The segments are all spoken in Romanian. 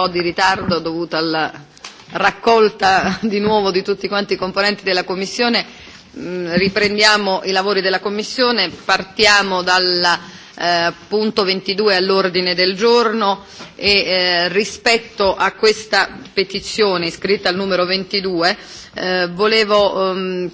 po' di ritardo dovuto alla raccolta di nuovo di tutti quanti i componenti della Commissione. Mm, riprendiamo i lavori della Commissione, partiamo dal eh, punto 22 all'ordine del giorno e eh, rispetto a questa petizione iscritta al numero 22 eh, volevo ehm,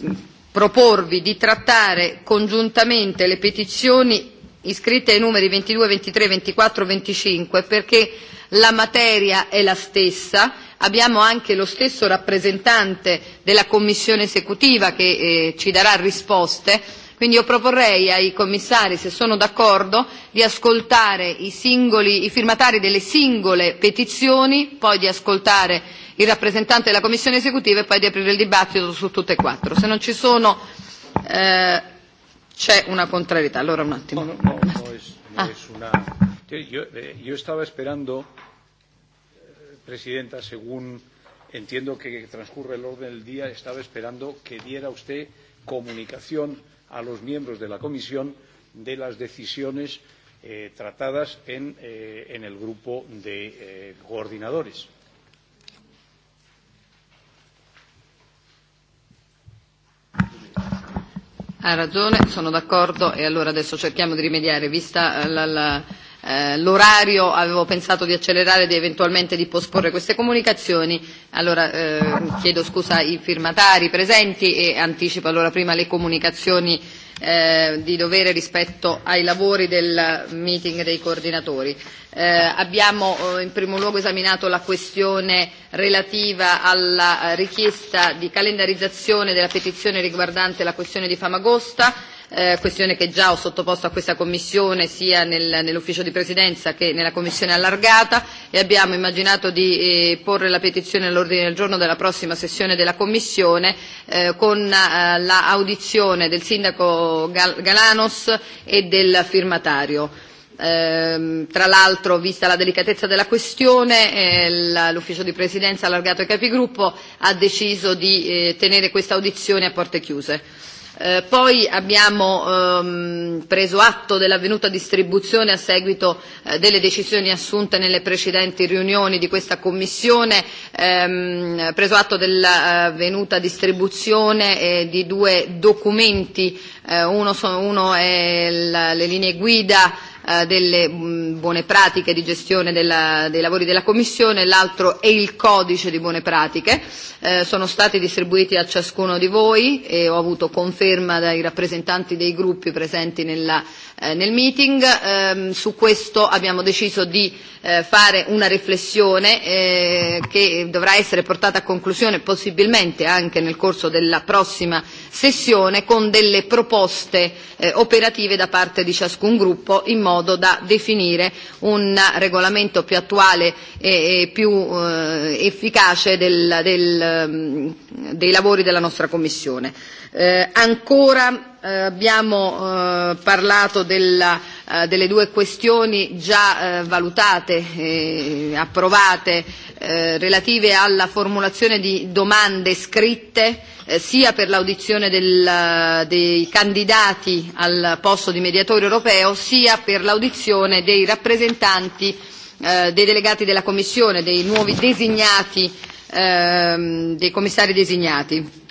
proporvi di trattare congiuntamente le petizioni iscritte ai numeri 22, 23, 24, 25 perché la materia è la stessa, abbiamo anche lo stesso rappresentante della Commissione esecutiva che eh, ci darà risposte, quindi io proporrei ai commissari, se sono d'accordo, di ascoltare i, singoli, i firmatari delle singole petizioni, poi di ascoltare il rappresentante della Commissione esecutiva e poi di aprire il dibattito su tutte e quattro. Se non ci sono eh, C'è una contrarietà, allora un attimo. No, no, no, no es, no ah. es una... Yo, eh, yo estaba esperando, eh, Presidenta, según entiendo que transcurre el orden del día, estaba esperando que diera usted comunicación a los miembros de la Comisión de las decisiones eh, tratadas en, eh, en el grupo de eh, coordinadores. Ha ragione, sono d'accordo e allora adesso cerchiamo di rimediare. Vista eh, la, la, eh, l'orario avevo pensato di accelerare e eventualmente di posporre queste comunicazioni. Allora eh, chiedo scusa ai firmatari presenti e anticipo allora prima le comunicazioni Eh, di dovere rispetto ai lavori del meeting dei coordinatori. Eh, abbiamo eh, in primo luogo esaminato la questione relativa alla richiesta di calendarizzazione della petizione riguardante la questione di Famagosta eh, questione che già ho sottoposto a questa Commissione sia nel, nell'ufficio di presidenza che nella Commissione allargata e abbiamo immaginato di eh, porre la petizione all'ordine del giorno della prossima sessione della Commissione eh, con eh, la del sindaco Gal- Galanos e del firmatario. Eh, tra l'altro, vista la delicatezza della questione, eh, l'ufficio di presidenza allargato ai capigruppo ha deciso di eh, tenere questa audizione a porte chiuse. Eh, poi abbiamo ehm, preso atto dell'avvenuta distribuzione a seguito eh, delle decisioni assunte nelle precedenti riunioni di questa Commissione, ehm, preso atto dell'avvenuta distribuzione eh, di due documenti, eh, uno, uno è la, le linee guida Eh, delle mm, buone pratiche di gestione della, dei lavori della Commissione, l'altro è il codice di buone pratiche. Eh, sono stati distribuiti a ciascuno di voi e ho avuto conferma dai rappresentanti dei gruppi presenti nella Eh, nel meeting. Ehm, su questo abbiamo deciso di eh, fare una riflessione eh, che dovrà essere portata a conclusione possibilmente anche nel corso della prossima sessione con delle proposte eh, operative da parte di ciascun gruppo in modo da definire un regolamento più attuale e, e più eh, efficace del, del, ehm, dei lavori della nostra Commissione. Eh, ancora eh, abbiamo eh, parlato della, eh, delle due questioni già eh, valutate e eh, approvate eh, relative alla formulazione di domande scritte eh, sia per l'audizione del, eh, dei candidati al posto di mediatore europeo sia per l'audizione dei rappresentanti eh, dei delegati della Commissione, dei nuovi designati, ehm, dei commissari designati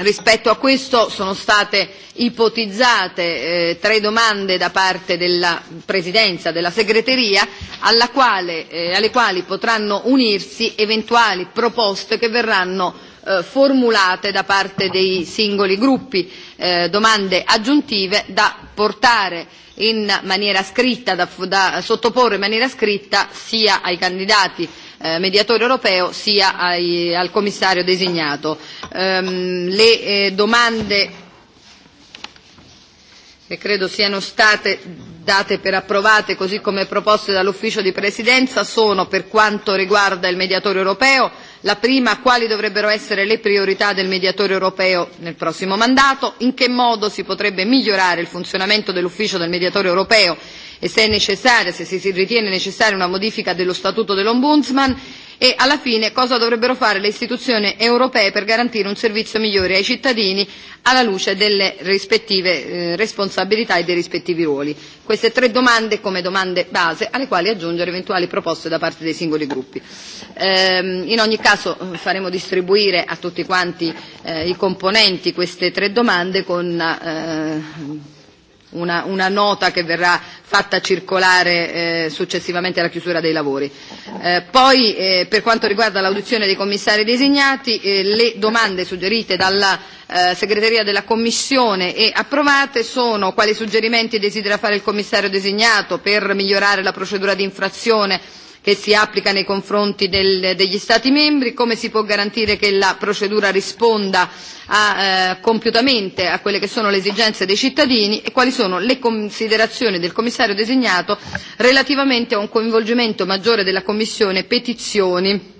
Rispetto a questo sono state ipotizzate eh, tre domande da parte della Presidenza, della Segreteria, alla quale, eh, alle quali potranno unirsi eventuali proposte che verranno eh, formulate da parte dei singoli gruppi, eh, domande aggiuntive da portare in maniera scritta, da, da sottoporre in maniera scritta sia ai candidati eh, mediatore europeo sia ai, al commissario designato. Ehm, le eh, domande che credo siano state date per approvate così come proposte dall'ufficio di presidenza sono per quanto riguarda il mediatore europeo la prima, quali dovrebbero essere le priorità del mediatore europeo nel prossimo mandato? In che modo si potrebbe migliorare il funzionamento dell'ufficio del mediatore europeo e se è necessaria, se si ritiene necessaria una modifica dello statuto dell'Ombudsman? e alla fine cosa dovrebbero fare le istituzioni europee per garantire un servizio migliore ai cittadini alla luce delle rispettive eh, responsabilità e dei rispettivi ruoli. Queste tre domande come domande base alle quali aggiungere eventuali proposte da parte dei singoli gruppi. Ehm, in ogni caso eh, faremo distribuire a tutti quanti eh, i componenti queste tre domande con eh, una, una nota che verrà fatta circolare eh, successivamente alla chiusura dei lavori. Eh, poi eh, per quanto riguarda l'audizione dei commissari designati, eh, le domande suggerite dalla eh, segreteria della Commissione e approvate sono quali suggerimenti desidera fare il commissario designato per migliorare la procedura di infrazione che si applica nei confronti del, degli Stati membri, come si può garantire che la procedura risponda a, eh, compiutamente a quelle che sono le esigenze dei cittadini e quali sono le considerazioni del commissario designato relativamente a un coinvolgimento maggiore della Commissione petizioni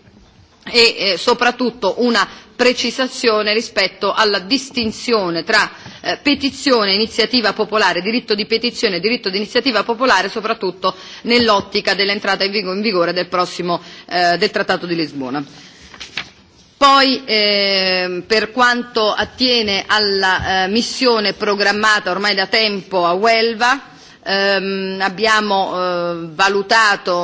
e eh, soprattutto una precisazione rispetto alla distinzione tra eh, petizione, iniziativa popolare, diritto di petizione e diritto di iniziativa popolare, soprattutto nell'ottica dell'entrata in, vigo- in vigore del prossimo eh, del Trattato di Lisbona. Poi eh, per quanto attiene alla eh, missione programmata ormai da tempo a Huelva, ehm, abbiamo eh, valutato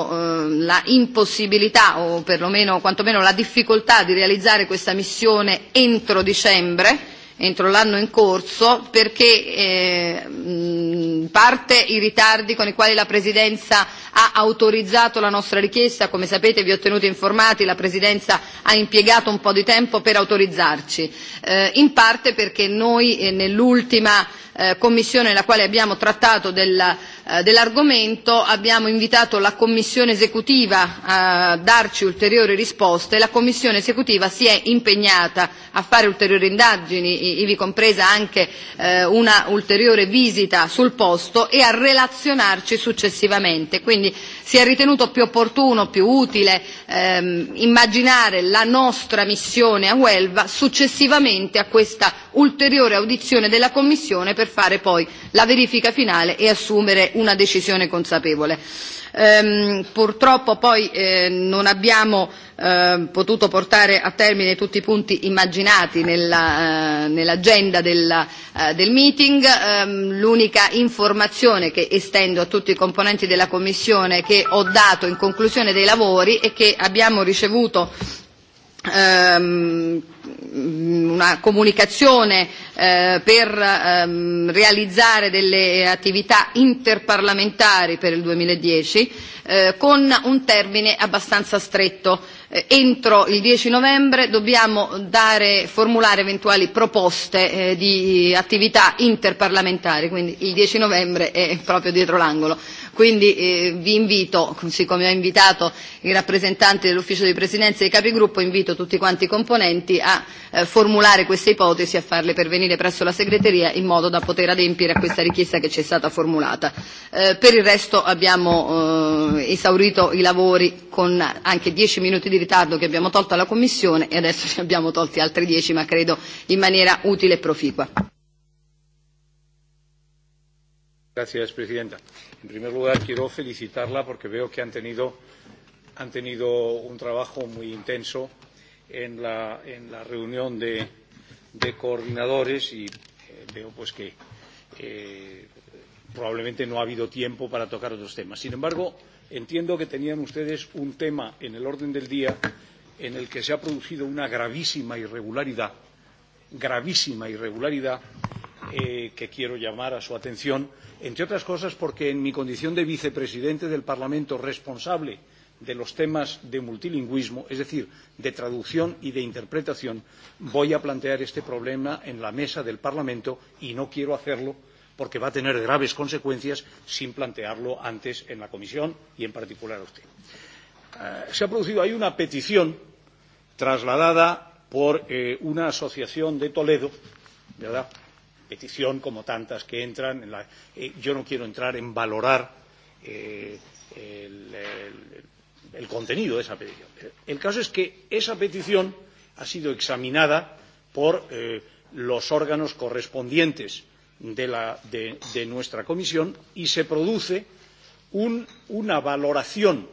eh, la impossibilità o perlomeno quantomeno la difficoltà di realizzare questa missione entro dicembre entro l'anno in corso perché eh, parte i ritardi con i quali la Presidenza ha autorizzato la nostra richiesta, come sapete vi ho tenuti informati, la Presidenza ha impiegato un po' di tempo per autorizzarci, eh, in parte perché noi eh, nell'ultima eh, commissione nella quale abbiamo trattato della, eh, dell'argomento, abbiamo invitato la commissione esecutiva a darci ulteriori risposte e la commissione esecutiva si è impegnata a fare ulteriori indagini, ivi compresa anche eh, una ulteriore visita sul posto e a relazionarci successivamente. Quindi si è ritenuto più opportuno, più utile ehm, immaginare la nostra missione a Huelva successivamente a questa ulteriore audizione della Commissione per per fare poi la verifica finale e assumere una decisione consapevole. Ehm, purtroppo poi eh, non abbiamo eh, potuto portare a termine tutti i punti immaginati nella, eh, nell'agenda della, eh, del meeting. Ehm, l'unica informazione che estendo a tutti i componenti della Commissione che ho dato in conclusione dei lavori è che abbiamo ricevuto ehm, una comunicazione eh, per ehm, realizzare delle attività interparlamentari per il 2010 eh, con un termine abbastanza stretto. Eh, entro il 10 novembre dobbiamo dare, formulare eventuali proposte eh, di attività interparlamentari, quindi il 10 novembre è proprio dietro l'angolo. Quindi eh, vi invito, così come ho invitato i rappresentanti dell'ufficio di presidenza e i capigruppo, invito tutti quanti i componenti a eh, formulare queste ipotesi, e a farle pervenire presso la segreteria in modo da poter adempiere a questa richiesta che ci è stata formulata. Eh, per il resto abbiamo eh, esaurito i lavori con anche dieci minuti di ritardo che abbiamo tolto alla Commissione e adesso ne abbiamo tolti altri dieci, ma credo in maniera utile e proficua. Gracias, Presidenta. En primer lugar, quiero felicitarla porque veo que han tenido, han tenido un trabajo muy intenso en la, en la reunión de, de coordinadores y eh, veo pues que eh, probablemente no ha habido tiempo para tocar otros temas. Sin embargo, entiendo que tenían ustedes un tema en el orden del día en el que se ha producido una gravísima irregularidad, gravísima irregularidad eh, que quiero llamar a su atención, entre otras cosas porque en mi condición de vicepresidente del Parlamento responsable de los temas de multilingüismo, es decir, de traducción y de interpretación, voy a plantear este problema en la mesa del Parlamento y no quiero hacerlo porque va a tener graves consecuencias sin plantearlo antes en la comisión y en particular a usted. Eh, se ha producido ahí una petición trasladada por eh, una asociación de Toledo, ¿verdad? Petición como tantas que entran. En la, eh, yo no quiero entrar en valorar eh, el, el, el contenido de esa petición. El caso es que esa petición ha sido examinada por eh, los órganos correspondientes de, la, de, de nuestra comisión y se produce un, una valoración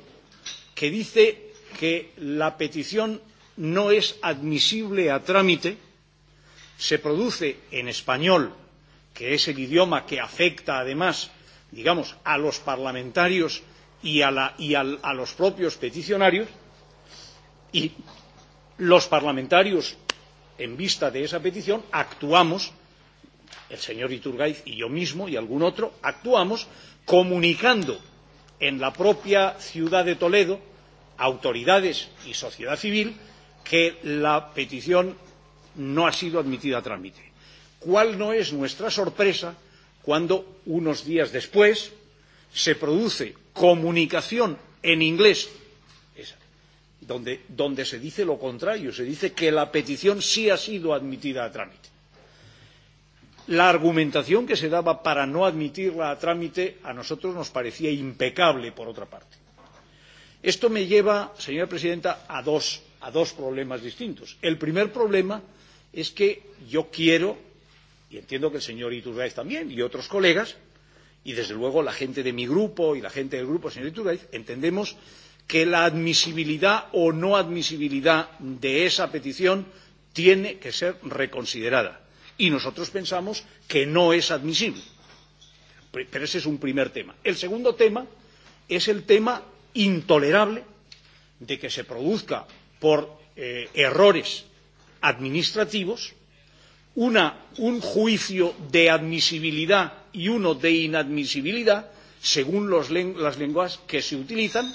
que dice que la petición no es admisible a trámite, se produce en español, que es el idioma que afecta además, digamos, a los parlamentarios y, a, la, y a, a los propios peticionarios y los parlamentarios, en vista de esa petición, actuamos, el señor Iturgaiz y yo mismo y algún otro, actuamos comunicando en la propia ciudad de Toledo autoridades y sociedad civil que la petición no ha sido admitida a trámite. ¿Cuál no es nuestra sorpresa cuando unos días después se produce comunicación en inglés, donde, donde se dice lo contrario, se dice que la petición sí ha sido admitida a trámite. La argumentación que se daba para no admitirla a trámite a nosotros nos parecía impecable, por otra parte. Esto me lleva, señora presidenta, a dos, a dos problemas distintos. El primer problema es que yo quiero, y entiendo que el señor Iturgaiz también y otros colegas, Y desde luego la gente de mi grupo y la gente del grupo, señor Iturgaiz, entendemos que la admisibilidad o no admisibilidad de esa petición tiene que ser reconsiderada. Y nosotros pensamos que no es admisible. Pero ese es un primer tema. El segundo tema es el tema intolerable de que se produzca por eh, errores administrativos una, un juicio de admisibilidad y uno de inadmisibilidad según los, las lenguas que se utilizan,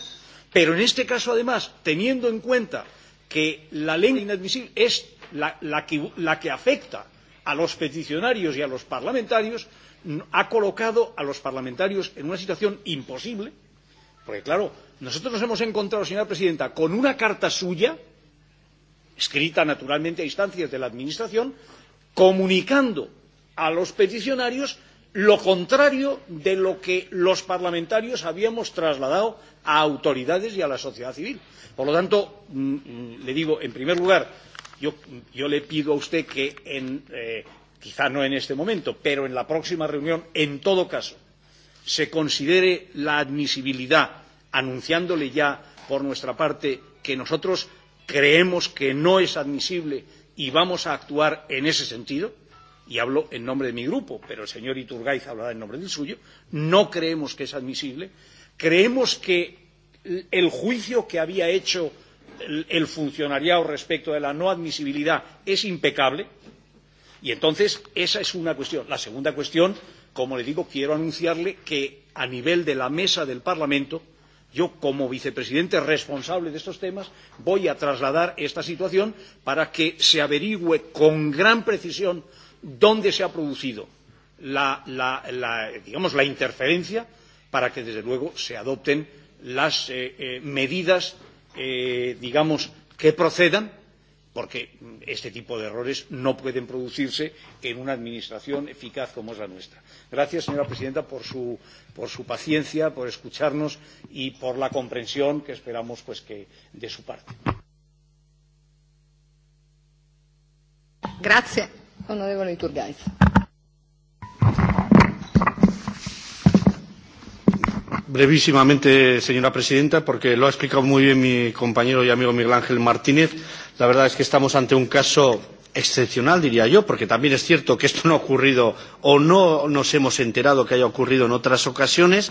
pero en este caso, además, teniendo en cuenta que la lengua inadmisible es la, la, que, la que afecta a los peticionarios y a los parlamentarios, ha colocado a los parlamentarios en una situación imposible, porque claro, nosotros nos hemos encontrado, señora presidenta, con una carta suya, escrita naturalmente a instancias de la Administración, comunicando a los peticionarios lo contrario de lo que los parlamentarios habíamos trasladado a autoridades y a la sociedad civil. Por lo tanto, mm, mm, le digo, en primer lugar, yo, yo le pido a usted que, en, eh, quizá no en este momento, pero en la próxima reunión, en todo caso, se considere la admisibilidad, anunciándole ya por nuestra parte que nosotros creemos que no es admisible y vamos a actuar en ese sentido y hablo en nombre de mi grupo, pero el señor Iturgaiz hablará en nombre del suyo, no creemos que es admisible. Creemos que el juicio que había hecho el, el funcionariado respecto de la no admisibilidad es impecable y entonces esa es una cuestión. La segunda cuestión, como le digo, quiero anunciarle que a nivel de la mesa del Parlamento Yo, como vicepresidente responsable de estos temas, voy a trasladar esta situación para que se averigüe con gran precisión dónde se ha producido la, la, la, digamos, la interferencia para que, desde luego, se adopten las eh, eh, medidas, eh, digamos, que procedan porque este tipo de errores no pueden producirse en una administración eficaz como es la nuestra. Gracias, señora presidenta, por su, por su paciencia, por escucharnos y por la comprensión que esperamos pues, que de su parte. Grazie, onorevole Iturgaiz. Brevísimamente, señora presidenta, porque lo ha explicado muy bien mi compañero y amigo Miguel Ángel Martínez. La verdad es que estamos ante un caso excepcional, diría yo, porque también es cierto que esto no ha ocurrido o no nos hemos enterado que haya ocurrido en otras ocasiones.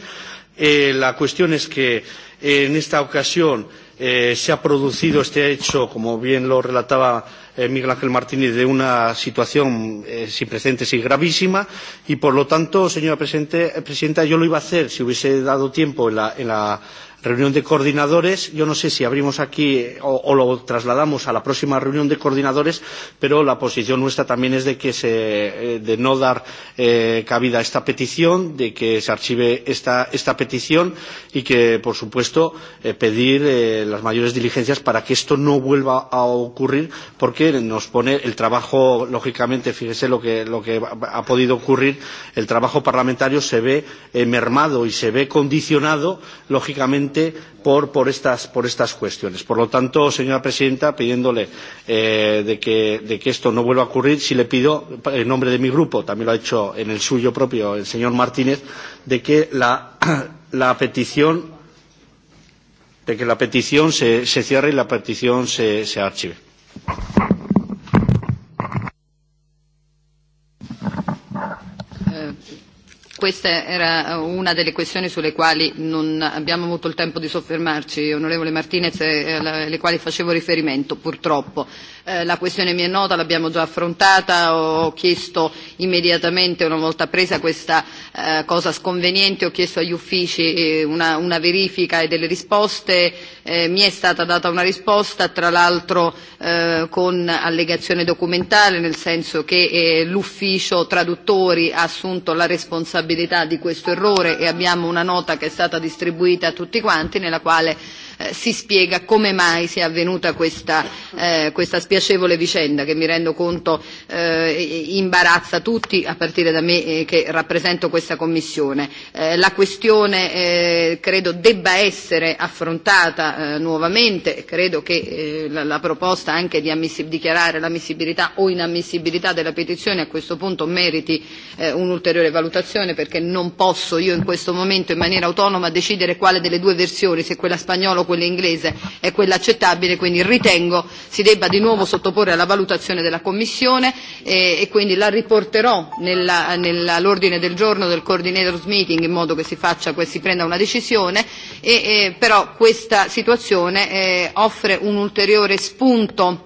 Eh, la cuestión es que en esta ocasión eh, se ha producido este hecho, como bien lo relataba eh, Miguel Ángel Martínez, de una situación eh, sin precedentes y gravísima. Y, por lo tanto, señora eh, presidenta, yo lo iba a hacer si hubiese dado tiempo en la, en la reunión de coordinadores. Yo no sé si abrimos aquí eh, o, o lo trasladamos a la próxima reunión de coordinadores, pero la posición nuestra también es de, que se, eh, de no dar eh, cabida a esta petición, de que se archive esta, esta petición y que, por supuesto, eh, pedir eh, las mayores diligencias para que esto no vuelva a ocurrir, porque nos pone el trabajo, lógicamente, fíjese lo que, lo que ha podido ocurrir, el trabajo parlamentario se ve eh, mermado y se ve condicionado, lógicamente, precisamente por, por, estas, por estas cuestiones. Por lo tanto, señora presidenta, pidiéndole eh, de, que, de que esto no vuelva a ocurrir, sí le pido, en nombre de mi grupo, también lo ha hecho en el suyo propio el señor Martínez, de que la, la petición de que la petición se, se cierre y la petición se, se archive. Questa era eh, una delle questioni sulle quali non abbiamo avuto il tempo di soffermarci, onorevole Martinez, eh, alle quali facevo riferimento, purtroppo. Eh, la questione mi è nota, l'abbiamo già affrontata, ho chiesto immediatamente, una volta presa questa eh, cosa sconveniente, ho chiesto agli uffici eh, una, una verifica e delle risposte, eh, mi è stata data una risposta, tra l'altro eh, con allegazione documentale, nel senso che eh, l'ufficio traduttori ha assunto la responsabilità di questo errore e abbiamo una nota che è stata distribuita a tutti quanti nella quale Eh, si spiega come mai sia avvenuta questa, eh, questa spiacevole vicenda che mi rendo conto eh, imbarazza tutti a partire da me eh, che rappresento questa Commissione. Eh, la questione eh, credo debba essere affrontata eh, nuovamente, credo che eh, la, la proposta anche di dichiarare l'ammissibilità o inammissibilità della petizione a questo punto meriti eh, un'ulteriore valutazione perché non posso io in questo momento in maniera autonoma decidere quale delle due versioni, se quella spagnola o quella inglese è quella accettabile, quindi ritengo si debba di nuovo sottoporre alla valutazione della Commissione e, eh, e quindi la riporterò nell'ordine nell del giorno del coordinators meeting in modo che si, faccia, che si prenda una decisione, e, e, però questa situazione eh, offre un ulteriore spunto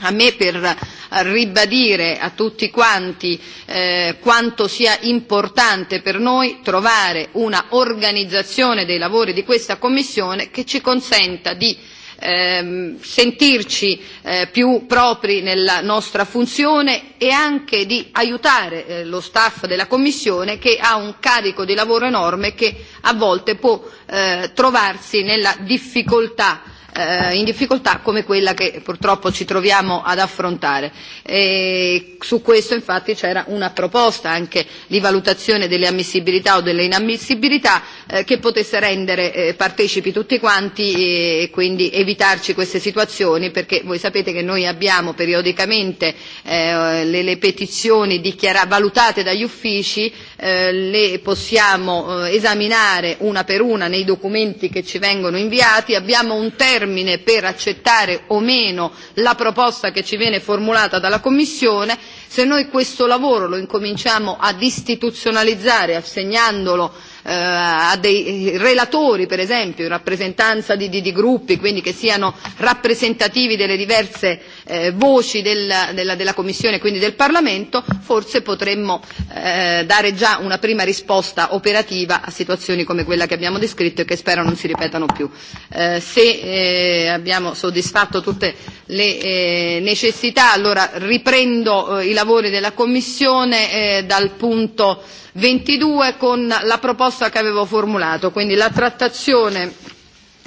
a me per ribadire a tutti quanti eh, quanto sia importante per noi trovare una organizzazione dei lavori di questa Commissione che ci consenta di ehm, sentirci eh, più propri nella nostra funzione e anche di aiutare eh, lo staff della Commissione che ha un carico di lavoro enorme che a volte può eh, trovarsi nella difficoltà eh, in difficoltà come quella che purtroppo ci troviamo ad affrontare. E su questo infatti c'era una proposta anche di valutazione delle ammissibilità o delle inammissibilità eh, che potesse rendere eh, partecipi tutti quanti e quindi evitarci queste situazioni perché voi sapete che noi abbiamo periodicamente eh, le, le petizioni valutate dagli uffici, eh, le possiamo eh, esaminare una per una nei documenti che ci vengono inviati, abbiamo un termine termine per accettare o meno la proposta che ci viene formulata dalla Commissione, se noi questo lavoro lo incominciamo ad istituzionalizzare assegnandolo eh, a dei relatori per esempio in rappresentanza di, di, di gruppi quindi che siano rappresentativi delle diverse eh, voci del, della, della Commissione e quindi del Parlamento forse potremmo eh, dare già una prima risposta operativa a situazioni come quella che abbiamo descritto e che spero non si ripetano più. Eh, se eh, abbiamo soddisfatto tutte le eh, necessità allora riprendo eh, i lavori della Commissione eh, dal punto 22 con la proposta che avevo formulato, quindi la trattazione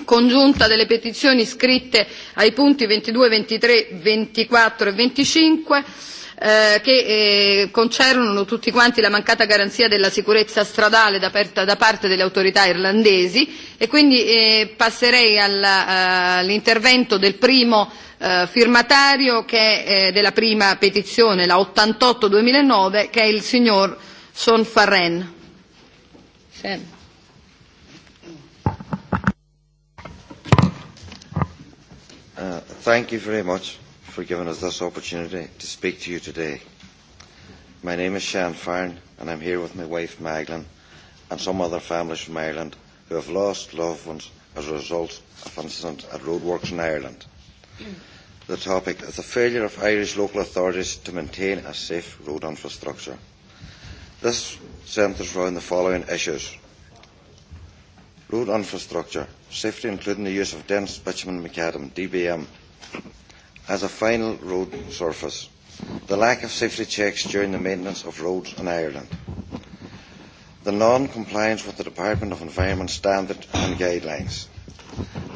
congiunta delle petizioni iscritte ai punti 22, 23, 24 e 25 eh, che eh, concernono tutti quanti la mancata garanzia della sicurezza stradale da, per, da parte delle autorità irlandesi e quindi eh, passerei eh, all'intervento uh, del primo eh, firmatario che è, eh, della prima petizione, la 88-2009, che è il signor Sean Faren. Sean. Uh, thank you very much for giving us this opportunity to speak to you today. My name is Shan Farn and I'm here with my wife Maglan and some other families from Ireland who have lost loved ones as a result of incident at roadworks in Ireland. The topic is the failure of Irish local authorities to maintain a safe road infrastructure. This centres around the following issues. Road infrastructure, safety including the use of dense bitumen macadam, DBM, as a final road surface, the lack of safety checks during the maintenance of roads in Ireland, the non-compliance with the Department of Environment standard and guidelines,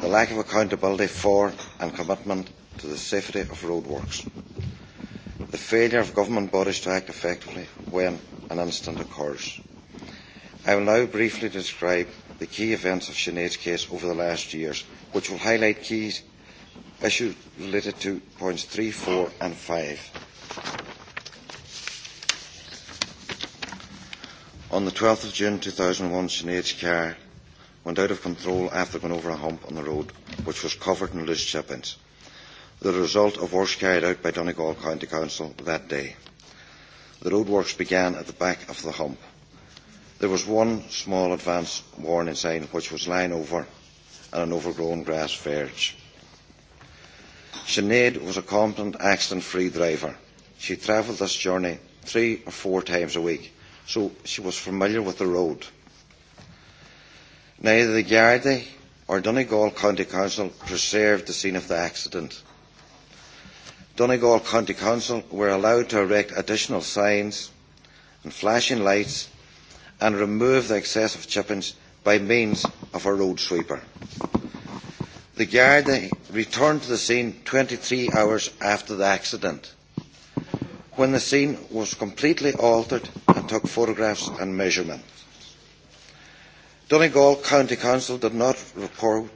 the lack of accountability for and commitment to the safety of roadworks, the failure of government bodies to act effectively when an incident occurs. I will now briefly describe the key events of Sinead's case over the last years, which will highlight key issues related to points 3, 4 and 5. On the 12th of June 2001, Sinead's car went out of control after going over a hump on the road, which was covered in loose chippings, the result of work carried out by Donegal County Council that day. The roadworks began at the back of the hump. There was one small advance warning sign which was lying over and an overgrown grass verge. Sinead was a competent accident-free driver. She travelled this journey three or four times a week, so she was familiar with the road. Neither the Gardaí or Donegal County Council preserved the scene of the accident. Donegal County Council were allowed to erect additional signs and flashing lights and remove the excessive chippings by means of a road sweeper. The Garda returned to the scene 23 hours after the accident, when the scene was completely altered and took photographs and measurements. Donegal County Council did not report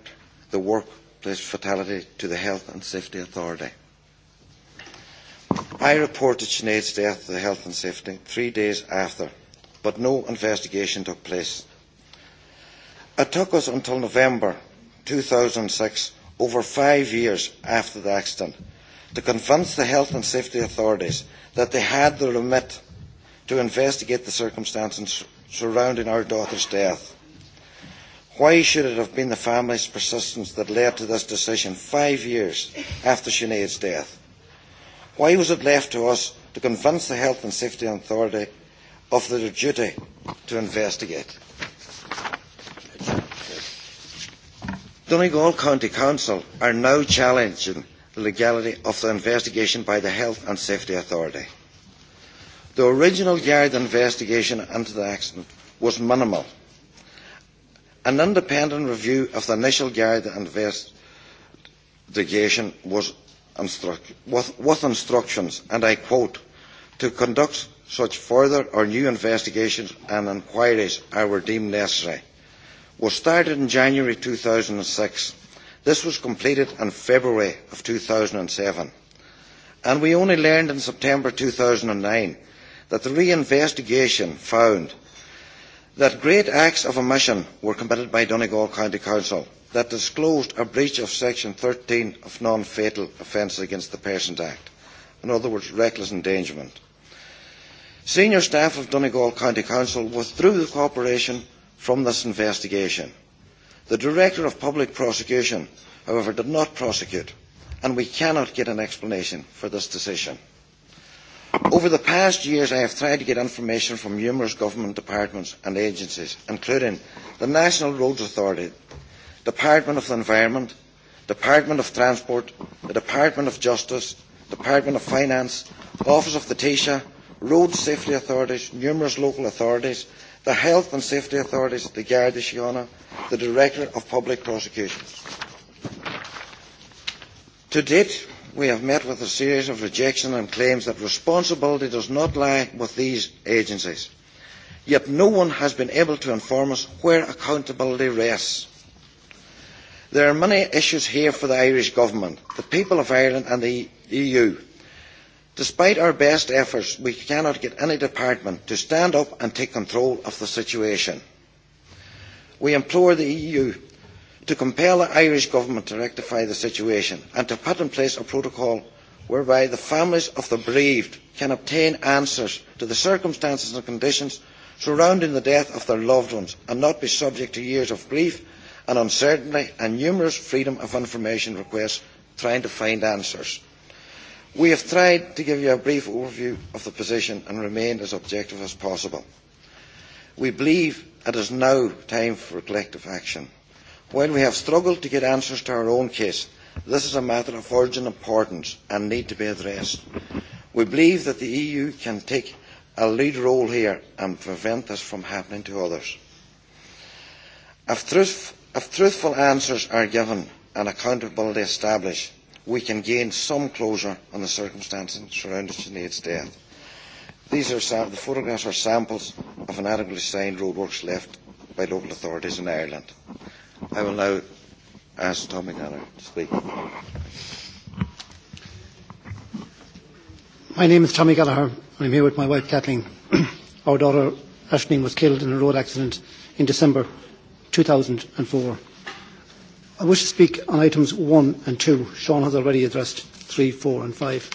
the workplace fatality to the Health and Safety Authority. I reported Sinead's death to the Health and Safety three days after, but no investigation took place. It took us until November 2006, over five years after the accident, to convince the health and safety authorities that they had the remit to investigate the circumstances surrounding our daughter's death. Why should it have been the family's persistence that led to this decision five years after Sinead's death? Why was it left to us to convince the Health and Safety Authority of their duty to investigate? Donegal County Council are now challenging the legality of the investigation by the Health and Safety Authority. The original Yard investigation into the accident was minimal. An independent review of the initial Yard investigation was with instructions, and I quote, to conduct such further or new investigations and inquiries as were deemed necessary, was started in January 2006. This was completed in February of 2007. And we only learned in September 2009 that the reinvestigation found that great acts of omission were committed by Donegal County Council that disclosed a breach of Section 13 of Non-Fatal Offences Against the Persons Act, in other words, reckless endangerment. Senior staff of Donegal County Council withdrew the cooperation from this investigation. The Director of Public Prosecution, however, did not prosecute, and we cannot get an explanation for this decision. Over the past years, I have tried to get information from numerous government departments and agencies, including the National Roads Authority, Department of the Environment, Department of Transport, the Department of Justice, Department of Finance, Office of the Taoiseach, Road Safety Authorities, numerous local authorities, the Health and Safety Authorities, the Garda Síochána, the Director of Public Prosecutions. To date, we have met with a series of rejection and claims that responsibility does not lie with these agencies. Yet no one has been able to inform us where accountability rests there are many issues here for the irish government the people of ireland and the eu. despite our best efforts we cannot get any department to stand up and take control of the situation. we implore the eu to compel the irish government to rectify the situation and to put in place a protocol whereby the families of the bereaved can obtain answers to the circumstances and conditions surrounding the death of their loved ones and not be subject to years of grief and uncertainty and numerous freedom of information requests trying to find answers. We have tried to give you a brief overview of the position and remained as objective as possible. We believe it is now time for collective action. While we have struggled to get answers to our own case, this is a matter of urgent importance and need to be addressed. We believe that the EU can take a lead role here and prevent this from happening to others. If truth If truthful answers are given and accountability established, we can gain some closure on the circumstances surrounding Sinead's death. These are, the photographs are samples of inadequately signed roadworks left by local authorities in Ireland. I will now ask Tommy Ganner to speak. My name is Tommy Gallagher. I'm here with my wife Kathleen. Our daughter Ashleen was killed in a road accident in December 2004. I wish to speak on items 1 and 2. Sean has already addressed 3, 4 and 5.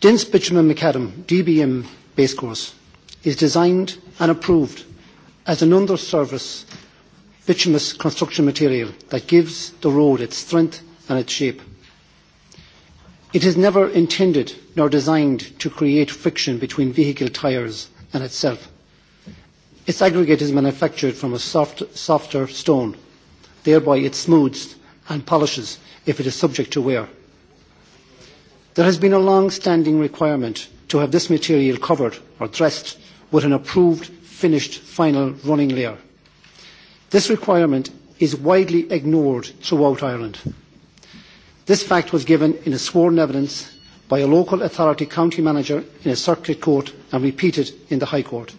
DINS Bitumen Macadam DBM base course is designed and approved as an under-service bituminous construction material that gives the road its strength and its shape. It is never intended nor designed to create friction between vehicle tyres and itself. Its aggregate is manufactured from a soft, softer stone. Thereby it smooths and polishes if it is subject to wear. There has been a long-standing requirement to have this material covered or dressed with an approved finished final running layer. This requirement is widely ignored throughout Ireland. This fact was given in a sworn evidence by a local authority county manager in a circuit court and repeated in the High Court.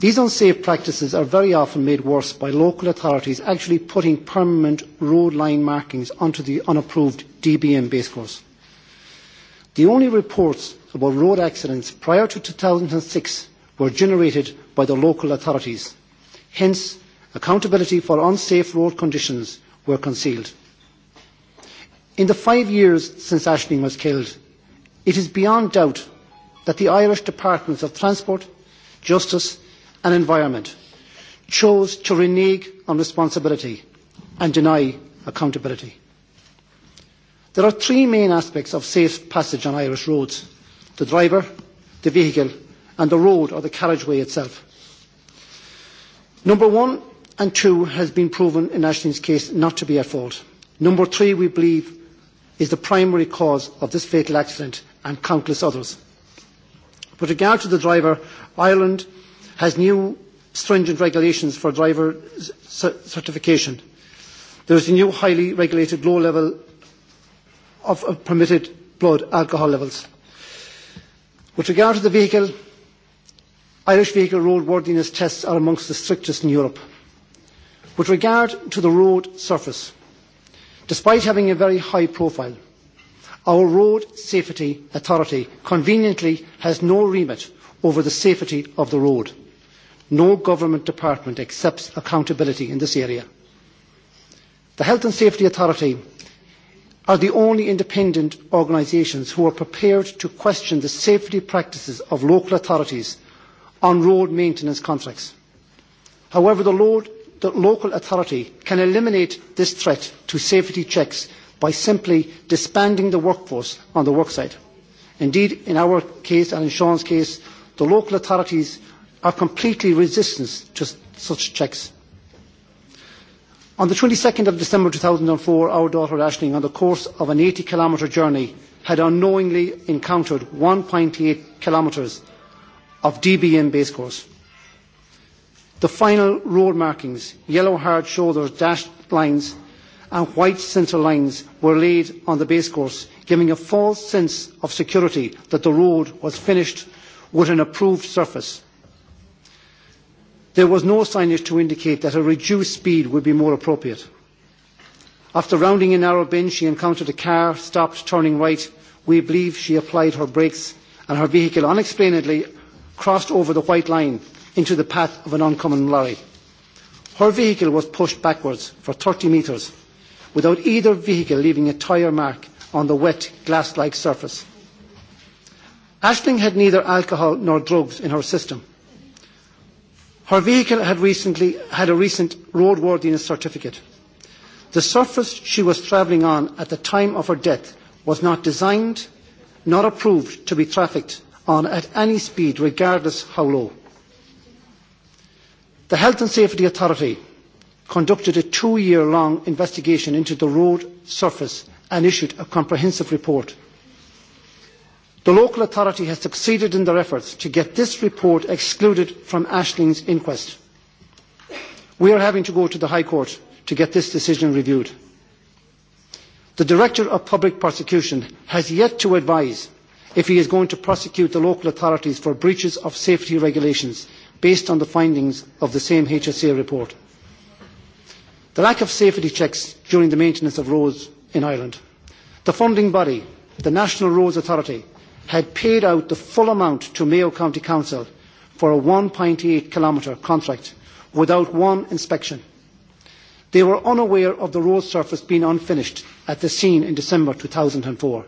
These unsafe practices are very often made worse by local authorities actually putting permanent road line markings onto the unapproved DBM base course. The only reports about road accidents prior to 2006 were generated by the local authorities. Hence, accountability for unsafe road conditions were concealed. In the five years since Ashling was killed, it is beyond doubt that the Irish Departments of Transport, Justice and environment chose to renege on responsibility and deny accountability. There are three main aspects of safe passage on Irish roads the driver, the vehicle, and the road or the carriageway itself. Number one and two has been proven in Ashton's case not to be at fault. Number three, we believe, is the primary cause of this fatal accident and countless others. With regard to the driver, Ireland has new stringent regulations for driver certification. There is a new highly regulated low level of permitted blood alcohol levels. With regard to the vehicle, Irish vehicle roadworthiness tests are amongst the strictest in Europe. With regard to the road surface, despite having a very high profile, our Road Safety Authority conveniently has no remit over the safety of the road no government department accepts accountability in this area. The Health and Safety Authority are the only independent organisations who are prepared to question the safety practices of local authorities on road maintenance contracts. However, the, load, the local authority can eliminate this threat to safety checks by simply disbanding the workforce on the worksite. Indeed, in our case and in Sean's case, the local authorities are completely resistant to such checks. On the 22nd of December 2004, our daughter Ashling, on the course of an 80-kilometre journey, had unknowingly encountered 1.8 kilometres of DBM base course. The final road markings, yellow hard shoulders, dashed lines and white centre lines were laid on the base course, giving a false sense of security that the road was finished with an approved surface. There was no signage to indicate that a reduced speed would be more appropriate. After rounding a narrow bend, she encountered a car, stopped, turning right. We believe she applied her brakes and her vehicle unexplainedly crossed over the white line into the path of an oncoming lorry. Her vehicle was pushed backwards for 30 metres without either vehicle leaving a tyre mark on the wet, glass-like surface. Ashling had neither alcohol nor drugs in her system. Her vehicle had recently had a recent roadworthiness certificate. The surface she was travelling on at the time of her death was not designed, not approved to be trafficked on at any speed, regardless how low. The Health and Safety Authority conducted a two-year-long investigation into the road surface and issued a comprehensive report. The local authority has succeeded in their efforts to get this report excluded from Ashling's inquest. We are having to go to the High Court to get this decision reviewed. The Director of Public Prosecution has yet to advise if he is going to prosecute the local authorities for breaches of safety regulations based on the findings of the same HSA report. The lack of safety checks during the maintenance of roads in Ireland. The funding body, the National Roads Authority, had paid out the full amount to Mayo County Council for a 1.8 kilometre contract without one inspection. They were unaware of the road surface being unfinished at the scene in December 2004.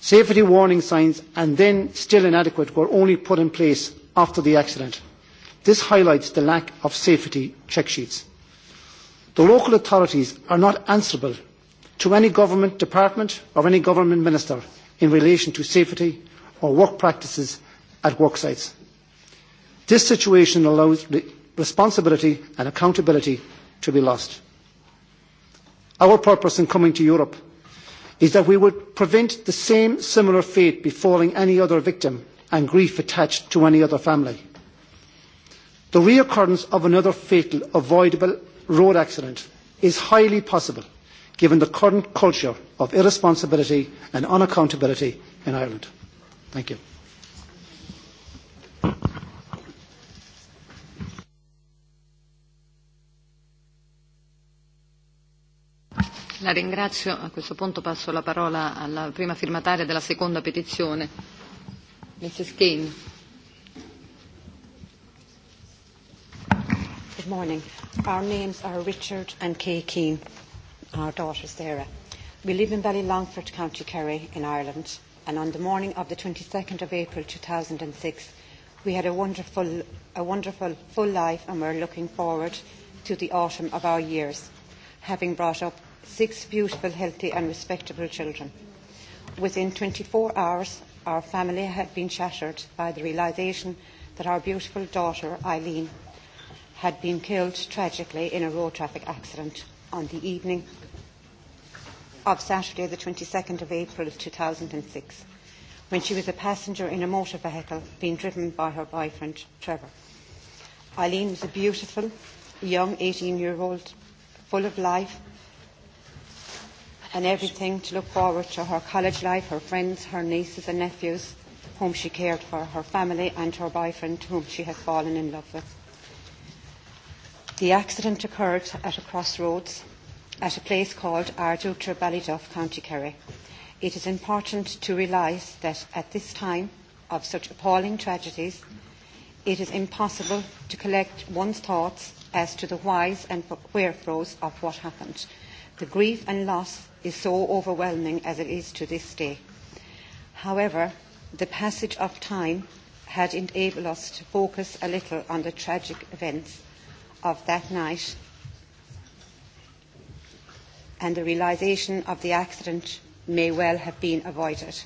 Safety warning signs and then still inadequate were only put in place after the accident. This highlights the lack of safety check sheets. The local authorities are not answerable to any government department or any government minister in relation to safety or work practices at work sites. This situation allows responsibility and accountability to be lost. Our purpose in coming to Europe is that we would prevent the same similar fate befalling any other victim and grief attached to any other family. The reoccurrence of another fatal, avoidable road accident is highly possible given the current culture of irresponsibility and unaccountability in Ireland. Thank you. La ringrazio. A questo punto passo la parola alla prima firmataria della seconda petizione, Mrs. Kane. Good morning. Our names are Richard and Kay Keane our daughter Sarah. We live in Ballylongford, County Kerry, in Ireland, and on the morning of the 22nd of April 2006, we had a wonderful, a wonderful full life and we're looking forward to the autumn of our years, having brought up six beautiful, healthy and respectable children. Within 24 hours, our family had been shattered by the realisation that our beautiful daughter, Eileen, had been killed tragically in a road traffic accident on the evening of Saturday, the 22nd of April of 2006, when she was a passenger in a motor vehicle being driven by her boyfriend, Trevor. Eileen was a beautiful, young 18-year-old, full of life and everything to look forward to her college life, her friends, her nieces and nephews, whom she cared for, her family and her boyfriend, whom she had fallen in love with. The accident occurred at a crossroads at a place called Ardutra Ballyduff, County Kerry. It is important to realise that at this time of such appalling tragedies, it is impossible to collect one's thoughts as to the whys and wherefores of what happened. The grief and loss is so overwhelming as it is to this day. However, the passage of time had enabled us to focus a little on the tragic events of that night and the realisation of the accident may well have been avoided.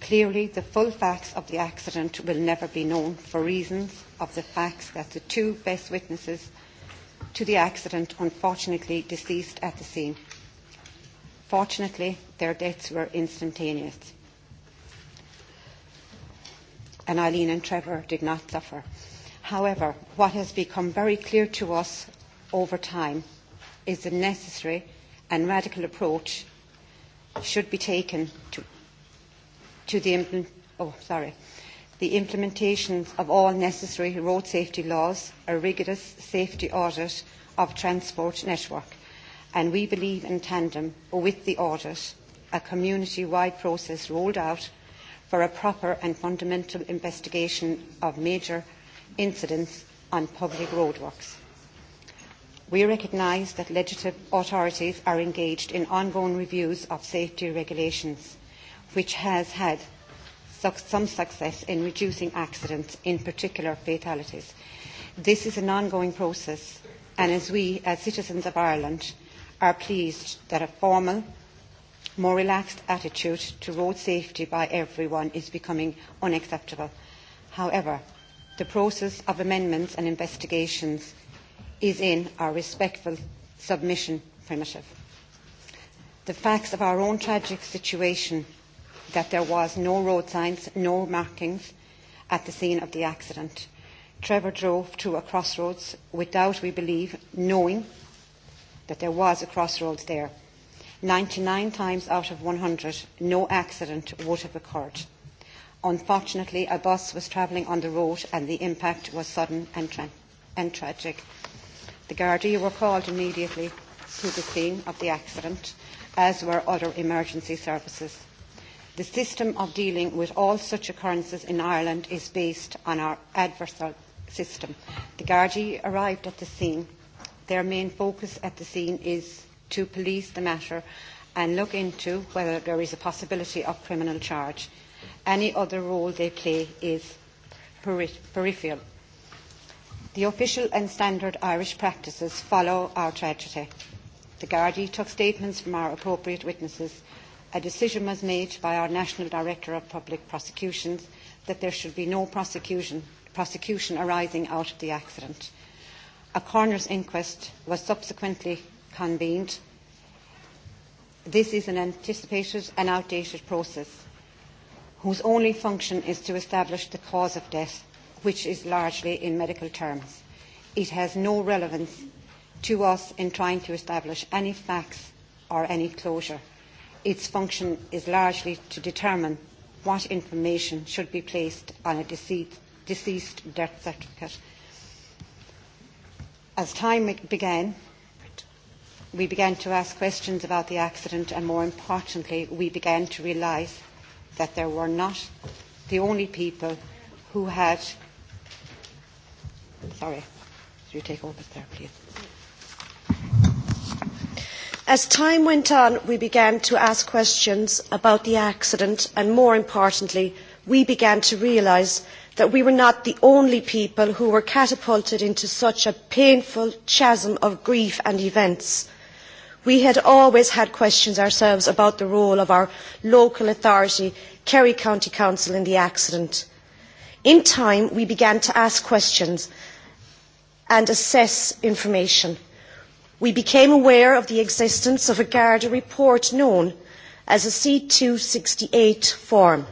Clearly, the full facts of the accident will never be known for reasons of the facts that the two best witnesses to the accident unfortunately deceased at the scene. Fortunately, their deaths were instantaneous. And Eileen and Trevor did not suffer. However, what has become very clear to us over time is the necessary and radical approach should be taken to, to the, impl oh, sorry. the implementation of all necessary road safety laws, a rigorous safety audit of transport network, and we believe in tandem with the audit, a community-wide process rolled out for a proper and fundamental investigation of major incidents on public roadworks. We recognise that legislative authorities are engaged in ongoing reviews of safety regulations, which has had some success in reducing accidents, in particular fatalities. This is an ongoing process, and as we, as citizens of Ireland, are pleased that a formal, more relaxed attitude to road safety by everyone is becoming unacceptable. However, the process of amendments and investigations is in our respectful submission primitive. The facts of our own tragic situation that there was no road signs, no markings at the scene of the accident. Trevor drove to a crossroads without, we believe, knowing that there was a crossroads there. 99 times out of 100, no accident would have occurred. Unfortunately, a bus was travelling on the road and the impact was sudden and, tra and tragic. The Gardaí were called immediately to the scene of the accident, as were other emergency services. The system of dealing with all such occurrences in Ireland is based on our adversarial system. The Gardaí arrived at the scene. Their main focus at the scene is to police the matter and look into whether there is a possibility of criminal charge. Any other role they play is peripheral. The official and standard Irish practices follow our tragedy. The Gardaí took statements from our appropriate witnesses. A decision was made by our National Director of Public Prosecutions that there should be no prosecution, prosecution arising out of the accident. A coroner's inquest was subsequently convened. This is an anticipated and outdated process whose only function is to establish the cause of death, which is largely in medical terms. It has no relevance to us in trying to establish any facts or any closure. Its function is largely to determine what information should be placed on a deceased, deceased death certificate. As time began, we began to ask questions about the accident and more importantly, we began to realise that they were not the only people who had. Sorry, you take over there, please. As time went on, we began to ask questions about the accident, and more importantly, we began to realise that we were not the only people who were catapulted into such a painful chasm of grief and events we had always had questions ourselves about the role of our local authority kerry county council in the accident. in time we began to ask questions and assess information. we became aware of the existence of a garda report known as a c two hundred and sixty eight form.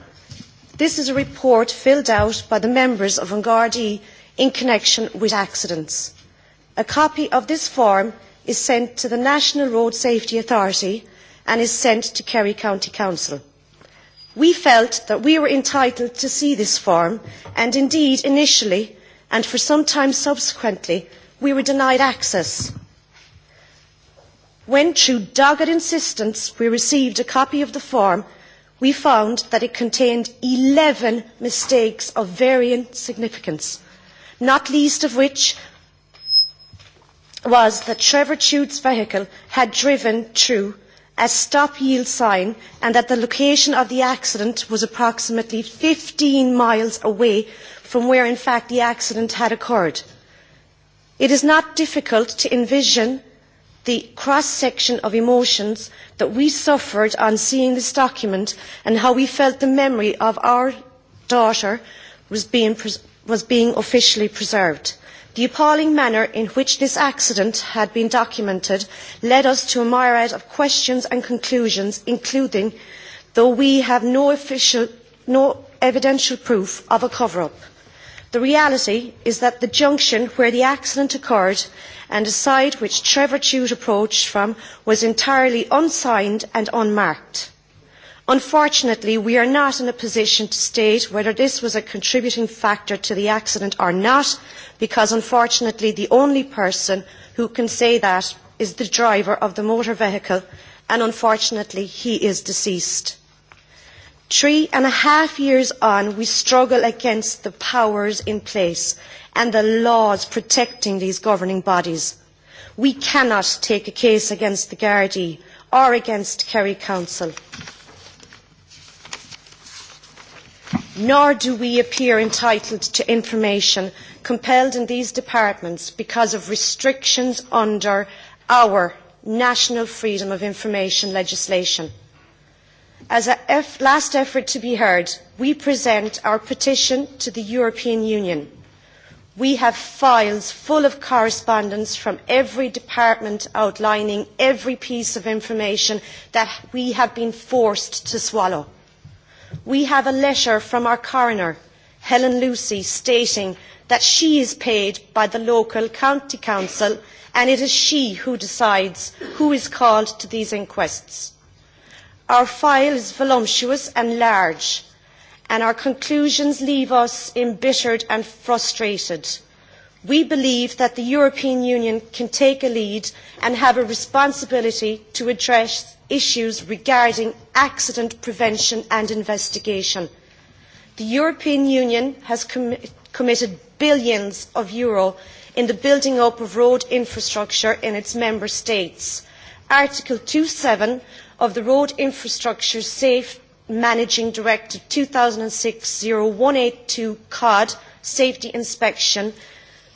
this is a report filled out by the members of an gardaí in connection with accidents. a copy of this form is sent to the National Road Safety Authority and is sent to Kerry County Council. We felt that we were entitled to see this form and indeed initially and for some time subsequently we were denied access. When through dogged insistence we received a copy of the form we found that it contained 11 mistakes of varying significance, not least of which was that Trevor Tude's vehicle had driven through a stop yield sign and that the location of the accident was approximately 15 miles away from where in fact the accident had occurred. It is not difficult to envision the cross-section of emotions that we suffered on seeing this document and how we felt the memory of our daughter was being, was being officially preserved the appalling manner in which this accident had been documented led us to a myriad of questions and conclusions including though we have no official no evidential proof of a cover up. The reality is that the junction where the accident occurred and a side which Trevor Chute approached from was entirely unsigned and unmarked unfortunately we are not in a position to state whether this was a contributing factor to the accident or not because unfortunately the only person who can say that is the driver of the motor vehicle and unfortunately he is deceased. Three and a half years on we struggle against the powers in place and the laws protecting these governing bodies. We cannot take a case against the Gardaí or against Kerry Council nor do we appear entitled to information compelled in these departments because of restrictions under our national freedom of information legislation. As a last effort to be heard, we present our petition to the European Union. We have files full of correspondence from every department outlining every piece of information that we have been forced to swallow we have a letter from our coroner, Helen Lucy, stating that she is paid by the local county council and it is she who decides who is called to these inquests. Our file is voluminous and large and our conclusions leave us embittered and frustrated. We believe that the European Union can take a lead and have a responsibility to address issues regarding accident prevention and investigation. The European Union has com committed billions of euro in the building up of road infrastructure in its member states. Article 27 of the Road Infrastructure Safe Managing Directive 2006-0182 COD Safety Inspection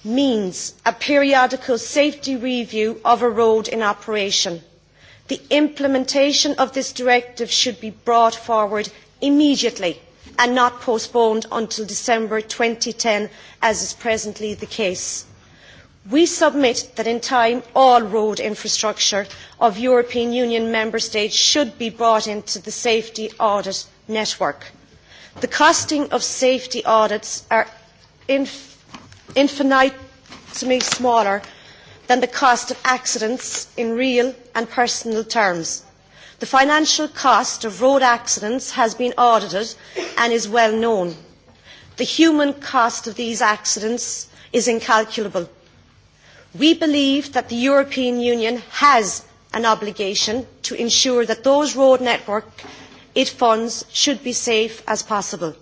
means a periodical safety review of a road in operation the implementation of this directive should be brought forward immediately and not postponed until december two thousand and ten as is presently the case. we submit that in time all road infrastructure of european union member states should be brought into the safety audit network. the costing of safety audits are infinitesimally smaller than the cost of accidents in real and personal terms. The financial cost of road accidents has been audited and is well known. The human cost of these accidents is incalculable. We believe that the European Union has an obligation to ensure that those road network it funds should be safe as possible.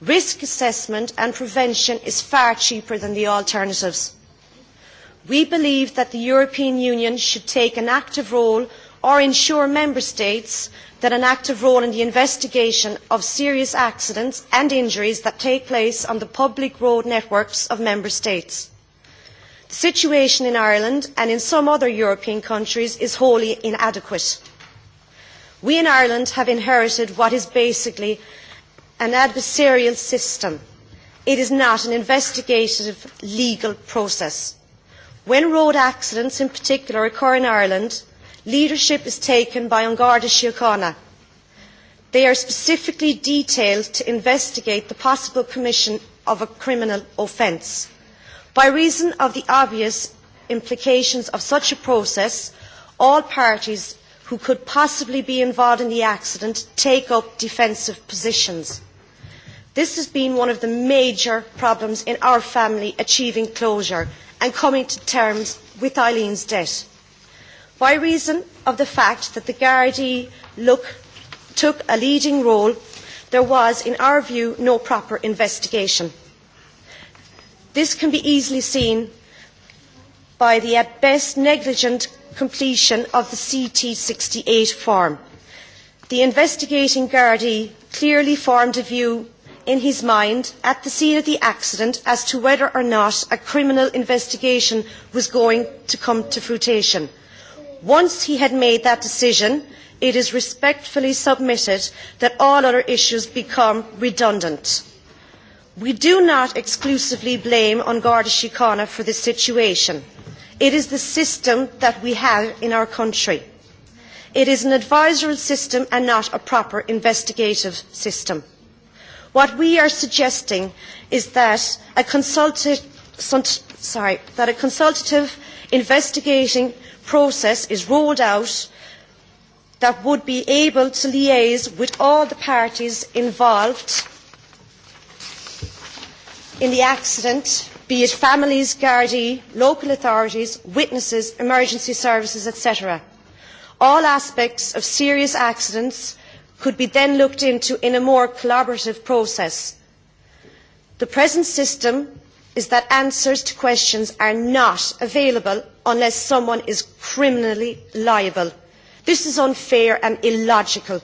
Risk assessment and prevention is far cheaper than the alternatives we believe that the European Union should take an active role or ensure member states that an active role in the investigation of serious accidents and injuries that take place on the public road networks of member states. The situation in Ireland and in some other European countries is wholly inadequate. We in Ireland have inherited what is basically an adversarial system. It is not an investigative legal process. When road accidents in particular occur in Ireland, leadership is taken by An Garda Síochána. They are specifically detailed to investigate the possible commission of a criminal offence. By reason of the obvious implications of such a process, all parties who could possibly be involved in the accident take up defensive positions. This has been one of the major problems in our family achieving closure and coming to terms with Eileen's debt by reason of the fact that the Gardaí look, took a leading role, there was, in our view, no proper investigation. This can be easily seen by the at best negligent completion of the CT68 form. The investigating Gardaí clearly formed a view in his mind at the scene of the accident as to whether or not a criminal investigation was going to come to fruition. Once he had made that decision, it is respectfully submitted that all other issues become redundant. We do not exclusively blame Garda Síochána for this situation. It is the system that we have in our country. It is an advisory system and not a proper investigative system. What we are suggesting is that a, sorry, that a consultative investigating process is rolled out that would be able to liaise with all the parties involved in the accident, be it families, Gardaí, local authorities, witnesses, emergency services, etc. All aspects of serious accidents could be then looked into in a more collaborative process. The present system is that answers to questions are not available unless someone is criminally liable. This is unfair and illogical.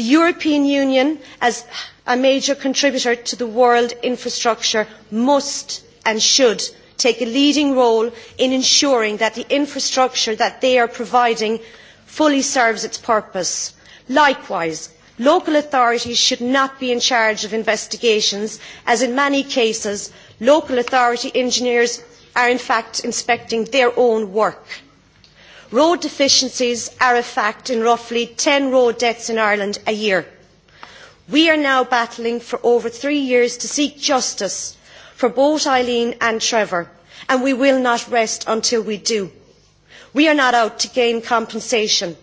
The European Union, as a major contributor to the world infrastructure, must and should take a leading role in ensuring that the infrastructure that they are providing fully serves its purpose likewise local authorities should not be in charge of investigations as in many cases local authority engineers are in fact inspecting their own work. road deficiencies are a fact in roughly ten road deaths in ireland a year. we are now battling for over three years to seek justice for both eileen and trevor and we will not rest until we do. we are not out to gain compensation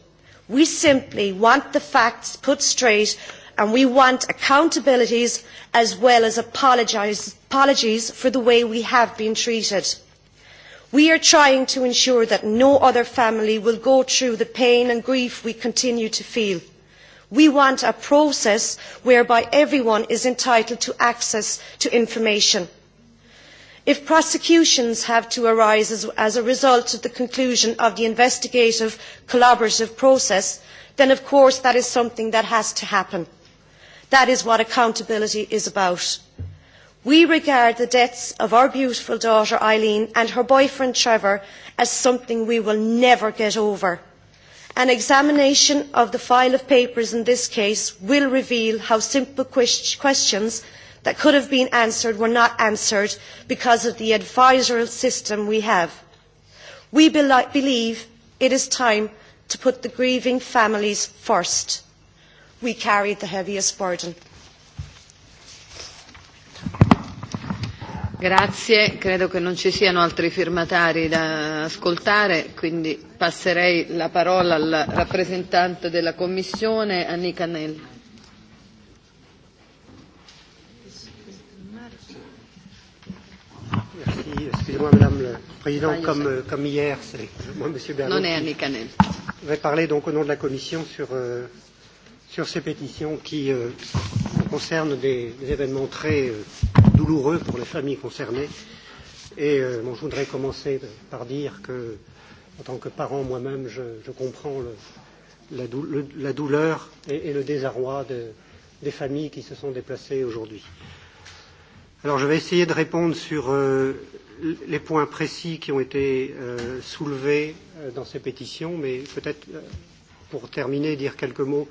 We simply want the facts put straight and we want accountabilities as well as apologies for the way we have been treated. We are trying to ensure that no other family will go through the pain and grief we continue to feel. We want a process whereby everyone is entitled to access to information if prosecutions have to arise as, as, a result of the conclusion of the investigative collaborative process then of course that is something that has to happen. That is what accountability is about. We regard the deaths of our beautiful daughter Eileen and her boyfriend Trevor as something we will never get over. An examination of the file of papers in this case will reveal how simple questions that could have been answered were not answered because of the advisory system we have. We believe it is time to put the grieving families first. We carry the heaviest burden. Grazie, credo che non ci siano altri firmatari da ascoltare, quindi passerei la parola al rappresentante della Commissione, Annika Nell. Excusez-moi, Madame le Président, comme, euh, comme hier, c'est moi, Monsieur Bernard. Je vais parler donc au nom de la Commission sur, euh, sur ces pétitions qui euh, concernent des, des événements très euh, douloureux pour les familles concernées. Et euh, bon, je voudrais commencer par dire que, en tant que parent moi-même, je, je comprends le, la, dou, le, la douleur et, et le désarroi de, des familles qui se sont déplacées aujourd'hui. Alors je vais essayer de répondre sur euh, les points précis qui ont été euh, soulevés euh, dans ces pétitions, mais peut-être euh, pour terminer, dire quelques mots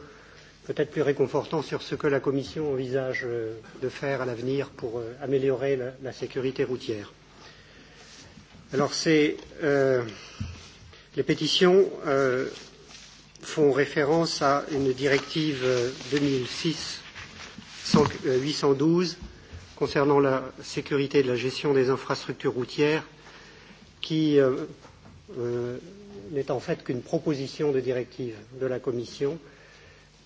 peut-être plus réconfortants sur ce que la Commission envisage euh, de faire à l'avenir pour euh, améliorer la, la sécurité routière. Alors c'est euh, les pétitions euh, font référence à une directive 2006 euh, 812 concernant la sécurité et la gestion des infrastructures routières qui euh, euh, n'est en fait qu'une proposition de directive de la Commission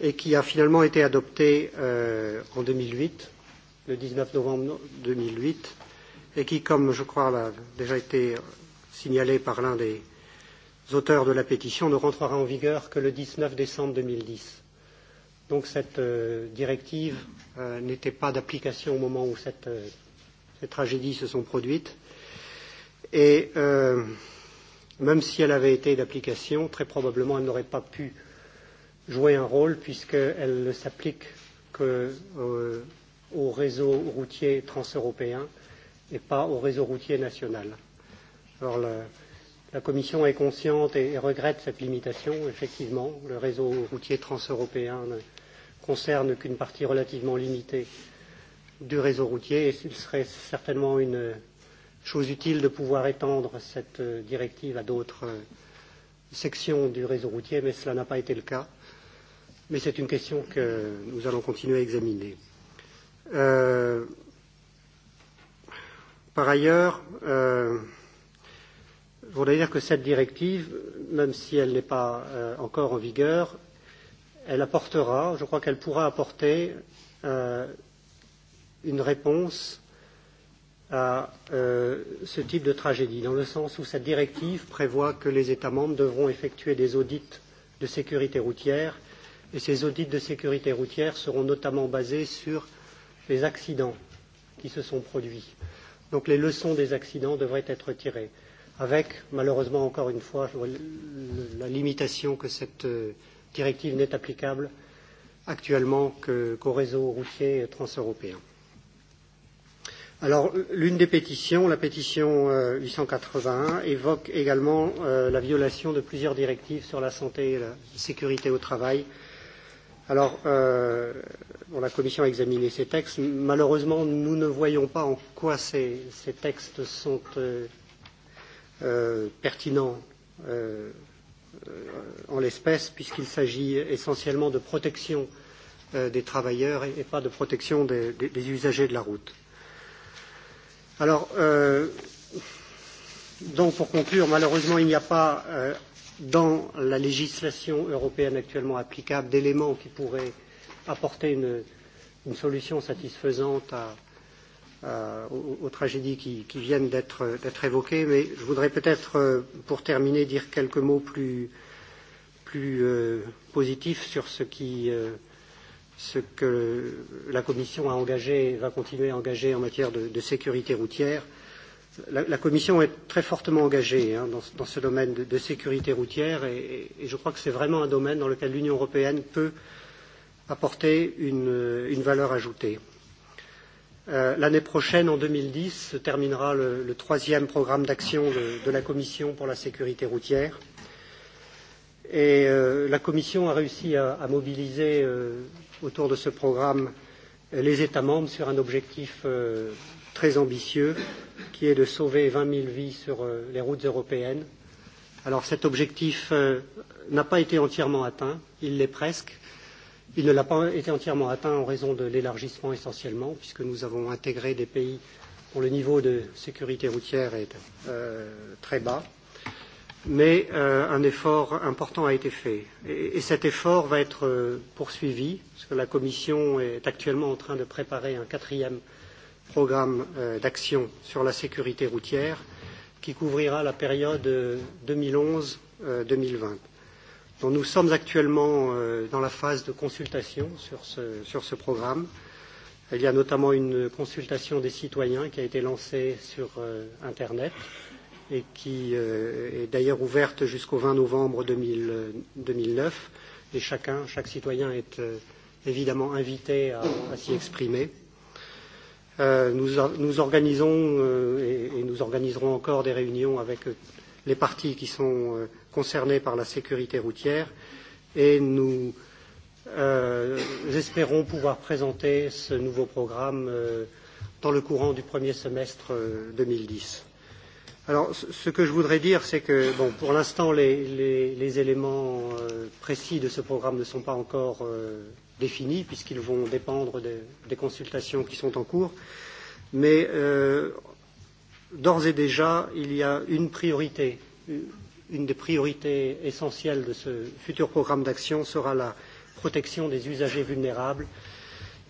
et qui a finalement été adoptée euh, en 2008, le 19 novembre 2008, et qui, comme je crois a déjà été signalé par l'un des auteurs de la pétition, ne rentrera en vigueur que le 19 décembre 2010. Donc cette euh, directive euh, n'était pas d'application au moment où cette, euh, ces tragédies se sont produites. Et euh, même si elle avait été d'application, très probablement elle n'aurait pas pu jouer un rôle puisqu'elle ne s'applique qu'au euh, réseau routier transeuropéen et pas au réseau routier national. Alors le, la Commission est consciente et, et regrette cette limitation. Effectivement, le réseau routier transeuropéen ne, concerne qu'une partie relativement limitée du réseau routier et il serait certainement une chose utile de pouvoir étendre cette directive à d'autres euh, sections du réseau routier, mais cela n'a pas été le cas. Mais c'est une question que nous allons continuer à examiner. Euh, par ailleurs, euh, je voudrais dire que cette directive, même si elle n'est pas euh, encore en vigueur, elle apportera, je crois qu'elle pourra apporter euh, une réponse à euh, ce type de tragédie, dans le sens où cette directive prévoit que les États membres devront effectuer des audits de sécurité routière, et ces audits de sécurité routière seront notamment basés sur les accidents qui se sont produits. Donc les leçons des accidents devraient être tirées, avec malheureusement encore une fois la limitation que cette euh, directive n'est applicable actuellement qu'au réseau routier transeuropéen. Alors, l'une des pétitions, la pétition euh, 881, évoque également euh, la violation de plusieurs directives sur la santé et la sécurité au travail. Alors, euh, bon, la Commission a examiné ces textes. Malheureusement, nous ne voyons pas en quoi ces, ces textes sont euh, euh, pertinents euh, Euh, en l'espèce, puisqu'il s'agit essentiellement de protection euh, des travailleurs et pas de protection des, des, des usagers de la route. Alors, euh, donc pour conclure, malheureusement, il n'y a pas euh, dans la législation européenne actuellement applicable d'éléments qui pourraient apporter une, une solution satisfaisante à, euh, aux, aux tragédies qui, qui viennent d'être évoquées, mais je voudrais peut-être, euh, pour terminer, dire quelques mots plus, plus euh, positifs sur ce, qui, euh, ce que la Commission a engagé et va continuer à engager en matière de, de sécurité routière. La, la Commission est très fortement engagée hein, dans, dans ce domaine de, de sécurité routière et, et, et je crois que c'est vraiment un domaine dans lequel l'Union européenne peut apporter une, une valeur ajoutée. Euh, Euh, l'année prochaine, en 2010, se terminera le, le troisième programme d'action de, de la Commission pour la sécurité routière. Et euh, la Commission a réussi à, à mobiliser euh, autour de ce programme les États membres sur un objectif euh, très ambitieux qui est de sauver 20 000 vies sur euh, les routes européennes. Alors cet objectif euh, n'a pas été entièrement atteint, il l'est presque. Euh, Il ne l'a pas été entièrement atteint en raison de l'élargissement essentiellement, puisque nous avons intégré des pays dont le niveau de sécurité routière est euh, très bas. Mais euh, un effort important a été fait. Et, et cet effort va être euh, poursuivi, parce que la Commission est actuellement en train de préparer un quatrième programme euh, d'action sur la sécurité routière qui couvrira la période 2011-2020. Euh, dont nous sommes actuellement euh, dans la phase de consultation sur ce, sur ce programme. Il y a notamment une consultation des citoyens qui a été lancée sur euh, Internet et qui euh, est d'ailleurs ouverte jusqu'au 20 novembre 2009. Et chacun, chaque citoyen est évidemment invité à, à s'y exprimer. Euh, nous, nous organisons euh, et, et nous organiserons encore des réunions avec les parties qui sont euh, concernées par la sécurité routière et nous euh, espérons pouvoir présenter ce nouveau programme euh, dans le courant du premier semestre euh, 2010. Alors, ce que je voudrais dire, c'est que, bon, pour l'instant, les, les, les éléments euh, précis de ce programme ne sont pas encore euh, définis, puisqu'ils vont dépendre de, des consultations qui sont en cours. Mais euh, d'ores et déjà, il y a une priorité. Une des priorités essentielles de ce futur programme d'action sera la protection des usagers vulnérables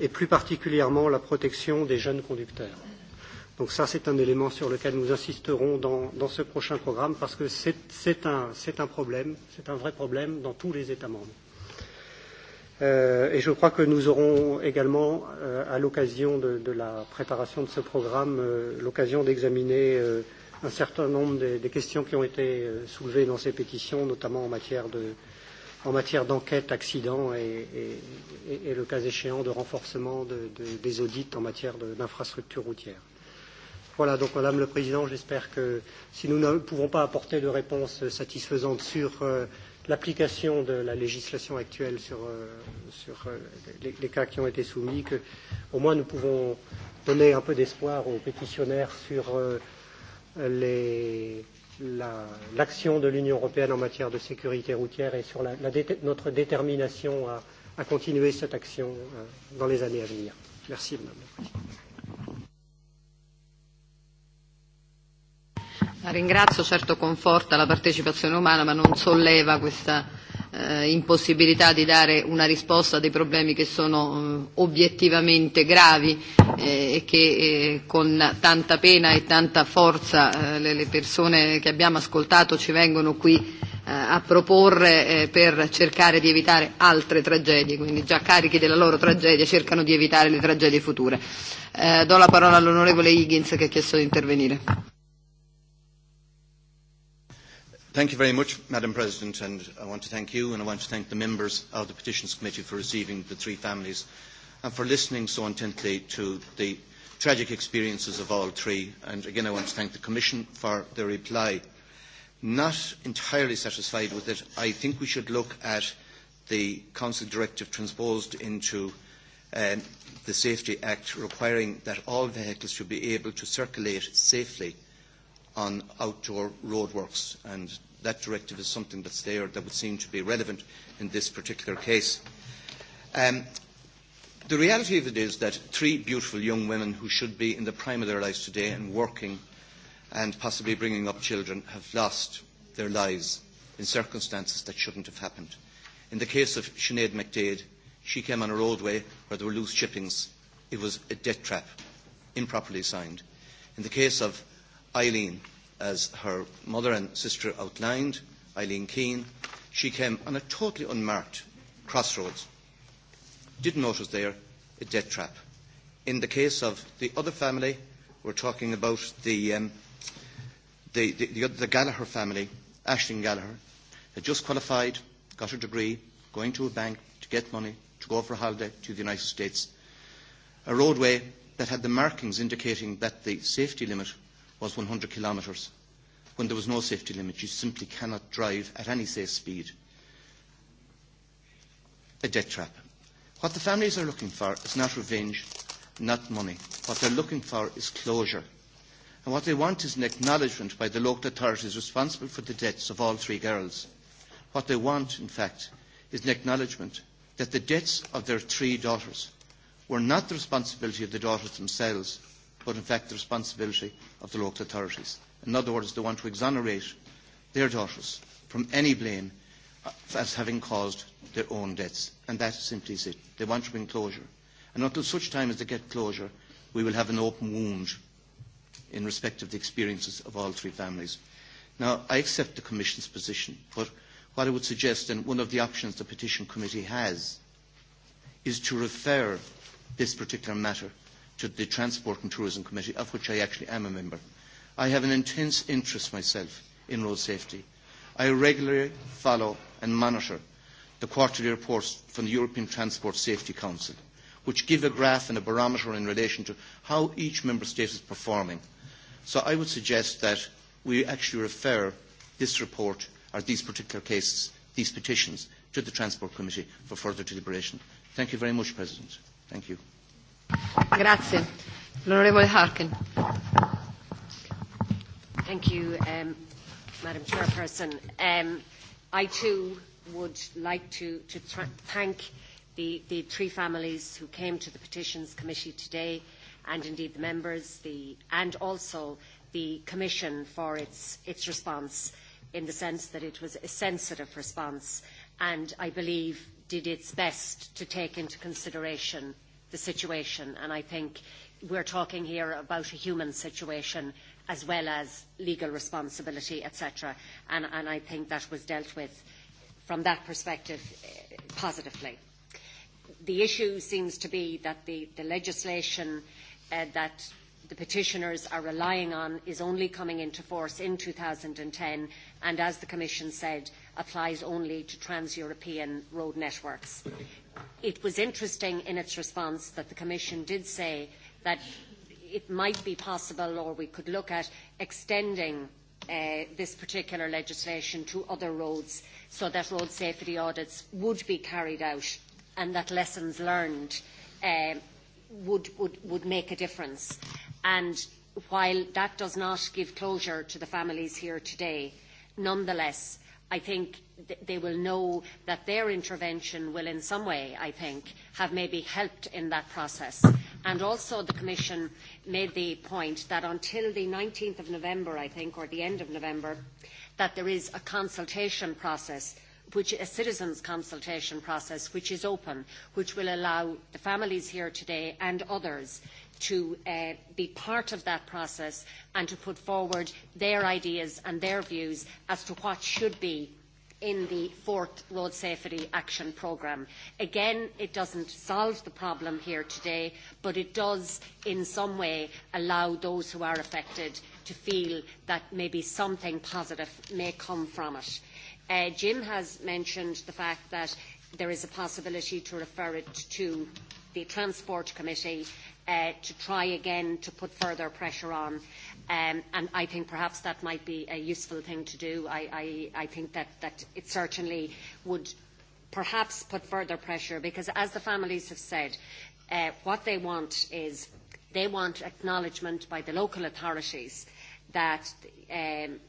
et plus particulièrement la protection des jeunes conducteurs. Donc ça, c'est un élément sur lequel nous insisterons dans, dans ce prochain programme parce que c'est un, un problème, c'est un vrai problème dans tous les États membres. Euh, et je crois que nous aurons également, euh, à l'occasion de, de la préparation de ce programme, euh, l'occasion d'examiner euh, un certain nombre des, des questions qui ont été euh, soulevées dans ces pétitions, notamment en matière de en matière d'enquête, accident et, et, et, et le cas échéant de renforcement de, de, des audits en matière d'infrastructures routières. Voilà, donc Madame le Président, j'espère que si nous ne pouvons pas apporter de réponses satisfaisantes sur euh, l'application de la législation actuelle sur, euh, sur euh, les, les cas qui ont été soumis, que au moins nous pouvons donner un peu d'espoir aux pétitionnaires sur euh, les, l'action la, de l'Union européenne en matière de sécurité routière et sur la, la dé, notre détermination à, à continuer cette action euh, dans les années à venir. Merci, Madame la Présidente. La ringrazio, certo conforta la partecipazione umana, ma non solleva questa eh, impossibilità di dare una risposta a dei problemi che sono eh, obiettivamente gravi eh, e che eh, con tanta pena e tanta forza eh, le, le persone che abbiamo ascoltato ci vengono qui eh, a proporre eh, per cercare di evitare altre tragedie, quindi già carichi della loro tragedia cercano di evitare le tragedie future. Eh, do la parola all'onorevole Higgins che ha chiesto di intervenire. Thank you very much, Madam President, and I want to thank you and I want to thank the members of the Petitions Committee for receiving the three families and for listening so intently to the tragic experiences of all three. And again, I want to thank the Commission for their reply. Not entirely satisfied with it, I think we should look at the Council Directive transposed into um, the Safety Act requiring that all vehicles should be able to circulate safely on outdoor roadworks. And that directive is something that's there that would seem to be relevant in this particular case. Um, the reality of it is that three beautiful young women who should be in the prime of their lives today and working and possibly bringing up children have lost their lives in circumstances that shouldn't have happened. In the case of Sinead McDade, she came on a roadway where there were loose chippings. It was a death trap, improperly signed. In the case of Eileen, as her mother and sister outlined, Eileen Keane, she came on a totally unmarked crossroads. Didn't notice there a death trap. In the case of the other family, we're talking about the, um, the, the, the, the Gallagher family, Ashton Gallagher, had just qualified, got her degree, going to a bank to get money, to go for a holiday to the United States. A roadway that had the markings indicating that the safety limit was 100 kilometres when there was no safety limit. You simply cannot drive at any safe speed. A death trap. What the families are looking for is not revenge, not money. What they're looking for is closure. And what they want is an acknowledgement by the local authorities responsible for the deaths of all three girls. What they want, in fact, is an acknowledgement that the deaths of their three daughters were not the responsibility of the daughters themselves, but in fact the responsibility of the local authorities. In other words, they want to exonerate their daughters from any blame uh, as having caused their own deaths. And that simply is it. They want to bring closure. And until such time as they get closure, we will have an open wound in respect of the experiences of all three families. Now, I accept the Commission's position, but what I would suggest, and one of the options the Petition Committee has, is to refer this particular matter to the Transport and Tourism Committee, of which I actually am a member. I have an intense interest myself in road safety. I regularly follow and monitor the quarterly reports from the European Transport Safety Council, which give a graph and a barometer in relation to how each member state is performing. So I would suggest that we actually refer this report, or these particular cases, these petitions, to the Transport Committee for further deliberation. Thank you very much, President. Thank you. Grazie. L'onorevole Harkin. Thank you, um, Madam Chairperson. Um, I too would like to, to thank the, the three families who came to the Petitions Committee today and indeed the members the, and also the Commission for its, its response in the sense that it was a sensitive response and I believe did its best to take into consideration the situation. And I think we're talking here about a human situation as well as legal responsibility, etc. And, and I think that was dealt with from that perspective eh, positively. The issue seems to be that the, the legislation uh, that the petitioners are relying on is only coming into force in 2010, and as the Commission said, applies only to trans-European road networks. It was interesting in its response that the Commission did say that it might be possible or we could look at extending uh, this particular legislation to other roads so that road safety audits would be carried out and that lessons learned uh, would, would, would make a difference. And while that does not give closure to the families here today, nonetheless, I think they will know that their intervention will in some way, I think, have maybe helped in that process. And also the Commission made the point that until the 19th of November, I think, or the end of November, that there is a consultation process which a citizens' consultation process which is open, which will allow the families here today and others to uh, be part of that process and to put forward their ideas and their views as to what should be in the fourth Road Safety Action Programme. Again, it doesn't solve the problem here today, but it does in some way allow those who are affected to feel that maybe something positive may come from it. Uh, Jim has mentioned the fact that there is a possibility to refer it to the Transport Committee uh, to try again to put further pressure on. Um, and I think perhaps that might be a useful thing to do. I, I, I think that, that it certainly would perhaps put further pressure because, as the families have said, uh, what they want is they want acknowledgement by the local authorities that um,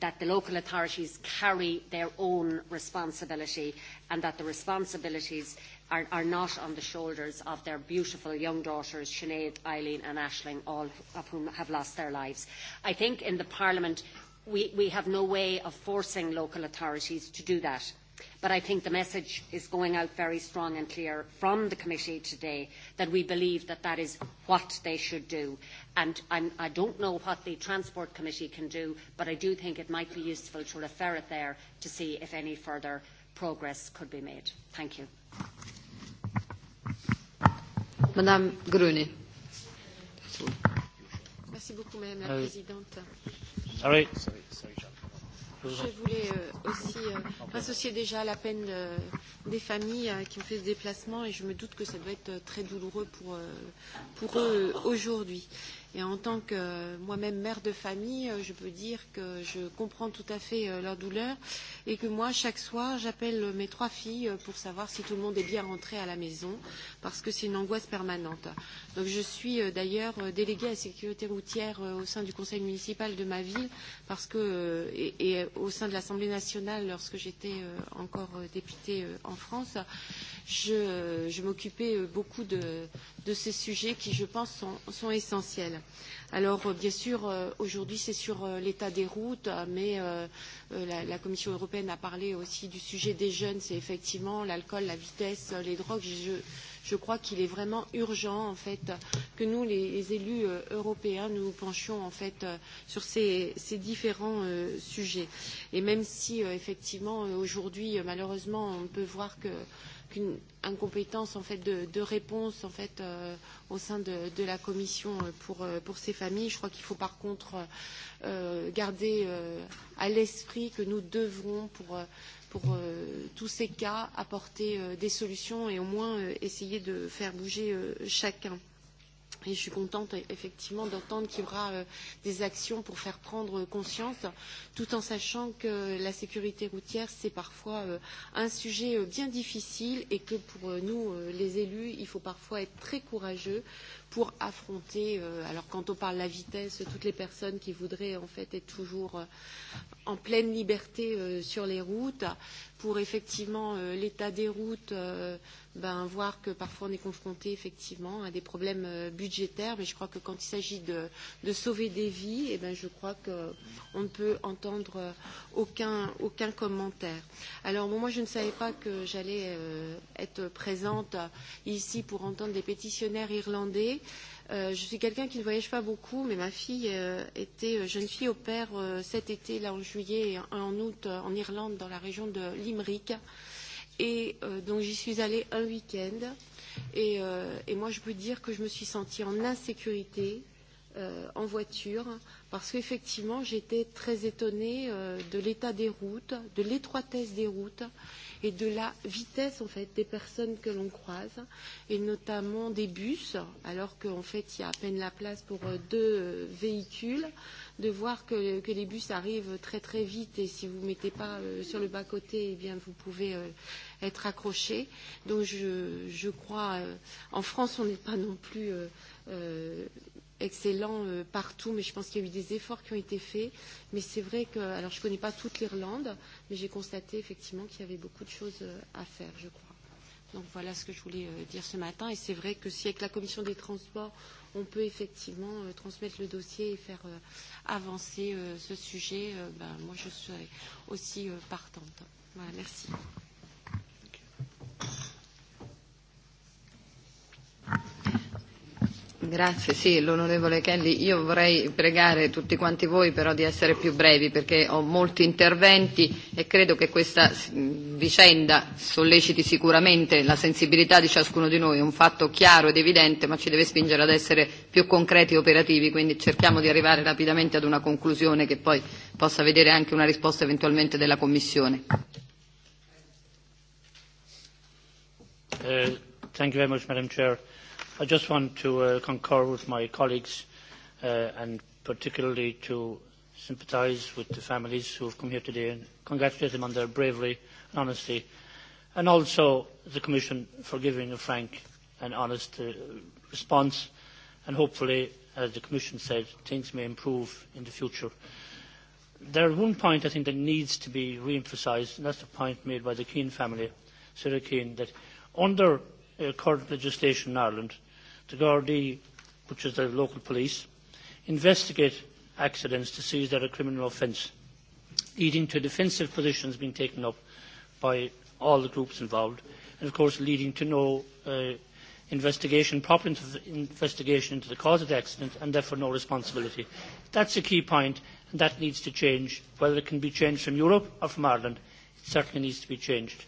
that the local authorities carry their own responsibility and that the responsibilities are, are not on the shoulders of their beautiful young daughters, Sinead, Eileen and Ashling, all of whom have lost their lives. I think in the Parliament we, we have no way of forcing local authorities to do that. But I think the message is going out very strong and clear from the committee today that we believe that that is what they should do. And I'm, I don't know what the Transport Committee can do, but I do think it might be useful to refer it there to see if any further progress could be made. Thank you. Madame Gruny. Merci beaucoup, Madame la euh, Présidente. Ah Je voulais euh, aussi euh, associer déjà à la peine des familles qui ont fait ce déplacement et je me doute que ça doit être très douloureux pour, pour eux aujourd'hui. Euh, Et en tant que euh, moi-même mère de famille, euh, je peux dire que je comprends tout à fait euh, leur douleur et que moi, chaque soir, j'appelle mes trois filles pour savoir si tout le monde est bien rentré à la maison parce que c'est une angoisse permanente. Donc je suis d'ailleurs déléguée à la sécurité routière au sein du conseil municipal de ma ville parce que, et, et au sein de l'Assemblée nationale lorsque j'étais encore députée en France, je, je m'occupais beaucoup de de ces sujets qui, je pense, sont, sont essentiels. Alors, euh, bien sûr, euh, aujourd'hui, c'est sur euh, l'état des routes, mais euh, la, la Commission européenne a parlé aussi du sujet des jeunes. C'est effectivement l'alcool, la vitesse, les drogues. Je, je crois qu'il est vraiment urgent, en fait, que nous, les, les élus européens, nous penchions, en fait, sur ces, ces différents euh, sujets. Et même si, euh, effectivement, aujourd'hui, malheureusement, on peut voir que qu'une incompétence en fait de, de réponse en fait euh, au sein de, de la commission euh, pour, euh, pour ces familles. Je crois qu'il faut par contre euh, garder euh, à l'esprit que nous devrons pour, euh, pour euh, tous ces cas apporter euh, des solutions et au moins euh, essayer de faire bouger euh, chacun. Et je suis contente effectivement d'entendre qu'il y aura euh, des actions pour faire prendre euh, conscience, tout en sachant que la sécurité routière, c'est parfois euh, un sujet euh, bien difficile et que pour euh, nous, euh, les élus, il faut parfois être très courageux pour affronter. Euh, alors quand on parle de la vitesse, toutes les personnes qui voudraient en fait être toujours euh, en pleine liberté euh, sur les routes, pour effectivement euh, l'état des routes, euh, ben, voir que parfois on est confronté effectivement à des problèmes euh, budgétaires, mais je crois que quand il s'agit de, de sauver des vies, eh ben, je crois qu'on ne peut entendre euh, aucun, aucun commentaire. Alors bon, moi je ne savais pas que j'allais euh, être présente ici pour entendre des pétitionnaires irlandais Euh, je suis quelqu'un qui ne voyage pas beaucoup, mais ma fille euh, était euh, jeune fille au père euh, cet été, là en juillet et en août, euh, en Irlande, dans la région de Limerick. Et euh, donc j'y suis allée un week-end. Et, euh, et moi, je peux dire que je me suis sentie en insécurité euh, en voiture parce qu'effectivement j'étais très étonnée euh, de l'état des routes, de l'étroitesse des routes et de la vitesse en fait des personnes que l'on croise et notamment des bus alors qu'en fait il y a à peine la place pour euh, deux euh, véhicules de voir que, que les bus arrivent très très vite et si vous ne mettez pas euh, sur le bas côté eh bien vous pouvez euh, être accroché donc je, je crois euh, en France on n'est pas non plus euh, euh, excellent euh, partout, mais je pense qu'il y a eu des efforts qui ont été faits. Mais c'est vrai que, alors je ne connais pas toute l'Irlande, mais j'ai constaté effectivement qu'il y avait beaucoup de choses euh, à faire, je crois. Donc voilà ce que je voulais euh, dire ce matin. Et c'est vrai que si avec la commission des transports, on peut effectivement euh, transmettre le dossier et faire euh, avancer euh, ce sujet, euh, ben, moi je serai aussi euh, partante. Voilà, merci. Grazie, sì, l'onorevole Kelly. Io vorrei pregare tutti quanti voi però di essere più brevi perché ho molti interventi e credo che questa vicenda solleciti sicuramente la sensibilità di ciascuno di noi, è un fatto chiaro ed evidente ma ci deve spingere ad essere più concreti e operativi, quindi cerchiamo di arrivare rapidamente ad una conclusione che poi possa vedere anche una risposta eventualmente della Commissione. Uh, thank you very much, Madam Chair. I just want to uh, concur with my colleagues uh, and particularly to sympathise with the families who have come here today and congratulate them on their bravery and honesty and also the Commission for giving a frank and honest uh, response and hopefully, as the Commission said, things may improve in the future. There is one point I think that needs to be re-emphasised and that's the point made by the Keane family, Sarah Keane, that under current legislation in Ireland, the gardaí which is the local police investigate accidents to see if they are a criminal offence leading to defensive positions being taken up by all the groups involved and of course leading to no uh, investigation, proper investigation into the cause of the accident and therefore no responsibility. That is a key point and that needs to change. Whether it can be changed from Europe or from Ireland, it certainly needs to be changed.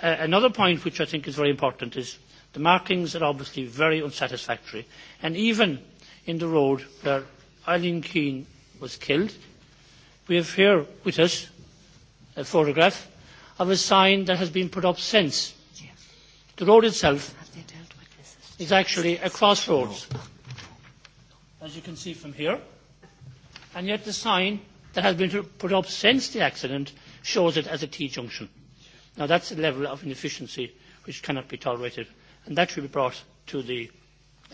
Uh, another point which I think is very important is The markings are obviously very unsatisfactory. And even in the road where Eileen Keane was killed, we have here with us a photograph of a sign that has been put up since. The road itself is actually a crossroads, as you can see from here. And yet the sign that has been put up since the accident shows it as a T junction. Now that's a level of inefficiency which cannot be tolerated and that should be brought to the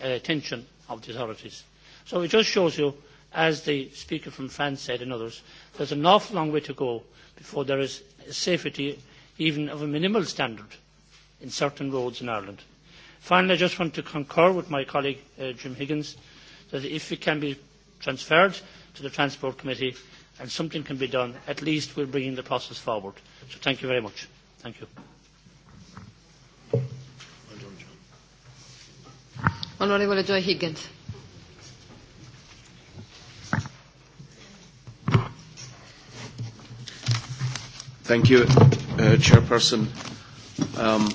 uh, attention of the authorities. So it just shows you, as the speaker from France said and others, there's an awful long way to go before there is safety even of a minimal standard in certain roads in Ireland. Finally, I just want to concur with my colleague uh, Jim Higgins that if it can be transferred to the Transport Committee and something can be done, at least we're bringing the process forward. So thank you very much. Thank you. Onorevole Joy Higgins. Thank you, uh, Chairperson. Um,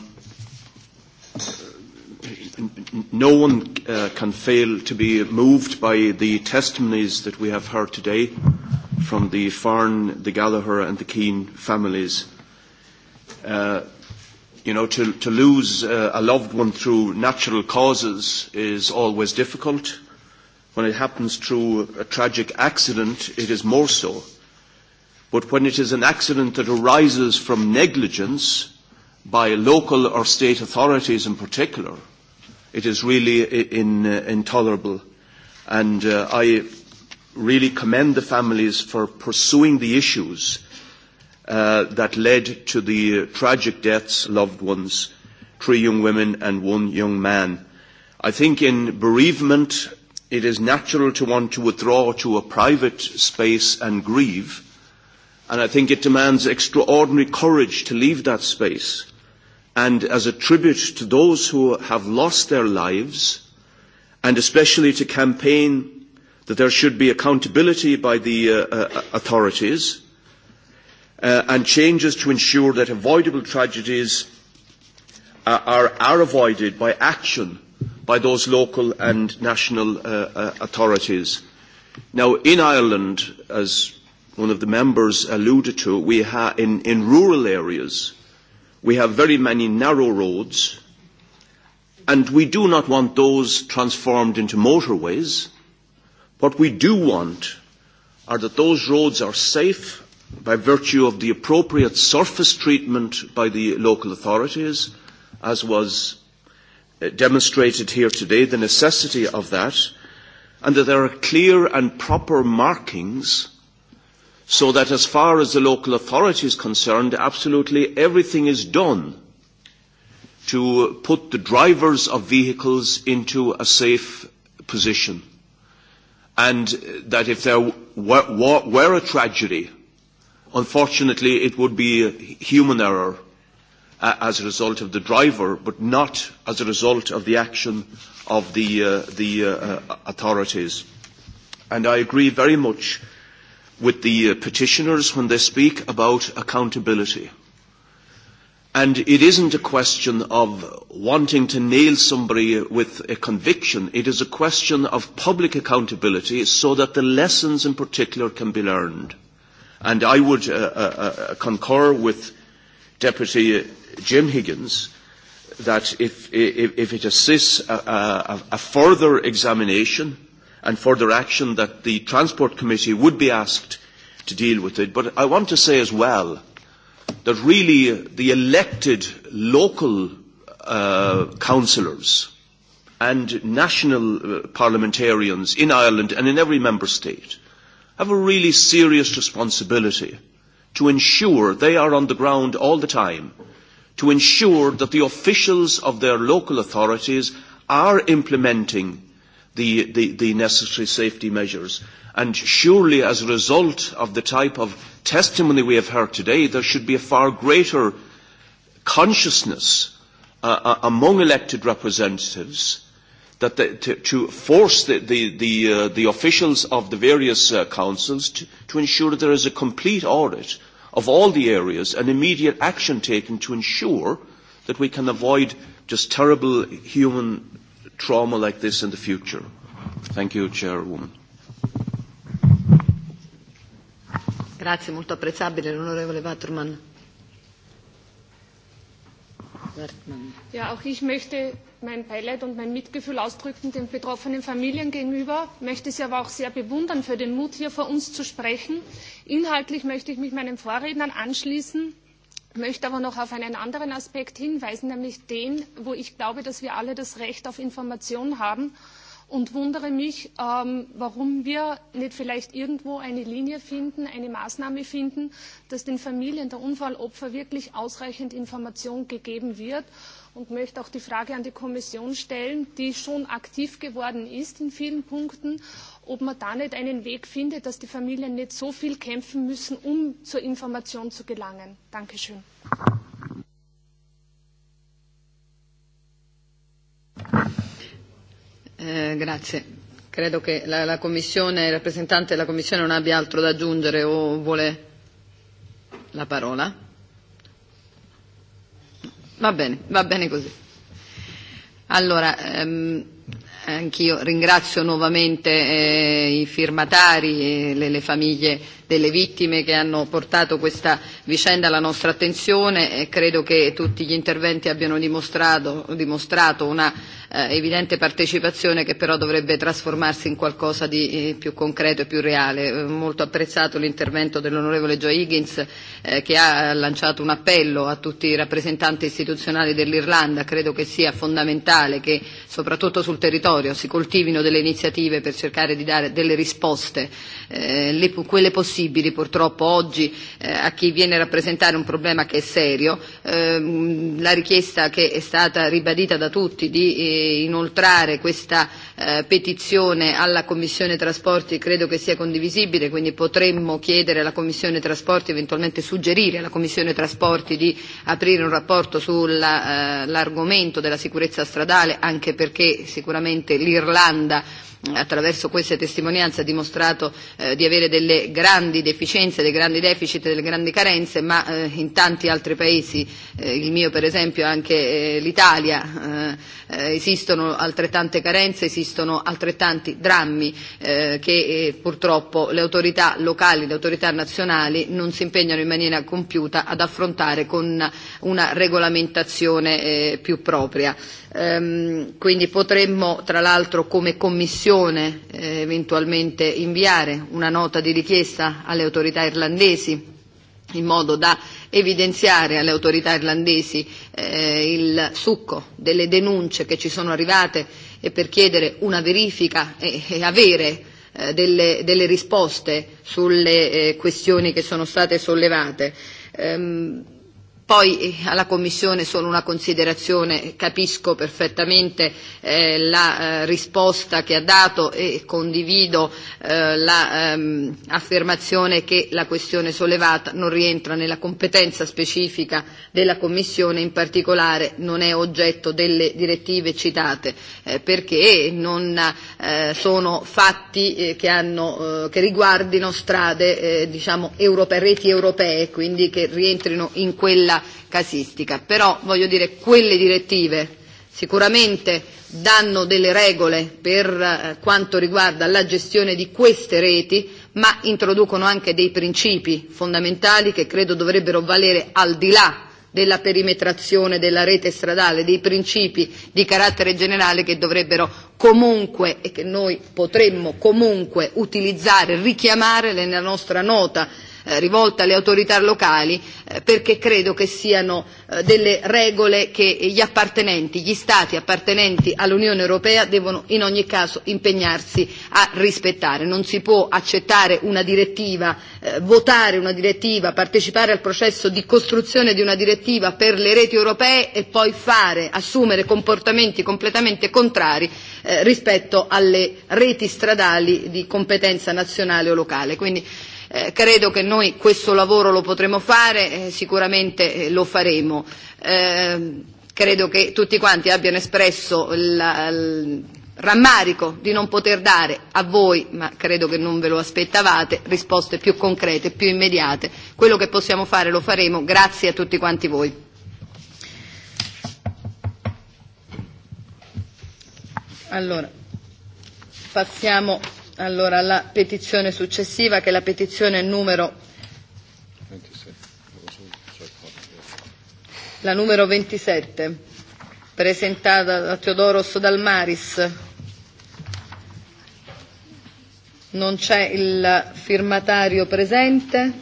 no one uh, can fail to be moved by the testimonies that we have heard today from the Farn, the Gallagher and the Keane families. Uh, you know, to, to lose uh, a loved one through natural causes is always difficult. When it happens through a tragic accident, it is more so. But when it is an accident that arises from negligence by local or state authorities in particular, it is really in, uh, intolerable. And uh, I really commend the families for pursuing the issues Uh, that led to the tragic deaths of loved ones, three young women and one young man. I think in bereavement, it is natural to want to withdraw to a private space and grieve, and I think it demands extraordinary courage to leave that space. And as a tribute to those who have lost their lives, and especially to campaign that there should be accountability by the uh, uh, authorities, uh, and changes to ensure that avoidable tragedies uh, are, are avoided by action by those local and national uh, uh, authorities. Now, in Ireland, as one of the members alluded to, we ha- in, in rural areas, we have very many narrow roads, and we do not want those transformed into motorways. What we do want are that those roads are safe by virtue of the appropriate surface treatment by the local authorities, as was uh, demonstrated here today, the necessity of that, and that there are clear and proper markings so that as far as the local authority is concerned, absolutely everything is done to put the drivers of vehicles into a safe position. And that if there were, were a tragedy, Unfortunately, it would be human error uh, as a result of the driver, but not as a result of the action of the, uh, the uh, uh authorities. And I agree very much with the uh, petitioners when they speak about accountability. And it isn't a question of wanting to nail somebody with a conviction. It is a question of public accountability so that the lessons in particular can be learned. And I would uh, uh, uh, concur with Deputy Jim Higgins that if, if, if it assists a, a, a further examination and further action that the Transport Committee would be asked to deal with it. But I want to say as well that really the elected local uh, councillors and national uh, parliamentarians in Ireland and in every member state have a really serious responsibility to ensure they are on the ground all the time, to ensure that the officials of their local authorities are implementing the, the, the necessary safety measures. And surely as a result of the type of testimony we have heard today, there should be a far greater consciousness uh, uh among elected representatives that the, to, to force the, the, the, uh, the officials of the various uh, councils to, to ensure that there is a complete audit of all the areas and immediate action taken to ensure that we can avoid just terrible human trauma like this in the future. Thank you, Chairwoman. Grazie, molto apprezzabile l'onorevole Wattman. Ja, auch ich möchte mein Beileid und mein Mitgefühl ausdrücken den betroffenen Familien gegenüber, möchte sie aber auch sehr bewundern für den Mut, hier vor uns zu sprechen. Inhaltlich möchte ich mich meinen Vorrednern anschließen möchte aber noch auf einen anderen Aspekt hinweisen, nämlich den, wo ich glaube, dass wir alle das Recht auf Information haben und wundere mich, ähm, warum wir nicht vielleicht irgendwo eine Linie finden, eine Maßnahme finden, dass den Familien der Unfallopfer wirklich ausreichend Information gegeben wird und möchte auch die Frage an die Kommission stellen, die schon aktiv geworden ist in vielen Punkten, ob man da nicht einen Weg findet, dass die Familien nicht so viel kämpfen müssen, um zur Information zu gelangen. Dankeschön. Eh, grazie. Credo che la, la Commissione, il rappresentante della Commissione non abbia altro da aggiungere o vuole la parola. Va bene, va bene così. Allora, ehm, Anch'io ringrazio nuovamente eh, i firmatari e le, le famiglie delle vittime che hanno portato questa vicenda alla nostra attenzione e credo che tutti gli interventi abbiano dimostrato, dimostrato una eh, evidente partecipazione che però dovrebbe trasformarsi in qualcosa di eh, più concreto e più reale. Eh, molto apprezzato l'intervento dell'onorevole Joe Higgins eh, che ha lanciato un appello a tutti i rappresentanti istituzionali dell'Irlanda. Credo che sia fondamentale che soprattutto sul territorio territorio, si coltivino delle iniziative per cercare di dare delle risposte, eh, le, quelle possibili purtroppo oggi eh, a chi viene a rappresentare un problema che è serio. Eh, la richiesta che è stata ribadita da tutti di eh, inoltrare questa eh, petizione alla Commissione Trasporti credo che sia condivisibile, quindi potremmo chiedere alla Commissione Trasporti, eventualmente suggerire alla Commissione Trasporti di aprire un rapporto sull'argomento eh, della sicurezza stradale, anche perché sicuramente l'Irlanda attraverso queste testimonianze ha dimostrato eh, di avere delle grandi deficienze, dei grandi deficit, delle grandi carenze, ma eh, in tanti altri paesi, eh, il mio per esempio anche eh, l'Italia, eh, eh, esistono altrettante carenze, esistono altrettanti drammi eh, che eh, purtroppo le autorità locali, le autorità nazionali non si impegnano in maniera compiuta ad affrontare con una regolamentazione eh, più propria. Eh, quindi potremmo tra l'altro come Commissione Commissione eh, eventualmente inviare una nota di richiesta alle autorità irlandesi in modo da evidenziare alle autorità irlandesi eh, il succo delle denunce che ci sono arrivate e per chiedere una verifica e, e avere eh, delle, delle risposte sulle eh, questioni che sono state sollevate. Ehm, Poi eh, alla Commissione solo una considerazione, capisco perfettamente eh, la eh, risposta che ha dato e condivido eh, l'affermazione la, ehm, che la questione sollevata non rientra nella competenza specifica della Commissione, in particolare non è oggetto delle direttive citate, eh, perché non eh, sono fatti eh, che, hanno, eh, che riguardino strade, eh, diciamo, europee, reti europee, quindi che rientrino in quella quella casistica, però voglio dire quelle direttive sicuramente danno delle regole per eh, quanto riguarda la gestione di queste reti, ma introducono anche dei principi fondamentali che credo dovrebbero valere al di là della perimetrazione della rete stradale, dei principi di carattere generale che dovrebbero comunque e che noi potremmo comunque utilizzare, richiamare nella nostra nota Eh, rivolta alle autorità locali eh, perché credo che siano eh, delle regole che gli appartenenti, gli Stati appartenenti all'Unione Europea devono in ogni caso impegnarsi a rispettare. Non si può accettare una direttiva, votare una direttiva, partecipare al processo di costruzione di una direttiva per le reti europee e poi fare, assumere comportamenti completamente contrari rispetto alle reti stradali di competenza nazionale o locale. Quindi Eh, credo che noi questo lavoro lo potremo fare, eh, sicuramente eh, lo faremo. Eh, credo che tutti quanti abbiano espresso il, il rammarico di non poter dare a voi, ma credo che non ve lo aspettavate, risposte più concrete, più immediate. Quello che possiamo fare lo faremo, grazie a tutti quanti voi. Allora, passiamo Allora, la petizione successiva, che è la petizione numero la numero 27, presentata da Teodoros Dalmaris. Non c'è il firmatario presente,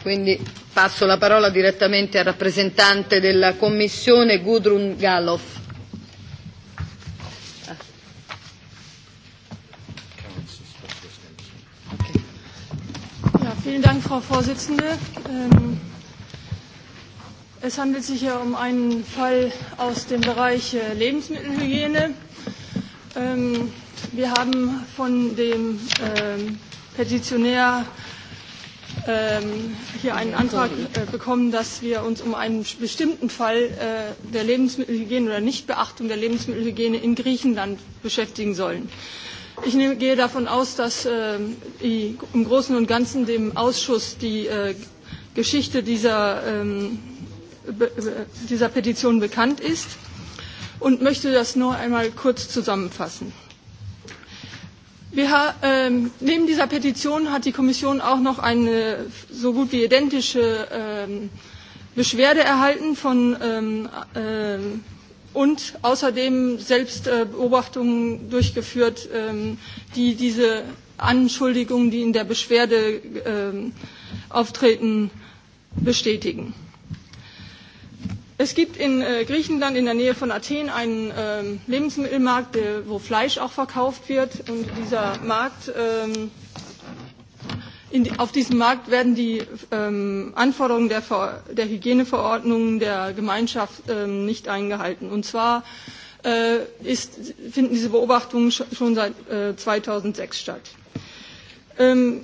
quindi passo la parola direttamente al rappresentante della Commissione, Gudrun Galoff. Vielen Dank, Frau Vorsitzende. Ähm, es handelt sich hier um einen Fall aus dem Bereich äh, Lebensmittelhygiene. Ähm, wir haben von dem ähm, Petitionär hier einen Antrag äh, bekommen, dass wir uns um einen bestimmten Fall äh, der Lebensmittelhygiene oder Nichtbeachtung der Lebensmittelhygiene in Griechenland beschäftigen sollen. Ich nehme, gehe davon aus, dass äh, die, im Großen und Ganzen dem Ausschuss die äh, Geschichte dieser, ähm, dieser Petition bekannt ist und möchte das nur einmal kurz zusammenfassen. Wir, ähm, neben dieser Petition hat die Kommission auch noch eine so gut wie identische ähm, Beschwerde erhalten von ähm, ähm, und außerdem selbst äh, Beobachtungen durchgeführt, ähm, die diese Anschuldigungen, die in der Beschwerde ähm, auftreten, bestätigen. Es gibt in äh, Griechenland in der Nähe von Athen einen ähm, Lebensmittelmarkt, der, wo Fleisch auch verkauft wird. Und dieser Markt ähm, in, auf diesem Markt werden die ähm, Anforderungen der, der Hygieneverordnung der Gemeinschaft ähm, nicht eingehalten. Und zwar äh, ist, finden diese Beobachtungen schon seit äh, 2006 statt. Ähm,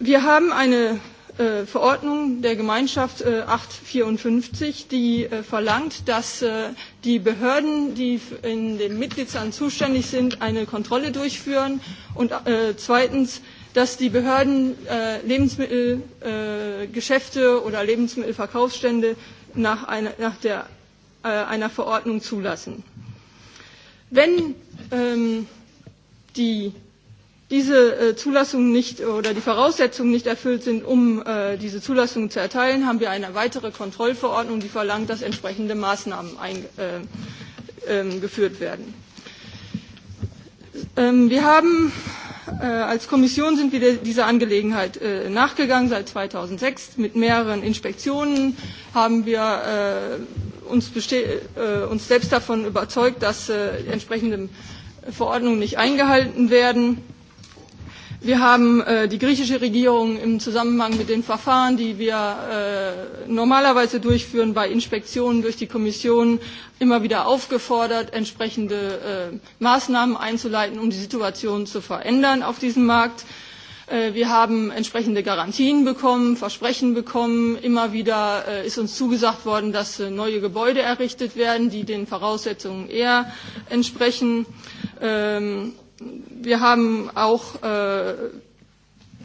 wir haben eine äh, Verordnung der Gemeinschaft äh, 854, die äh, verlangt, dass äh, die Behörden, die in den Mitgliedstaaten zuständig sind, eine Kontrolle durchführen und äh, zweitens dass die Behörden äh, Lebensmittelgeschäfte äh, oder Lebensmittelverkaufsstände nach einer, nach der, äh, einer Verordnung zulassen. Wenn ähm, die, diese äh, Zulassung nicht oder die Voraussetzungen nicht erfüllt sind, um äh, diese Zulassung zu erteilen, haben wir eine weitere Kontrollverordnung, die verlangt, dass entsprechende Maßnahmen eingeführt äh, äh, werden. Ähm, wir haben äh, als Kommission sind wir dieser Angelegenheit äh, nachgegangen seit 2006 mit mehreren Inspektionen haben wir äh, uns, äh, uns selbst davon überzeugt, dass äh, entsprechende Verordnungen nicht eingehalten werden. Äh, Wir haben äh, die griechische Regierung im Zusammenhang mit den Verfahren, die wir äh, normalerweise durchführen bei Inspektionen durch die Kommission, immer wieder aufgefordert, entsprechende äh, Maßnahmen einzuleiten, um die Situation zu verändern auf diesem Markt. Äh, wir haben entsprechende Garantien bekommen, Versprechen bekommen. Immer wieder äh, ist uns zugesagt worden, dass äh, neue Gebäude errichtet werden, die den Voraussetzungen eher entsprechen. Ähm, wir haben auch äh,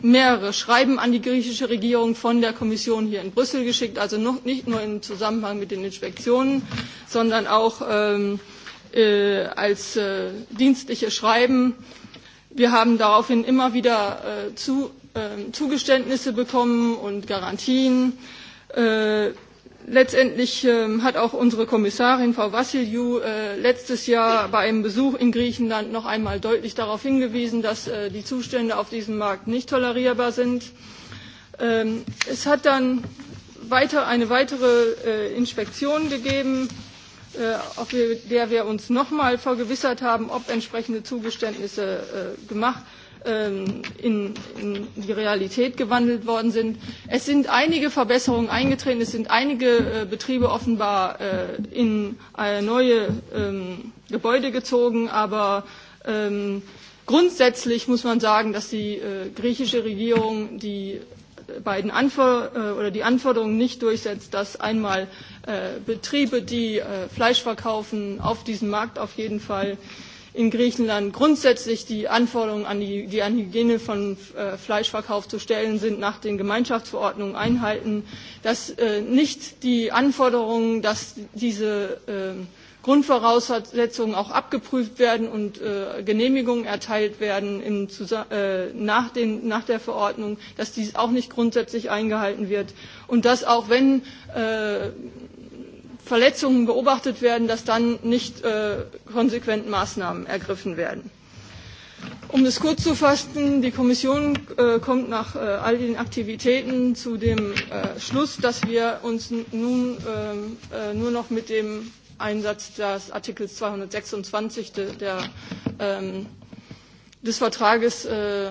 mehrere Schreiben an die griechische Regierung von der Kommission hier in Brüssel geschickt, also noch, nicht nur im Zusammenhang mit den Inspektionen, sondern auch ähm, äh, als äh, dienstliche Schreiben. Wir haben daraufhin immer wieder äh, zu, äh, Zugeständnisse bekommen und Garantien. Äh, letztendlich ähm, hat auch unsere Kommissarin Frau Vassiliou äh, letztes Jahr bei einem Besuch in Griechenland noch einmal deutlich darauf hingewiesen, dass äh, die Zustände auf diesem Markt nicht tolerierbar sind. Ähm, es hat dann weiter, eine weitere äh, Inspektion gegeben, äh, auf der wir uns nochmal vergewissert haben, ob entsprechende Zugeständnisse äh, gemacht wurden Ähm, in, in die Realität gewandelt worden sind. Es sind einige Verbesserungen eingetreten. Es sind einige äh, Betriebe offenbar äh, in äh, neue ähm, Gebäude gezogen. Aber ähm, grundsätzlich muss man sagen, dass die äh, griechische Regierung die äh, beiden Anfor äh, oder die Anforderungen nicht durchsetzt, dass einmal äh, Betriebe, die äh, Fleisch verkaufen, auf diesem Markt auf jeden Fall in Griechenland grundsätzlich die Anforderungen, an die, die an Hygiene von äh, Fleischverkauf zu stellen sind, nach den Gemeinschaftsverordnungen einhalten, dass äh, nicht die Anforderungen, dass diese äh, Grundvoraussetzungen auch abgeprüft werden und äh, Genehmigungen erteilt werden im äh, nach, den, nach der Verordnung, dass dies auch nicht grundsätzlich eingehalten wird und dass auch wenn äh, Verletzungen beobachtet werden, dass dann nicht äh, konsequent Maßnahmen ergriffen werden. Um es kurz zu fassen, die Kommission äh, kommt nach äh, all den Aktivitäten zu dem äh, Schluss, dass wir uns nun ähm, äh, nur noch mit dem Einsatz des Artikels 226 de, der, ähm, des Vertrages äh,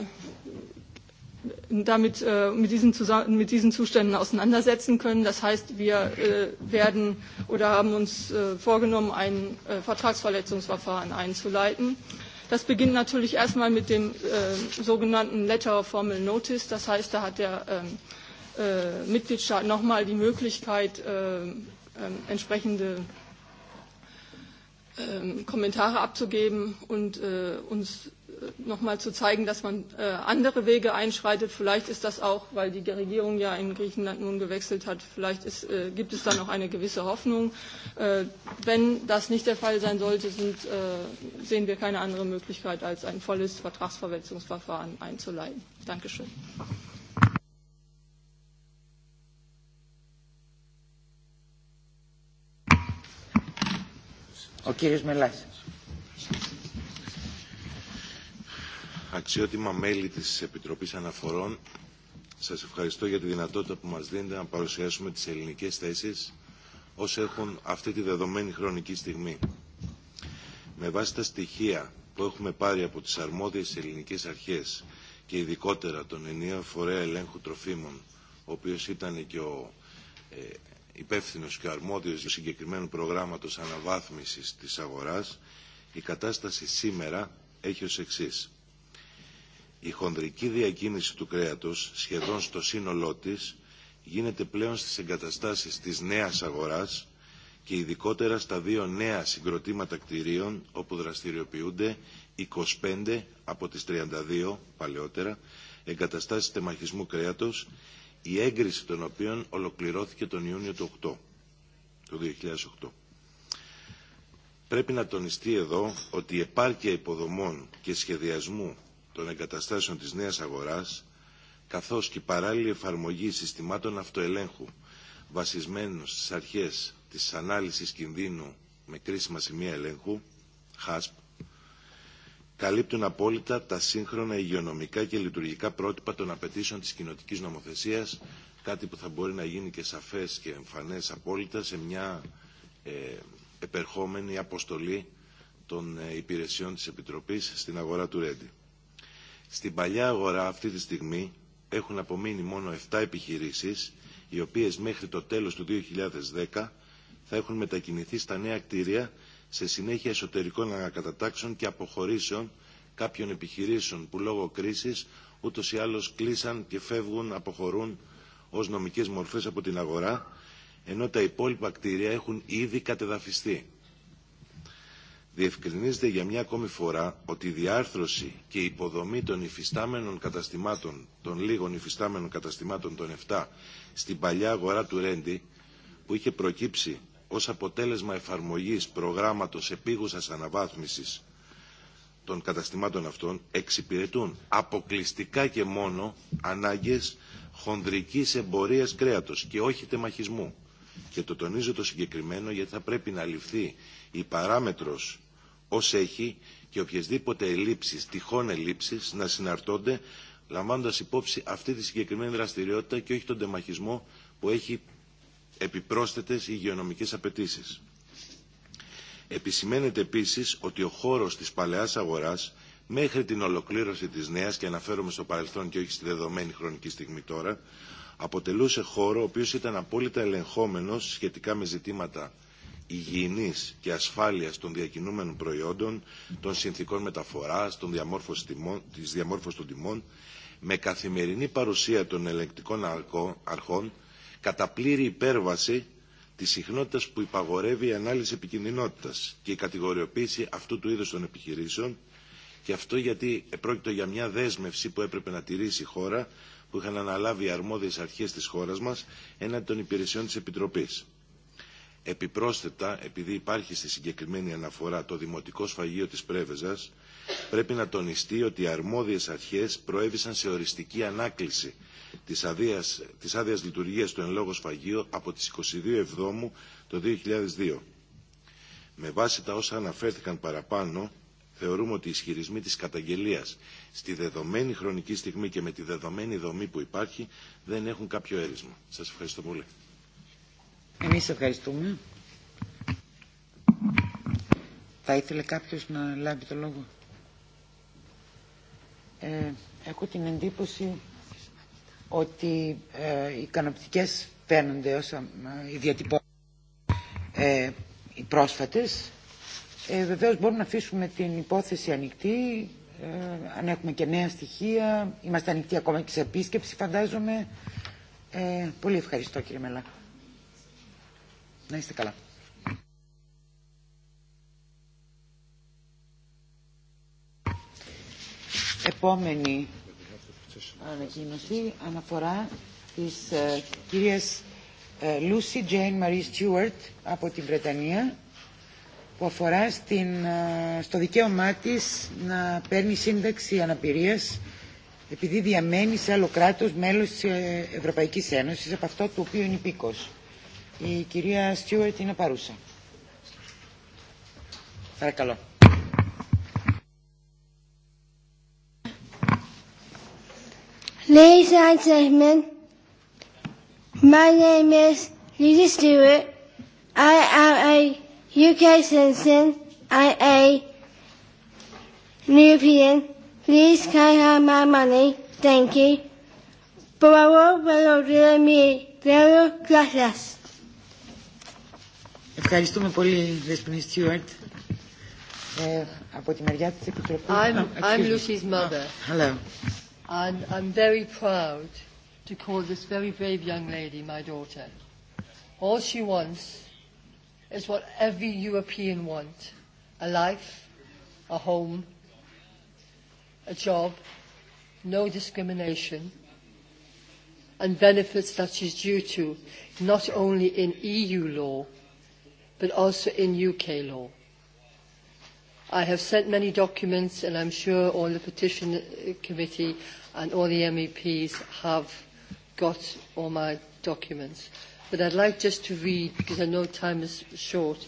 damit, äh, mit, diesen mit diesen Zuständen auseinandersetzen können. Das heißt, wir äh, werden oder haben uns äh, vorgenommen, ein äh, Vertragsverletzungsverfahren einzuleiten. Das beginnt natürlich erstmal mit dem äh, sogenannten Letter of Formal Notice. Das heißt, da hat der äh, äh, Mitgliedstaat nochmal die Möglichkeit, äh, äh, entsprechende äh, Kommentare abzugeben und äh, uns nochmal zu zeigen, dass man äh, andere Wege einschreitet. Vielleicht ist das auch, weil die Regierung ja in Griechenland nun gewechselt hat, vielleicht ist, äh, gibt es da noch eine gewisse Hoffnung. Äh, wenn das nicht der Fall sein sollte, sind, äh, sehen wir keine andere Möglichkeit, als ein volles Vertragsverwälzungsverfahren einzuleiten. Dankeschön. Ο κύριος Μελάς αξιότιμα μέλη της Επιτροπής Αναφορών, σας ευχαριστώ για τη δυνατότητα που μας δίνετε να παρουσιάσουμε τις ελληνικές θέσεις όσοι έχουν αυτή τη δεδομένη χρονική στιγμή. Με βάση τα στοιχεία που έχουμε πάρει από τις αρμόδιες ελληνικές αρχές και ειδικότερα τον ενιαίο φορέα ελέγχου τροφίμων, ο οποίος ήταν και ο ε, υπεύθυνο και ο αρμόδιος του συγκεκριμένου προγράμματος αναβάθμισης της αγοράς, η κατάσταση σήμερα έχει ως εξής. Η χονδρική διακίνηση του κρέατος σχεδόν στο σύνολό της γίνεται πλέον στις εγκαταστάσεις της νέας αγοράς και ειδικότερα στα δύο νέα συγκροτήματα κτηρίων όπου δραστηριοποιούνται 25 από τις 32 παλαιότερα εγκαταστάσεις τεμαχισμού κρέατος η έγκριση των οποίων ολοκληρώθηκε τον Ιούνιο του 8, το 2008. Πρέπει να τονιστεί εδώ ότι η επάρκεια υποδομών και σχεδιασμού των εγκαταστάσεων της νέας αγοράς, καθώς και η παράλληλη εφαρμογή συστημάτων αυτοελέγχου βασισμένων στις αρχές της ανάλυσης κινδύνου με κρίσιμα σημεία ελέγχου, HASP, καλύπτουν απόλυτα τα σύγχρονα υγειονομικά και λειτουργικά πρότυπα των απαιτήσεων της κοινοτικής νομοθεσίας, κάτι που θα μπορεί να γίνει και σαφές και εμφανές απόλυτα σε μια ε, επερχόμενη αποστολή των υπηρεσιών της Επιτροπής στην αγορά του Ρέντι. Στην παλιά αγορά αυτή τη στιγμή έχουν απομείνει μόνο 7 επιχειρήσεις, οι οποίες μέχρι το τέλος του 2010 θα έχουν μετακινηθεί στα νέα κτίρια σε συνέχεια εσωτερικών ανακατατάξεων και αποχωρήσεων κάποιων επιχειρήσεων που λόγω κρίσης ούτως ή άλλως κλείσαν και φεύγουν, αποχωρούν ως νομικές μορφές από την αγορά, ενώ τα υπόλοιπα κτίρια έχουν ήδη κατεδαφιστεί διευκρινίζεται για μια ακόμη φορά ότι η διάρθρωση και η υποδομή των υφιστάμενων καταστημάτων, των λίγων υφιστάμενων καταστημάτων των 7 στην παλιά αγορά του Ρέντι, που είχε προκύψει ως αποτέλεσμα εφαρμογής προγράμματος επίγουσας αναβάθμισης των καταστημάτων αυτών, εξυπηρετούν αποκλειστικά και μόνο ανάγκες χονδρικής εμπορίας κρέατος και όχι τεμαχισμού. Και το τονίζω το συγκεκριμένο γιατί θα πρέπει να ληφθεί η παράμετρος ως έχει και οποιασδήποτε ελλείψεις, τυχόν ελλείψεις, να συναρτώνται λαμβάνοντας υπόψη αυτή τη συγκεκριμένη δραστηριότητα και όχι τον τεμαχισμό που έχει επιπρόσθετες υγειονομικές απαιτήσει. Επισημαίνεται επίσης ότι ο χώρος της παλαιάς αγοράς μέχρι την ολοκλήρωση της νέας και αναφέρομαι στο παρελθόν και όχι στη δεδομένη χρονική στιγμή τώρα αποτελούσε χώρο ο οποίος ήταν απόλυτα ελεγχόμενος σχετικά με ζητήματα υγιεινής και ασφάλειας των διακινούμενων προϊόντων, των συνθήκων μεταφοράς, των διαμόρφωσης τιμών, της διαμόρφωσης των τιμών, με καθημερινή παρουσία των ελεγκτικών αρχών, κατά πλήρη υπέρβαση της συχνότητας που υπαγορεύει η ανάλυση επικινδυνότητας και η κατηγοριοποίηση αυτού του είδους των επιχειρήσεων, και αυτό γιατί πρόκειται για μια δέσμευση που έπρεπε να τηρήσει η χώρα που είχαν αναλάβει οι αρμόδιες αρχές της χώρας μας έναντι των υπηρεσιών της Επιτροπής. Επιπρόσθετα, επειδή υπάρχει στη συγκεκριμένη αναφορά το δημοτικό σφαγείο της Πρέβεζας, πρέπει να τονιστεί ότι οι αρμόδιες αρχές προέβησαν σε οριστική ανάκληση της άδειας, της άδειας λειτουργίας του εν λόγω σφαγείου από τις 22 Εβδόμου το 2002. Με βάση τα όσα αναφέρθηκαν παραπάνω, θεωρούμε ότι οι ισχυρισμοί της καταγγελίας στη δεδομένη χρονική στιγμή και με τη δεδομένη δομή που υπάρχει δεν έχουν κάποιο έρισμα. Σας ευχαριστώ πολύ. Εμείς ευχαριστούμε. Θα ήθελε κάποιος να λάβει το λόγο. Ε, έχω την εντύπωση ότι ε, ικανοποιητικές φαίνονται όσα ε, οι διατυπώσεις ε, οι πρόσφατες. Ε, βεβαίως μπορούμε να αφήσουμε την υπόθεση ανοιχτή, ε, αν έχουμε και νέα στοιχεία. Είμαστε ανοιχτοί ακόμα και σε επίσκεψη, φαντάζομαι. Ε, πολύ ευχαριστώ κύριε Μελάκο. Nu Näistä kala. Επόμενη ανακοίνωση αναφορά της uh, κυρίας uh, Lucy Jane Marie Stewart από την Βρετανία που αφορά στην, uh, στο δικαίωμά της να παίρνει σύνταξη αναπηρίας επειδή διαμένει σε άλλο κράτος μέλος της Ευρωπαϊκής Ένωσης από αυτό το οποίο είναι υπήκος. Η κυρία Στιούαρτ είναι παρούσα. Παρακαλώ. Ladies and gentlemen, my name is Lisa Stewart. I am a UK citizen and a European. Please can I have my money? Thank you. Por favor, puedo mi. Gracias. Ευχαριστούμε πολύ, Δεσποινή Στιούαρτ. Ε, από τη μεριά της Επιτροπής... I'm, oh, I'm Lucy's mother. Oh, hello. And I'm very proud to call this very brave young lady my daughter. All she wants is what every European wants, a life, a home, a job, no discrimination, and benefits that she's due to, not only in EU law, but also in UK law. I have sent many documents and I'm sure all the petition uh, committee and all the MEPs have got all my documents. But I'd like just to read, because I know time is short,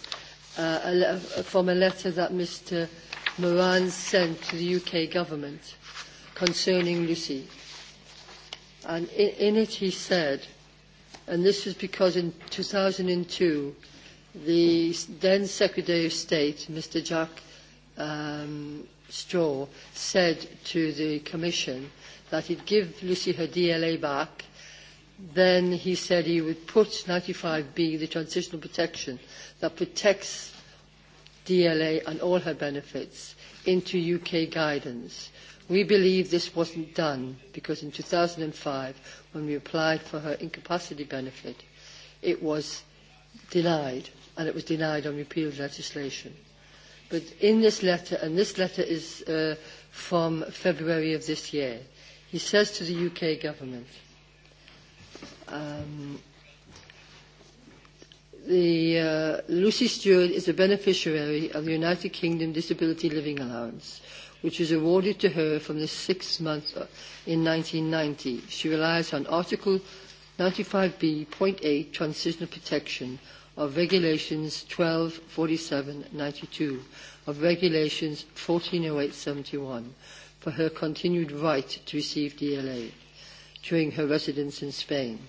uh, a, from a letter that Mr Moran sent to the UK government concerning Lucy. And in, in it he said, and this was because in 2002 the then Secretary of State, Mr. Jack um, Straw, said to the Commission that he'd give Lucy her DLA back. Then he said he would put 95B, the transitional protection that protects DLA and all her benefits, into UK guidance. We believe this wasn't done because in 2005, when we applied for her incapacity benefit, it was denied and it was denied on repealed legislation. But in this letter, and this letter is uh, from February of this year, he says to the UK government, um, the, uh, Lucy Stewart is a beneficiary of the United Kingdom Disability Living Allowance, which was awarded to her from the sixth month uh, in 1990. She relies on Article 95B.8 Transitional Protection of Regulations 124792, of Regulations 140871 for her continued right to receive DLA during her residence in Spain.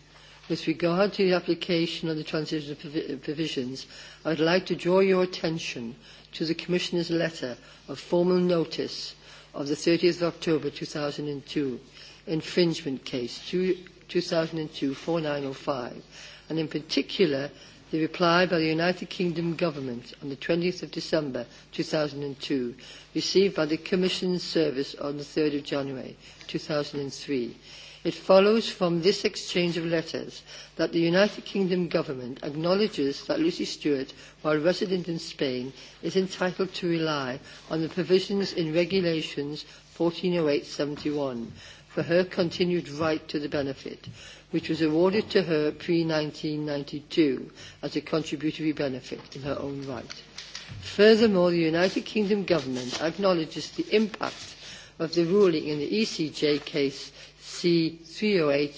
With regard to the application of the transition provisions, I would like to draw your attention to the Commissioner's letter of formal notice of the 30th of October 2002, infringement case 2002-4905, and in particular the reply by the United Kingdom Government on the 20th of December 2002, received by the Commission's service on the 3rd of January 2003. It follows from this exchange of letters that the United Kingdom government acknowledges that Lucy Stewart, while resident in Spain, is entitled to rely on the provisions in Regulations 140871 for her continued right to the benefit which was awarded to her pre-1992 as a contributory benefit in her own right. Furthermore, the United Kingdom government acknowledges the impact of the ruling in the ECJ case C308-93,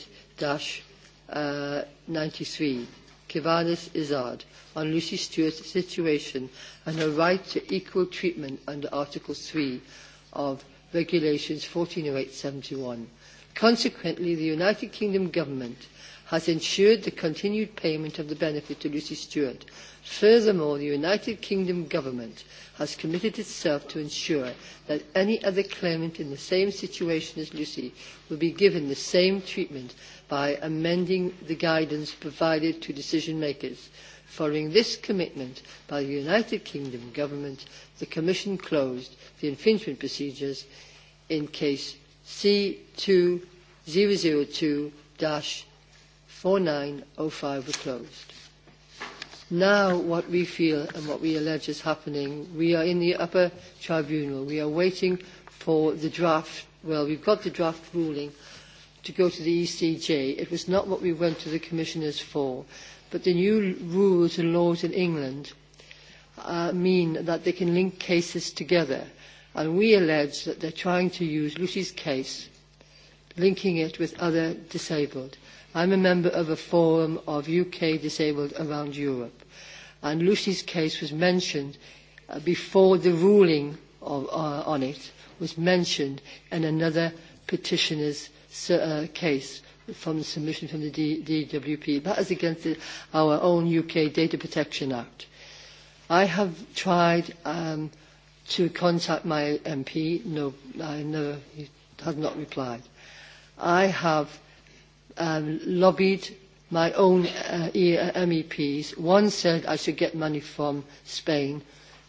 Kivanis Izard, on Lucy Stewart's situation and her right to equal treatment under Article 3 of Regulations 140871 Consequently, the United Kingdom government has ensured the continued payment of the benefit to Lucy Stewart. Furthermore, the United Kingdom government has committed itself to ensure that any other claimant in the same situation as Lucy will be given the same treatment by amending the guidance provided to decision makers. Following this commitment by the United Kingdom government, the Commission closed the infringement procedures in case C2002-4905 were closed. Now what we feel and what we allege is happening, we are in the upper tribunal. We are waiting for the draft, well, we've got the draft ruling to go to the ECJ. It was not what we went to the commissioners for. But the new rules and laws in England uh, mean that they can link cases together and we allege that they're trying to use Lucy's case, linking it with other disabled. I'm a member of a forum of UK disabled around Europe, and Lucy's case was mentioned uh, before the ruling of, uh, on it was mentioned in another petitioner's uh, case from the submission from the DWP. That is against the, our own UK Data Protection Act. I have tried um, to contact my MP. No, I never, he has not replied. I have um, lobbied my own uh, uh MEPs. One said I should get money from Spain.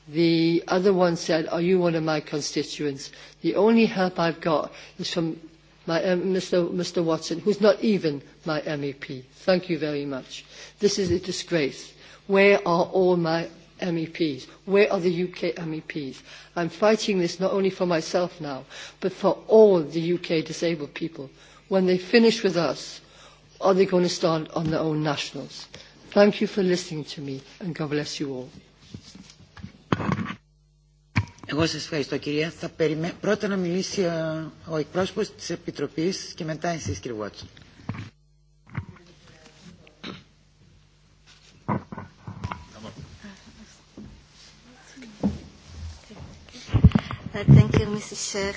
The other one said, are you one of my constituents? The only help I've got is from my, um, Mr, Mr Watson, who's not even my MEP. Thank you very much. This is a disgrace. Where are all my MEPs? Where are the UK MEPs? I'm fighting this not only for myself now, but for all the UK disabled people. When they finish with us, are they going to stand on their own nationals? Thank you for listening to me, and God bless you all. Εγώ σας ευχαριστώ κυρία. Θα περιμέ... Πρώτα να μιλήσει ο εκπρόσωπος της Επιτροπής και μετά εσείς κύριε Βότσον. Uh, thank you, Mrs. Chair.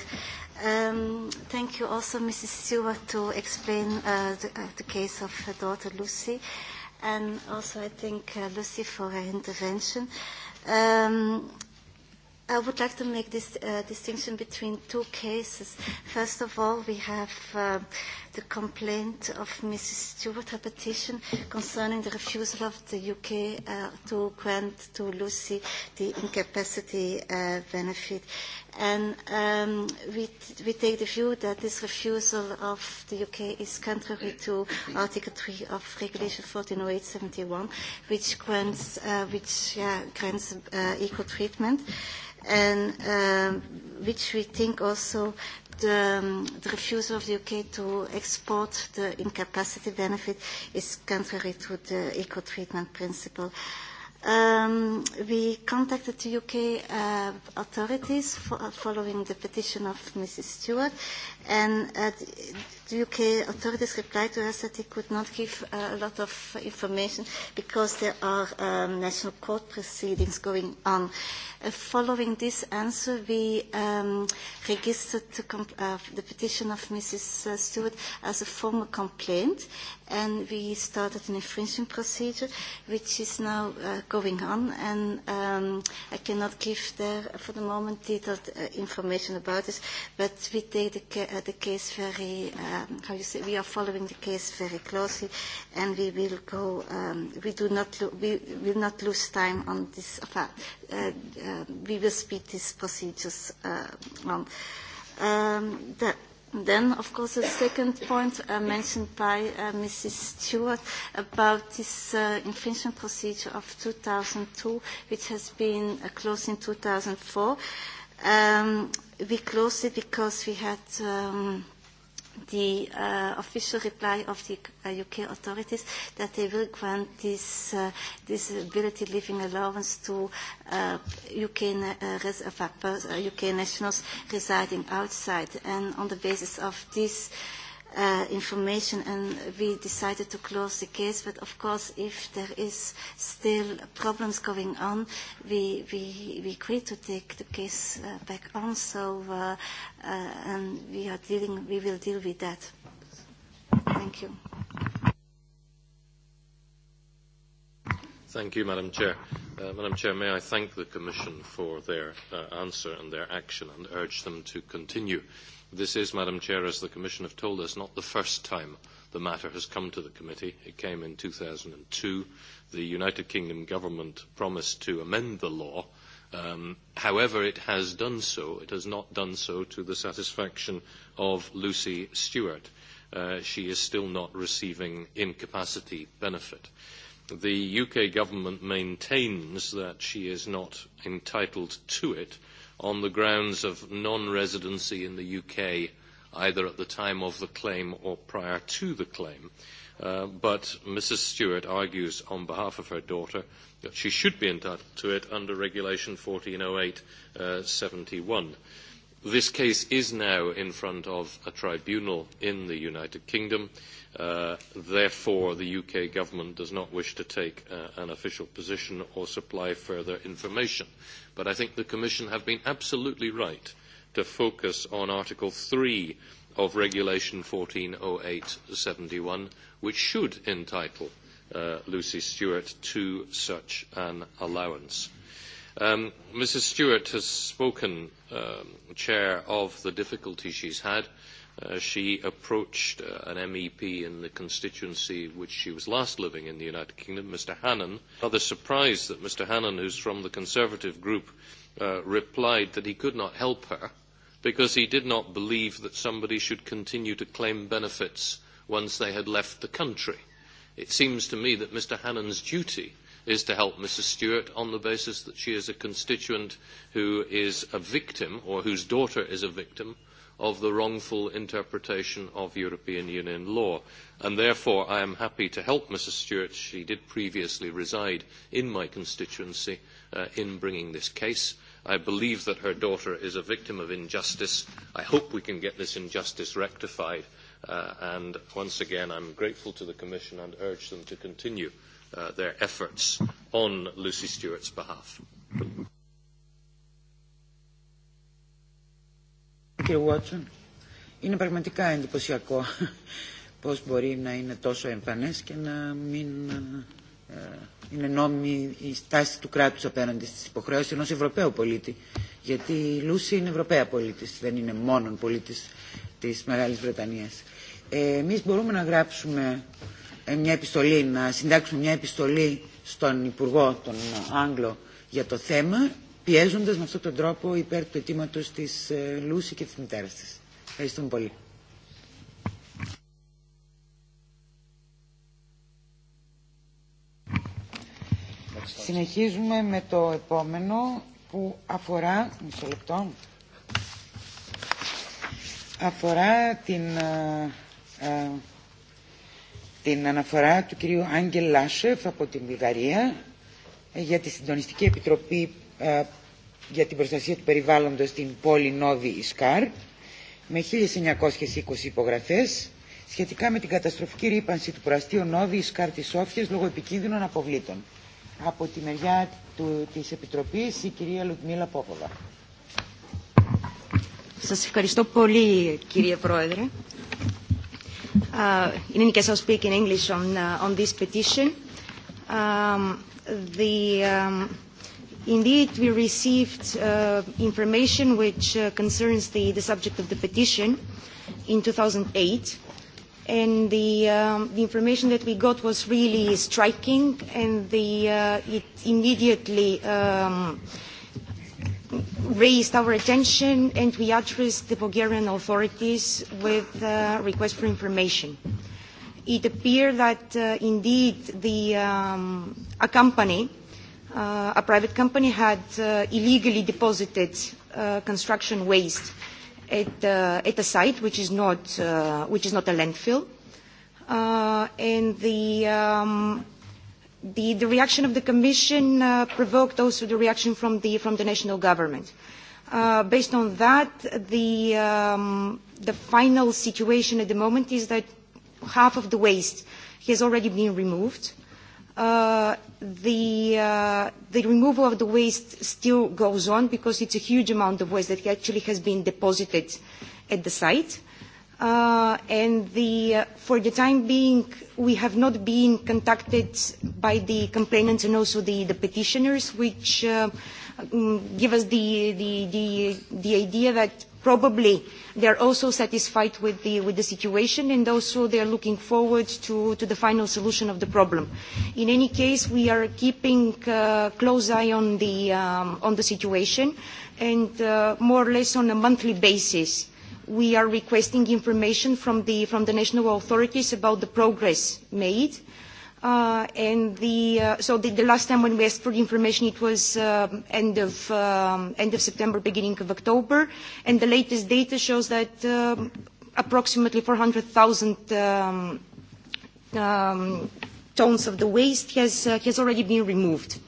Um, thank you also, Mrs. Stewart, to explain uh, the, uh, the case of her daughter Lucy, and also I thank uh, Lucy for her intervention. Um, I would like to make this uh, distinction between two cases. First of all, we have uh, the complaint of Mrs. Stewart, her petition concerning the refusal of the UK uh, to grant to Lucy the incapacity uh, benefit. And um, we, we take the view that this refusal of the UK is contrary to Article 3 of Regulation 140871, which grants, uh, which, yeah, grants uh, equal treatment and um, which we think also the, um, the refusal of the UK to export the incapacity benefit is contrary to the equal treatment principle. Um, we contacted the UK uh, authorities fo following the petition of Mrs. Stewart, and uh, the UK authorities replied to us that they could not give uh, a lot of information because there are um, national court proceedings going on. Uh, following this answer, we um, registered the, uh, the petition of Mrs. Uh, Stewart as a formal complaint, and we started an infringement procedure, which is now uh, going on, and um, I cannot give there, for the moment, detailed uh, information about this, but we take the, ca uh, the case very uh, um, how you say, we are following the case very closely, and we will go. Um, we do not. we will not lose time on this. Uh, uh, we will speed these procedures uh, on. Um, the, Then, of course, the second point uh, mentioned by uh, Mrs. Stewart about this uh, infringement procedure of 2002, which has been uh, closed in 2004. Um, we closed it because we had um, the uh, official reply of the UK uh, authorities that they will grant this uh, disability living allowance to uh, UK, uh, res uh, UK uh, nationals residing outside. And on the basis of this uh, uh, information and we decided to close the case. But of course, if there is still problems going on, we, we, we agreed to take the case uh, back on. So uh, uh, and we are dealing, we will deal with that. Thank you. Thank you, Madam Chair. Uh, Madam Chair, may I thank the Commission for their uh, answer and their action and urge them to continue This is, Madam Chair, as the Commission have told us, not the first time the matter has come to the committee. It came in 2002. The United Kingdom government promised to amend the law. Um, however, it has done so. It has not done so to the satisfaction of Lucy Stewart. Uh, she is still not receiving incapacity benefit. The UK government maintains that she is not entitled to it on the grounds of non-residency in the UK, either at the time of the claim or prior to the claim. Uh, but Mrs. Stewart argues on behalf of her daughter that she should be entitled to it under Regulation 1408-71. Uh, this case is now in front of a tribunal in the United Kingdom. Uh, Uh, therefore, the UK government does not wish to take uh, an official position or supply further information. But I think the Commission have been absolutely right to focus on Article 3 of Regulation 1408/71, which should entitle uh, Lucy Stewart to such an allowance. Um, Mrs. Stewart has spoken, um, Chair, of the difficulty she's had uh, Uh, she approached uh, an MEP in the constituency which she was last living in the United Kingdom, Mr. Hannan. Rather surprised that Mr. Hannan, who's from the Conservative group, uh, replied that he could not help her because he did not believe that somebody should continue to claim benefits once they had left the country. It seems to me that Mr. Hannan's duty is to help Mrs. Stewart on the basis that she is a constituent who is a victim or whose daughter is a victim of the wrongful interpretation of European Union law. And therefore, I am happy to help Mrs. Stewart. She did previously reside in my constituency uh, in bringing this case. I believe that her daughter is a victim of injustice. I hope we can get this injustice rectified. Uh, and once again, I'm grateful to the Commission and urge them to continue uh, their efforts on Lucy Stewart's behalf. κύριε Βότσον. Είναι πραγματικά εντυπωσιακό πώς μπορεί να είναι τόσο εμφανές και να μην ε, είναι νόμιμη η στάση του κράτους απέναντι στις υποχρεώσεις ενός Ευρωπαίου πολίτη. Γιατί η Λούση είναι Ευρωπαία πολίτης, δεν είναι μόνον πολίτης της Μεγάλης Βρετανίας. Ε, εμείς μπορούμε να γράψουμε μια επιστολή, να συντάξουμε μια επιστολή στον Υπουργό, τον Άγγλο, για το θέμα πιέζοντας με αυτόν τον τρόπο υπέρ του αιτήματος της Λούση και της μητέρας της. Ευχαριστούμε πολύ. Συνεχίζουμε με το επόμενο που αφορά, μισό λεπτό, αφορά την, α, α, την αναφορά του κυρίου Άγγελ Λάσεφ από την Βουλγαρία για τη Συντονιστική Επιτροπή για την προστασία του περιβάλλοντος στην πόλη Νόβη Ισκάρ με 1920 υπογραφές σχετικά με την καταστροφική ρήπανση του προαστίου Νόβη Ισκάρ της Σόφιας λόγω επικίνδυνων αποβλήτων. Από τη μεριά του, της Επιτροπής η κυρία Λουτμίλα Πόποβα. Σας ευχαριστώ πολύ κύριε Πρόεδρε. Uh, in any case, I'll speak in English on, uh, on this petition. Um, the um, Indeed, we received uh, information which uh, concerns the, the, subject of the petition in 2008, and the, um, the, information that we got was really striking, and the, uh, it immediately um, raised our attention, and we addressed the Bulgarian authorities with a uh, request for information. It appeared that uh, indeed the um, a company uh, a private company had uh, illegally deposited uh, construction waste at, uh, at a site which is not, uh, which is not a landfill. Uh, and the, um, the, the reaction of the Commission uh, provoked also the reaction from the, from the national government. Uh, based on that, the, um, the final situation at the moment is that half of the waste has already been removed Uh, the, uh, the removal of the waste still goes on because it's a huge amount of waste that actually has been deposited at the site. Uh, and the, uh, for the time being, we have not been contacted by the complainants and also the, the petitioners, which uh, mm, give us the, the, the, the idea that probably they are also satisfied with the, with the situation and also they are looking forward to, to the final solution of the problem. In any case, we are keeping a uh, close eye on the, um, on the situation and uh, more or less on a monthly basis we are requesting information from the, from the national authorities about the progress made Uh, and the, uh, so the, the, last time when we asked for the information, it was uh, end, of, um, end of September, beginning of October. And the latest data shows that um, approximately 400,000 um, um, tons of the waste has, uh, has already been removed.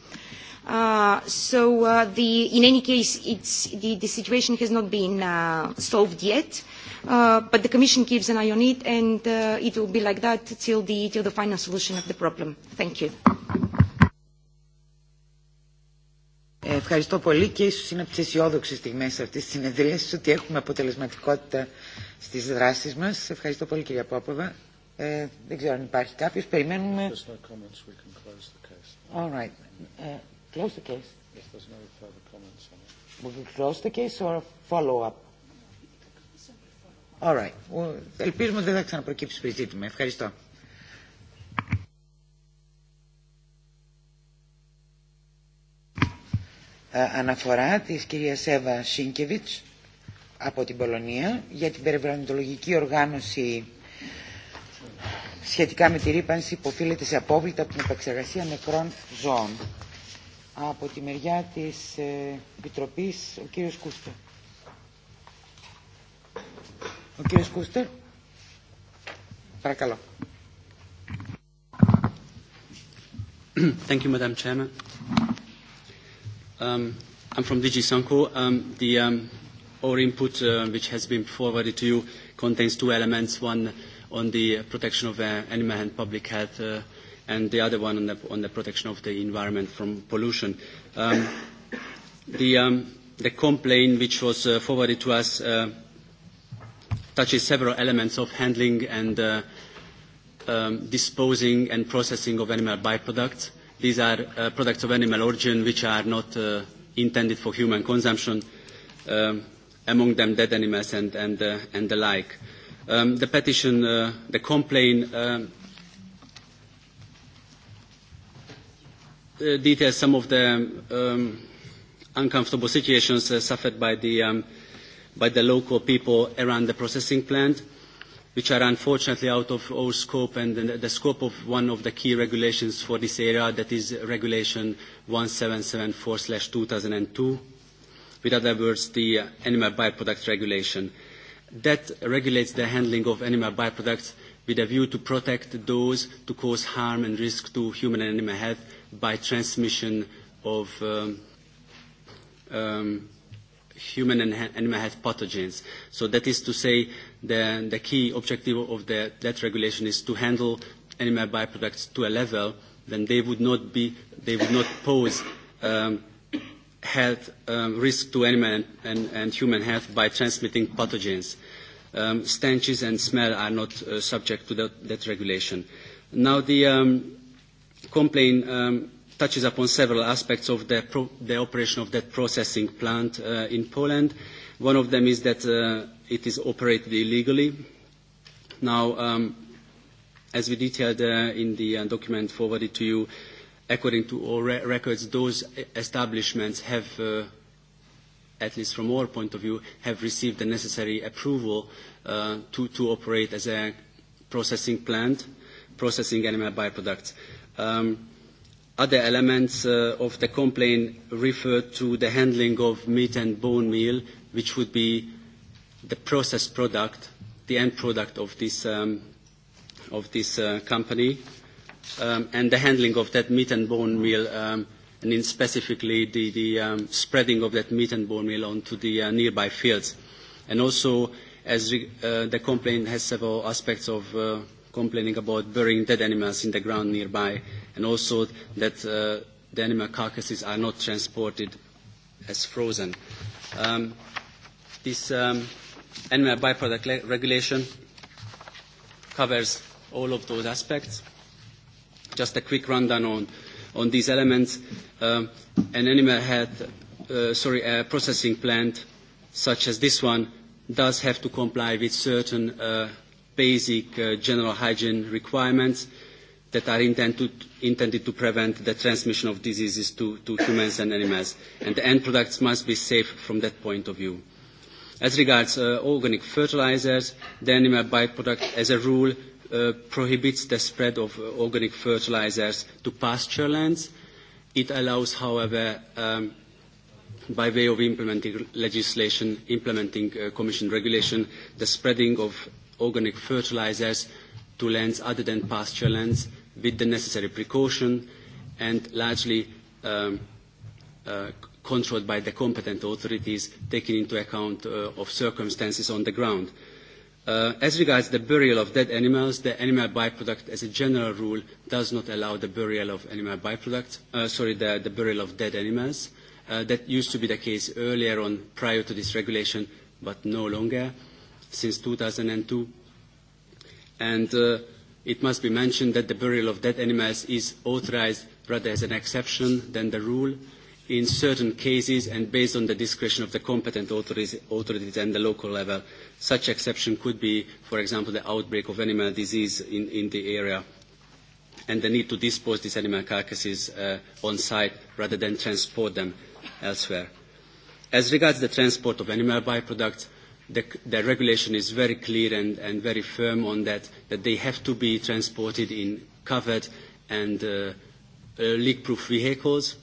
Uh, so uh, the, in any case, it's, the, the situation has not been uh, solved yet, uh, but the Commission keeps an eye on it, and uh, it will be like that till the, till the final solution of the problem. Thank you. Ευχαριστώ πολύ και ίσως είναι από τις αισιόδοξες στιγμές αυτής της συνεδρίας ότι έχουμε αποτελεσματικότητα στις δράσεις μας. Ευχαριστώ πολύ κυρία Πόποβα. Ε, δεν ξέρω αν υπάρχει κάποιος. Περιμένουμε... All right. Uh, close the case? If there's no further comments on it. We will close the case or follow up? All right. Ελπίζουμε ότι δεν θα ξαναπροκύψει πριν ζήτημα. Ευχαριστώ. αναφορά της κυρίας Εύα Σίνκεβιτς από την Πολωνία για την περιβαλλοντολογική οργάνωση σχετικά με τη ρήπανση που οφείλεται σε απόβλητα από την επεξεργασία νεκρών ζώων από τη μεριά της Επιτροπής, ο κύριος Κούστερ. Ο κύριος Κούστερ. Παρακαλώ. Thank you, Madam Chairman. Um, I'm from DG Sanko. Um, the um, our input, uh, which has been forwarded to you, contains two elements, one on the protection of uh, animal and public health uh, and the other one on the, on the protection of the environment from pollution. Um, the, um, the complaint which was uh, forwarded to us uh, touches several elements of handling and uh, um, disposing and processing of animal byproducts. These are uh, products of animal origin which are not uh, intended for human consumption, um, among them dead animals and, and, uh, and the like. Um, the petition, uh, the complaint um, Uh, details detail some of the um, uncomfortable situations uh, suffered by the, um, by the local people around the processing plant, which are unfortunately out of our scope and the, the scope of one of the key regulations for this area, that is Regulation 1774-2002, with other words, the Animal Byproduct Regulation. That regulates the handling of animal byproducts with a view to protect those to cause harm and risk to human and animal health by transmission of um, um, human and animal health pathogens. So that is to say the, the key objective of the, that regulation is to handle animal byproducts to a level then they would not, be, they would not pose um, health um, risk to animal and, and, and human health by transmitting pathogens. Um, stenches and smell are not uh, subject to that, that regulation. Now the um, complaint um, touches upon several aspects of the, pro the operation of that processing plant uh, in Poland. One of them is that uh, it is operated illegally. Now, um, as we detailed uh, in the uh, document forwarded to you, according to all re records, those establishments have, uh, at least from our point of view, have received the necessary approval uh, to, to operate as a processing plant, processing animal byproducts. Uh, Um, other elements uh, of the complaint refer to the handling of meat and bone meal, which would be the processed product, the end product of this, um, of this uh, company, um, and the handling of that meat and bone meal, um, and in specifically the, the um, spreading of that meat and bone meal onto the uh, nearby fields. And also, as uh, the complaint has several aspects of uh, complaining about burying dead animals in the ground nearby, and also that uh, the animal carcasses are not transported as frozen. Um, this um, animal byproduct regulation covers all of those aspects. Just a quick rundown on, on these elements. Um, an animal health, uh, sorry, a processing plant such as this one does have to comply with certain uh, basic uh, general hygiene requirements that are intended to, intended to prevent the transmission of diseases to, to humans and animals. And the end products must be safe from that point of view. As regards uh, organic fertilizers, the animal byproduct, as a rule, uh, prohibits the spread of uh, organic fertilizers to pasture lands. It allows, however, um, by way of implementing legislation, implementing uh, Commission regulation, the spreading of organic fertilizers to lands other than pasture lands with the necessary precaution and largely um, uh, controlled by the competent authorities, taking into account uh, of circumstances on the ground. Uh, as regards the burial of dead animals, the animal byproduct, as a general rule, does not allow the burial of animal byproducts, uh, sorry, the, the burial of dead animals. Uh, that used to be the case earlier on prior to this regulation, but no longer since 2002. And uh, it must be mentioned that the burial of dead animals is authorized rather as an exception than the rule in certain cases and based on the discretion of the competent authorities, authorities and the local level. Such exception could be, for example, the outbreak of animal disease in, in the area and the need to dispose these animal carcasses uh, on site rather than transport them elsewhere. As regards the transport of animal byproducts, the, the regulation is very clear and, and very firm on that, that they have to be transported in covered and uh, uh, leak-proof vehicles.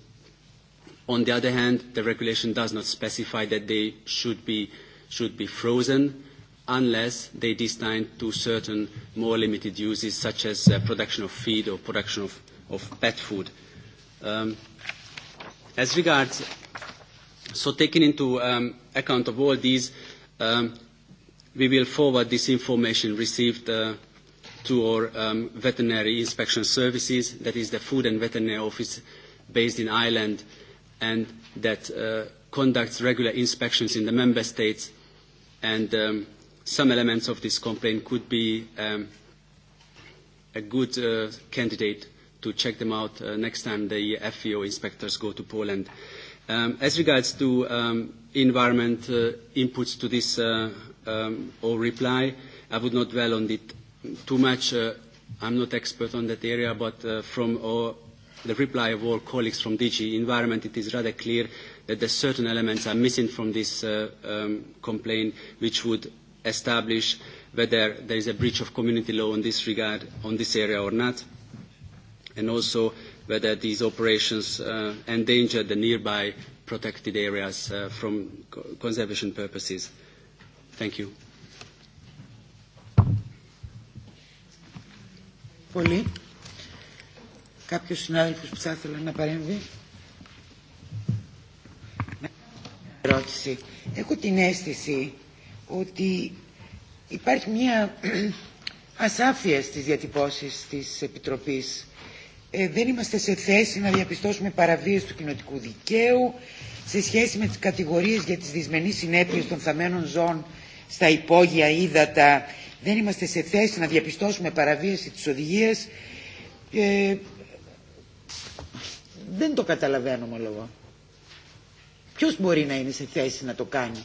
On the other hand, the regulation does not specify that they should be, should be frozen unless they destined to certain more limited uses such as uh, production of feed or production of, of pet food. Um, as regards, so taking into um, account of all these, Um, we will forward this information received uh, to our um, veterinary inspection services, that is the food and veterinary office based in Ireland, and that uh, conducts regular inspections in the member states. And um, some elements of this complaint could be um, a good uh, candidate to check them out uh, next time the FEO inspectors go to Poland. Um, as regards to um, environment uh, inputs to this uh, um, or reply. I would not dwell on it too much. Uh, I'm not expert on that area, but uh, from all the reply of all colleagues from DG Environment, it is rather clear that there certain elements are missing from this uh, um, complaint, which would establish whether there is a breach of community law in this regard, on this area or not, and also whether these operations uh, endanger the nearby protected areas uh, from conservation purposes. Thank you. Πολύ. Κάποιος συνάδελφος που θα ήθελε να παρέμβει. Ερώτηση. Έχω την αίσθηση ότι υπάρχει μια ασάφεια στις διατυπώσεις της Επιτροπής ε, δεν είμαστε σε θέση να διαπιστώσουμε παραβίες του κοινοτικού δικαίου σε σχέση με τις κατηγορίες για τις δυσμενείς συνέπειες των θαμένων ζώων στα υπόγεια ύδατα. Δεν είμαστε σε θέση να διαπιστώσουμε παραβίαση της οδηγίας. Ε, δεν το καταλαβαίνω ομολογώ. Ποιος μπορεί να είναι σε θέση να το κάνει.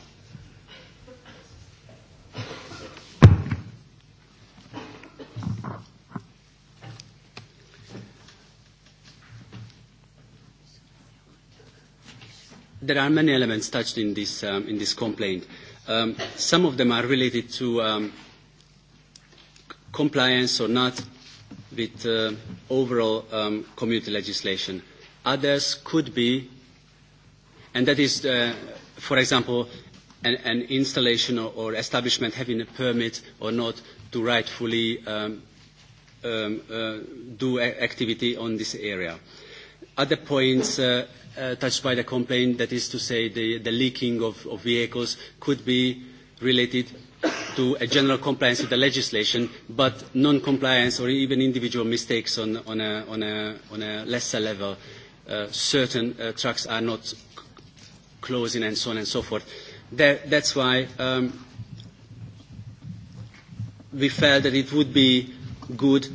there are many elements touched in this, um, in this complaint. Um, some of them are related to um, compliance or not with uh, overall um, community legislation. Others could be, and that is, uh, for example, an, an installation or, or establishment having a permit or not to rightfully um, um, uh, do activity on this area. Other points uh, Uh, touched by the complaint, that is to say the, the leaking of, of vehicles, could be related to a general compliance with the legislation, but non-compliance or even individual mistakes on, on, a, on, a, on a lesser level. Uh, certain uh, trucks are not closing and so on and so forth. That, that's why um, we felt that it would be good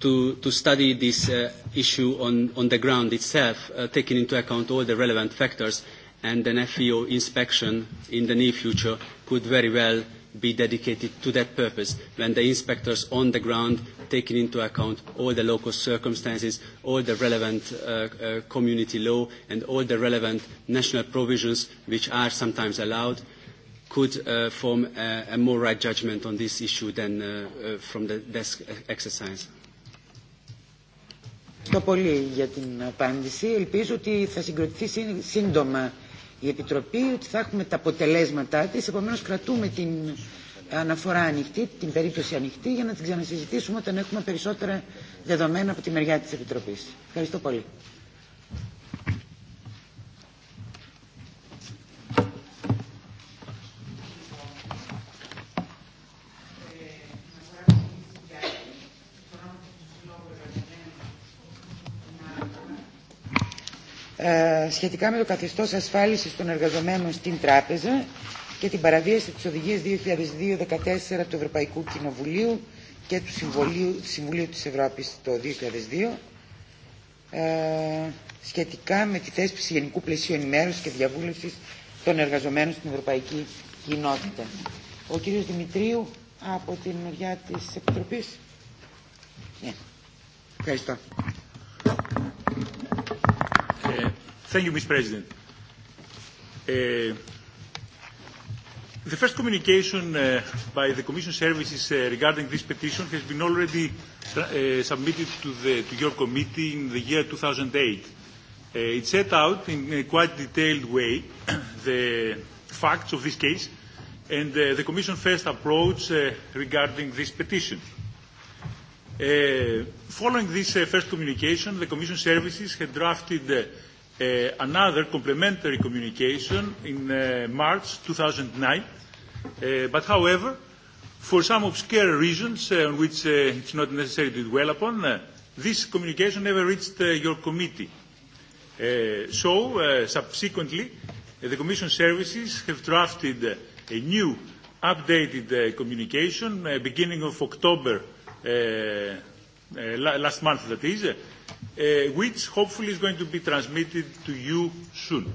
to, to study this uh, issue on, on the ground itself, uh, taking into account all the relevant factors, and an FEO inspection in the near future could very well be dedicated to that purpose, when the inspectors on the ground taking into account all the local circumstances, all the relevant uh, uh, community law, and all the relevant national provisions which are sometimes allowed, could uh, form a, a more right judgment on this issue than uh, uh, from the desk exercise. Ευχαριστώ πολύ για την απάντηση. Ελπίζω ότι θα συγκροτηθεί σύντομα η Επιτροπή, ότι θα έχουμε τα αποτελέσματά της. Επομένως κρατούμε την αναφορά ανοιχτή, την περίπτωση ανοιχτή, για να την ξανασυζητήσουμε όταν έχουμε περισσότερα δεδομένα από τη μεριά της Επιτροπής. Ευχαριστώ πολύ. σχετικά με το καθεστώ ασφάλιση των εργαζομένων στην τράπεζα και την παραβίαση τη οδηγία 2002-14 του Ευρωπαϊκού Κοινοβουλίου και του Συμβουλίου, Συμβουλίου τη Ευρώπη το 2002 ε, σχετικά με τη θέσπιση γενικού πλαισίου ενημέρωση και διαβούλευση των εργαζομένων στην Ευρωπαϊκή Κοινότητα. Ο κύριος Δημητρίου από την μεριά της Επιτροπής. Ναι. Ευχαριστώ. Thank you, Mr. President. Uh, the first communication uh, by the Commission Services uh, regarding this petition has been already uh, submitted to, the, to your committee in the year 2008. Uh, it set out in a quite detailed way the facts of this case and uh, the Commission first approach uh, regarding this petition. Uh, following this uh, first communication, the Commission Services had drafted uh, uh, another complementary communication in uh, March 2009. Uh, eh, but however, for some obscure reasons uh, on which uh, it's not necessary to dwell upon, uh, this communication never reached uh, your committee. Uh, so, uh, subsequently, uh, the Commission services have drafted uh, a new updated uh, communication uh, beginning of October, uh, uh, last month that is, uh, uh, which hopefully is going to be transmitted to you soon.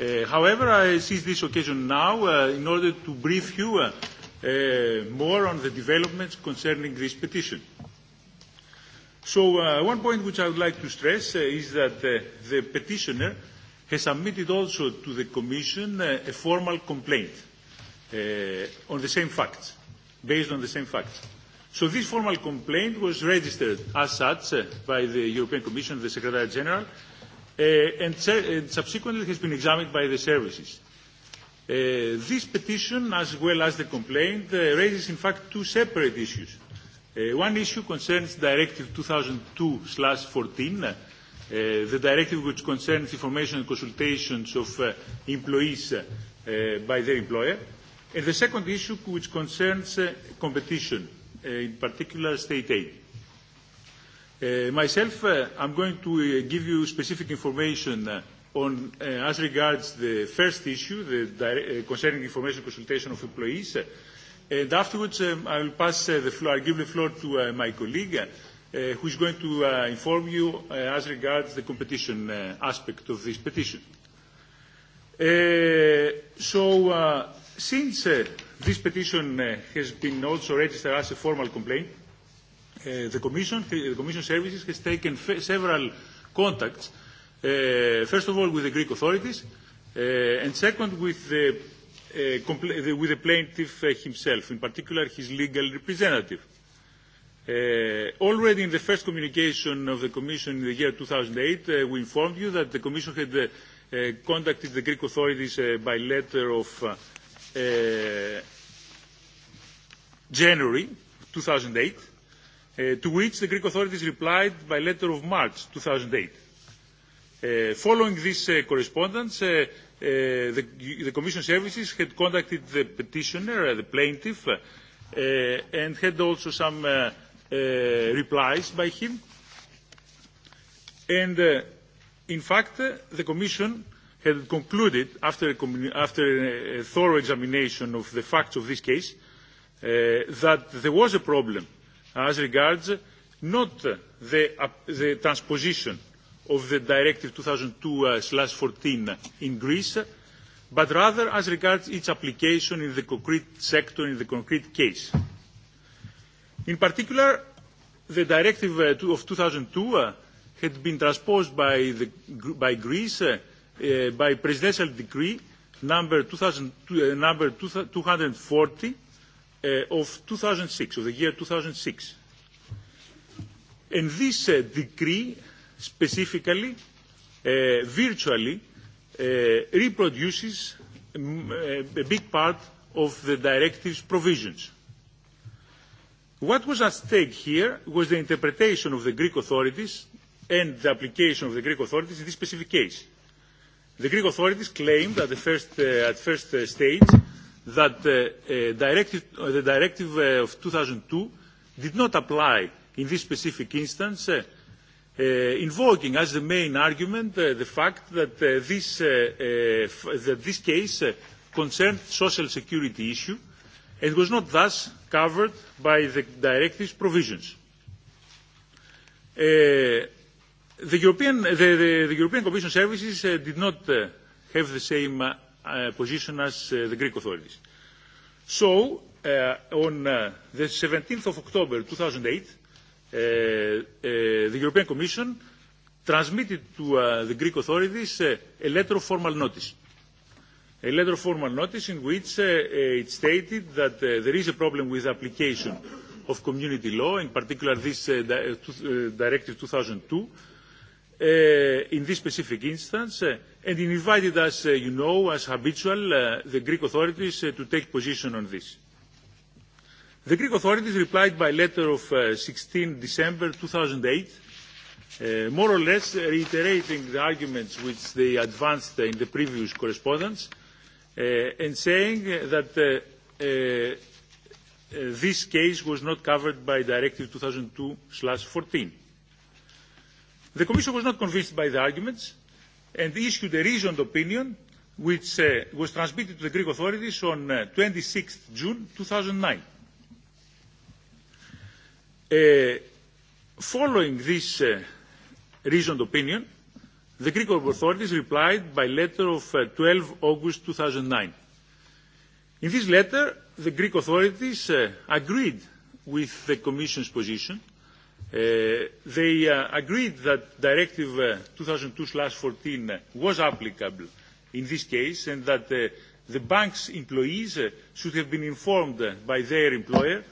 Uh, however, I seize this occasion now uh, in order to brief you uh, uh, more on the developments concerning this petition. So uh, one point which I would like to stress uh, is that uh, the petitioner has submitted also to the Commission uh, a formal complaint uh, on the same facts, based on the same facts. So this formal complaint was registered as such uh, by the European Commission, the Secretary General, uh, and, and subsequently has been examined by the services. Uh, this petition, as well as the complaint, uh, raises in fact two separate issues. Uh, one issue concerns Directive 2002/14, uh, the directive which concerns information and consultations of uh, employees uh, uh by their employer, and the second issue which concerns uh, competition uh, in particular state aid. Uh, myself, uh, I'm going to uh, give you specific information uh, on, uh, as regards the first issue, the dire- uh, concerning information consultation of employees, uh, and afterwards um, I will pass uh, the floor, I'll give the floor to uh, my colleague, uh, who is going to uh, inform you uh, as regards the competition uh, aspect of this petition. Uh, so, uh, since uh, This petition uh, has been also registered as a formal complaint. Uh, the, Commission, the Commission Services has taken several contacts, uh, first of all with the Greek authorities, uh, and second with the, uh, the, with the plaintiff uh, himself, in particular his legal representative. Uh, already in the first communication of the Commission in the year 2008, uh, we informed you that the Commission had uh, uh, contacted the Greek authorities uh, by letter of uh, Uh, January 2008, uh, to which the Greek authorities replied by letter of March 2008. Uh, following this uh, correspondence, uh, Uh, the, the Commission services had contacted the petitioner, uh, the plaintiff, uh, uh and had also some uh, uh, replies by him. And uh, in fact, uh, the Commission had concluded after a, after a thorough examination of the facts of this case uh, that there was a problem as regards not the, uh, the transposition of the Directive 2002/14 uh, in Greece, but rather as regards its application in the concrete sector, in the concrete case. In particular, the Directive uh, of 2002 uh, had been transposed by, the, by Greece uh, by presidential decree number, 2000, uh, eh, number 240 uh, eh, of 2006, of the year 2006. And this uh, decree specifically, uh, virtually, uh, reproduces um, uh, a big part of the directive's provisions. What was at stake here was the interpretation of the Greek authorities and the application of the Greek authorities in this specific case. The Greek authorities claimed at the first, uh, at first uh, stage that uh, uh, directive, uh, the directive uh, of 2002 did not apply in this specific instance, uh, uh, invoking as the main argument uh, the fact that, uh, this, uh, uh, that this case uh, concerned social security issue and was not thus covered by the directive's provisions. Uh, The European, the, the, the European Commission services uh, did not uh, have the same uh, uh, position as uh, the Greek authorities. So, uh, on uh, the 17th of October 2008, uh, uh, the European Commission transmitted to uh, the Greek authorities uh, a letter of formal notice. A letter of formal notice in which uh, uh, it stated that uh, there is a problem with application of community law, in particular this uh, di uh, uh Directive 2002, uh, in this specific instance uh, and invited us, uh, you know, as habitual, uh, the Greek authorities uh, to take position on this. The Greek authorities replied by letter of uh, 16 December 2008, uh, more or less reiterating the arguments which they advanced in the previous correspondence uh, and saying that uh, uh, uh this case was not covered by Directive 2002-14. The Commission was not convinced by the arguments and issued a reasoned opinion which uh, was transmitted to the Greek authorities on uh, 26 June 2009. Uh, following this uh, reasoned opinion, the Greek authorities replied by letter of uh, 12 August 2009. In this letter, the Greek authorities uh, agreed with the Commission's position – Eh, they uh, agreed that Directive uh, 2002/14 uh, was applicable in this case and that uh, the bank's employees uh, should have been informed uh, by their employer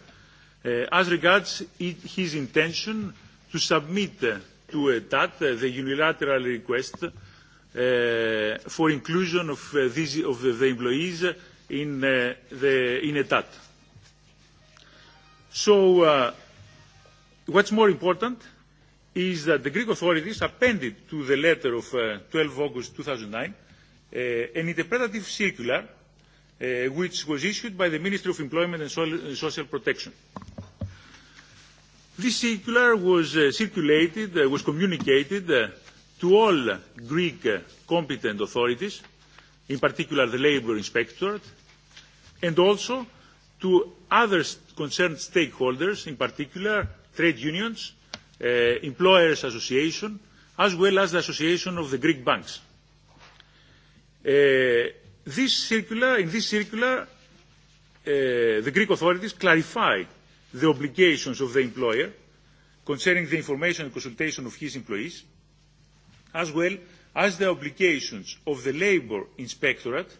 uh, as regards it, his intention to submit uh, to uh, that uh, the unilateral request uh, for inclusion of, uh, these, of the, the employees in, uh, the, in a TAT. So uh, What's more important is that the Greek authorities appended to the letter of uh, 12 August 2009 uh, an interpretative circular uh, which was issued by the Ministry of Employment and, so and Social Protection. This circular was uh, circulated, uh, was communicated uh, to all Greek uh, competent authorities, in particular the Labour Inspectorate, and also to other concerned stakeholders, in particular trade unions, uh, employers association, as well as the association of the Greek banks. Uh, this circular, in this circular, uh, the Greek authorities clarified the obligations of the employer concerning the information and consultation of his employees, as well as the obligations of the labour inspectorate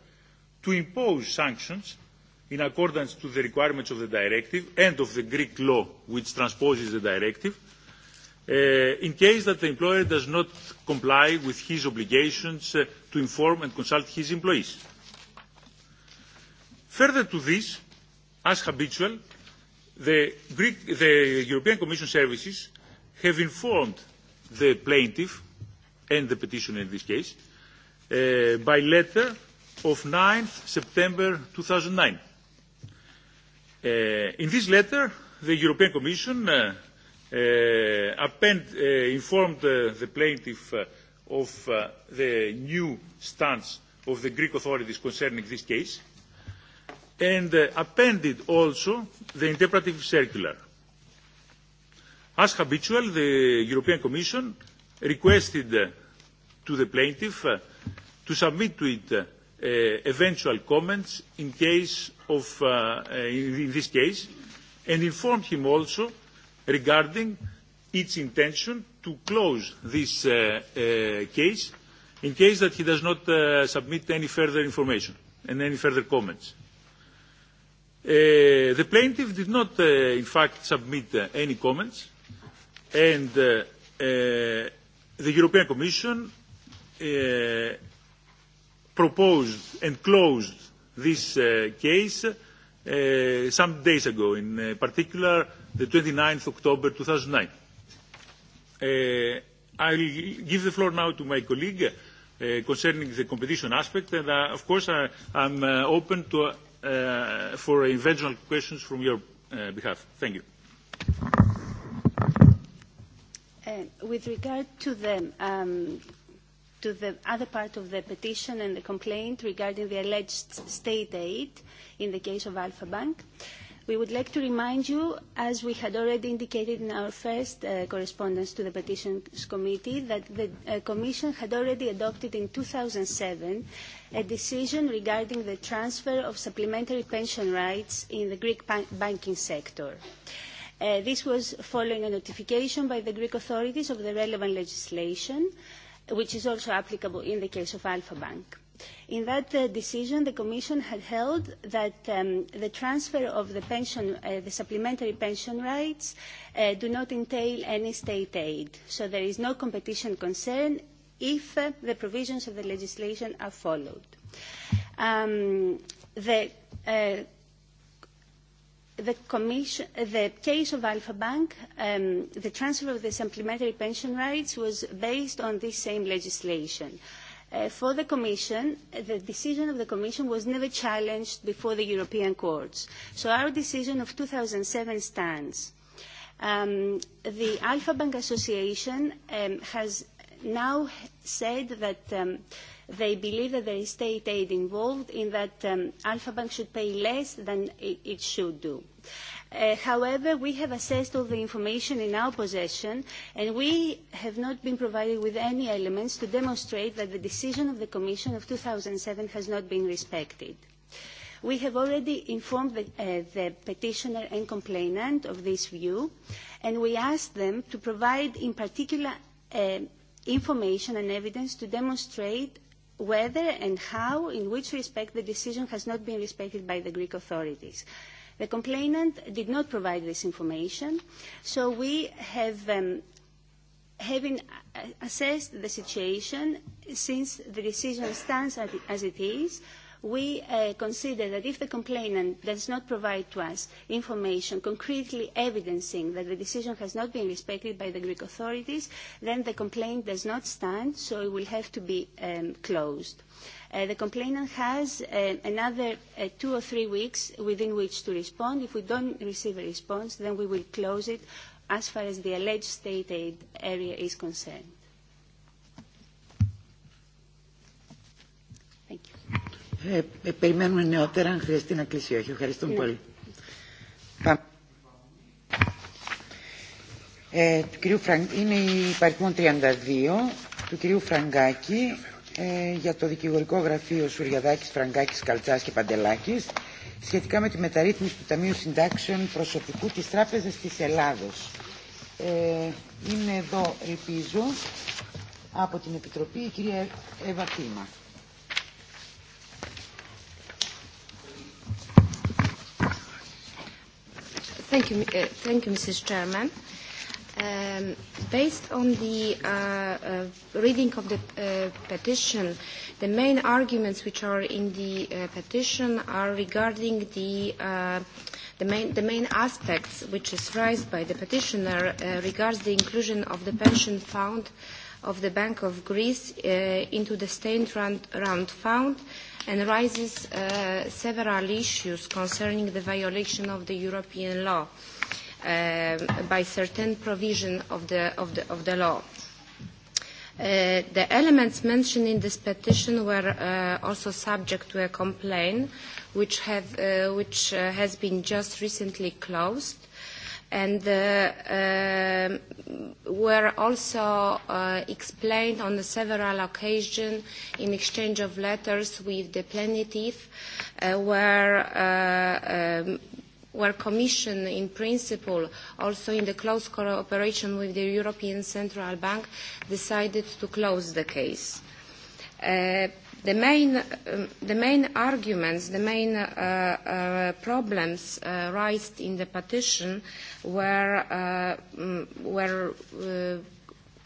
to impose sanctions in accordance to the requirements of the directive and of the Greek law which transposes the directive uh, in case that the employer does not comply with his obligations uh, to inform and consult his employees. Further to this, as habitual, the, Greek, the European Commission services have informed the plaintiff and the petitioner in this case uh, by letter of 9th September 2009 Uh, in this letter, the European Commission uh, uh, append, uh, informed uh, the plaintiff uh, of uh, the new stance of the Greek authorities concerning this case and uh, appended also the interpretive circular. As habitual, the European Commission requested uh, to the plaintiff uh, to submit to it uh, eventual comments in case of, uh, uh, in in this case and informed him also regarding its intention to close this uh, uh, case in case that he does not uh, submit any further information and any further comments. Uh, the plaintiff did not, uh, in fact, submit uh, any comments, and uh, uh, the European Commission uh, proposed and closed uh, this uh, case uh, some days ago, in uh, particular the 29th October 2009. Uh, I'll give the floor now to my colleague uh, concerning the competition aspect, and uh, of course I, I'm uh, open to, uh, for eventual questions from your uh, behalf. Thank you. Uh, with regard to the um, to the other part of the petition and the complaint regarding the alleged state aid in the case of Alpha Bank. We would like to remind you, as we had already indicated in our first uh, correspondence to the Petitions Committee, that the uh, Commission had already adopted in 2007 a decision regarding the transfer of supplementary pension rights in the Greek ban banking sector. Uh, this was following a notification by the Greek authorities of the relevant legislation which is also applicable in the case of Alpha Bank. In that uh, decision, the Commission had held that um, the transfer of the, pension, uh, the supplementary pension rights uh, do not entail any state aid, so there is no competition concern if uh, the provisions of the legislation are followed. Um, the uh, the, commission, the case of Alpha Bank, um, the transfer of the supplementary pension rights was based on this same legislation. Uh, for the Commission, the decision of the Commission was never challenged before the European courts. So our decision of 2007 stands. Um, the Alpha Bank Association um, has now said that um, They believe that there is state aid involved in that um, Alpha Bank should pay less than it should do. Uh, however, we have assessed all the information in our possession and we have not been provided with any elements to demonstrate that the decision of the Commission of 2007 has not been respected. We have already informed the, uh, the petitioner and complainant of this view, and we asked them to provide in particular uh, information and evidence to demonstrate whether and how, in which respect, the decision has not been respected by the Greek authorities. The complainant did not provide this information, so we have, um, having assessed the situation since the decision stands as it is, we uh, consider that if the complainant does not provide to us information concretely evidencing that the decision has not been respected by the Greek authorities, then the complaint does not stand, so it will have to be um, closed. Uh, the complainant has uh, another uh, two or three weeks within which to respond. If we don't receive a response, then we will close it as far as the alleged state aid area is concerned. Ε, ε, περιμένουμε νεότερα αν χρειαστεί να κλείσει όχι. Ευχαριστούμε πολύ. Πάμε. Ε, του κυρίου Φραγ... Είναι η υπαριθμό 32 του κυρίου Φραγκάκη ε, για το δικηγορικό γραφείο Σουριαδάκης, Φραγκάκης, Καλτσάς και Παντελάκης σχετικά με τη μεταρρύθμιση του Ταμείου Συντάξεων Προσωπικού της Τράπεζας της Ελλάδος. Ε, είναι εδώ, ελπίζω, από την Επιτροπή η κυρία Εύα Τίμα. Thank you, uh, thank you Mrs. Chairman. Um, based on the uh, uh, reading of the uh, petition, the main arguments which are in the uh, petition are regarding the, uh, the, main, the main aspects which is raised by the petitioner uh, regards the inclusion of the pension fund of the Bank of Greece uh, into the state round, round fund and raises uh, several issues concerning the violation of the European law uh, by certain provision of the, of the, of the law. Uh, the elements mentioned in this petition were uh, also subject to a complaint which, have, uh, which uh, has been just recently closed and uh, uh, were also uh, explained on the several occasions in exchange of letters with the plaintiff, uh, where uh, um, where Commission in principle, also in the close cooperation with the European Central Bank, decided to close the case. Uh, The main, um, the main arguments, the main uh, uh, problems uh, raised in the petition were, uh, mm, were uh,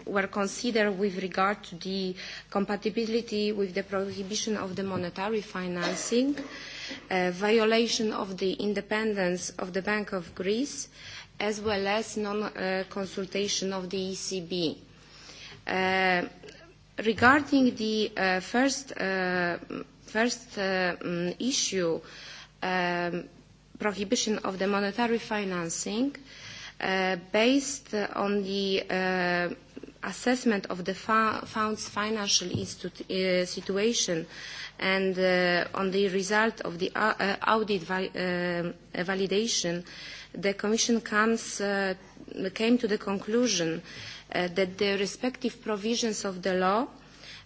were considered with regard to the compatibility with the prohibition of the monetary financing, uh, violation of the independence of the Bank of Greece, as well as non-consultation uh, of the ECB. Uh, Regarding the uh, first, uh, first uh, mm, issue, um, prohibition of the monetary financing, uh, based on the uh, assessment of the fund's financial uh, situation and uh, on the result of the uh, uh audit va uh, validation, the Commission comes, uh, came to the conclusion uh, Uh, that the respective provisions of the law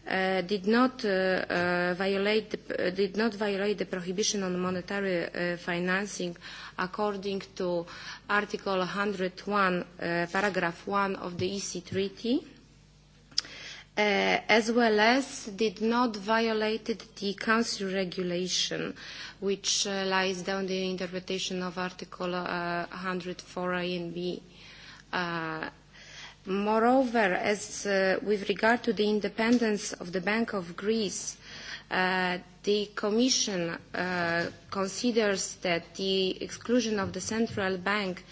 uh, did not uh, uh, violate the, uh, did not violate the prohibition on monetary uh, financing according to article 101 uh, paragraph 1 of the EC treaty uh, as well as did not violate the council regulation which uh, lies down the interpretation of article uh, 104 b uh, Moreover, as uh, with regard to the independence of the Bank of Greece, uh, the Commission uh, considers that the exclusion of the central bank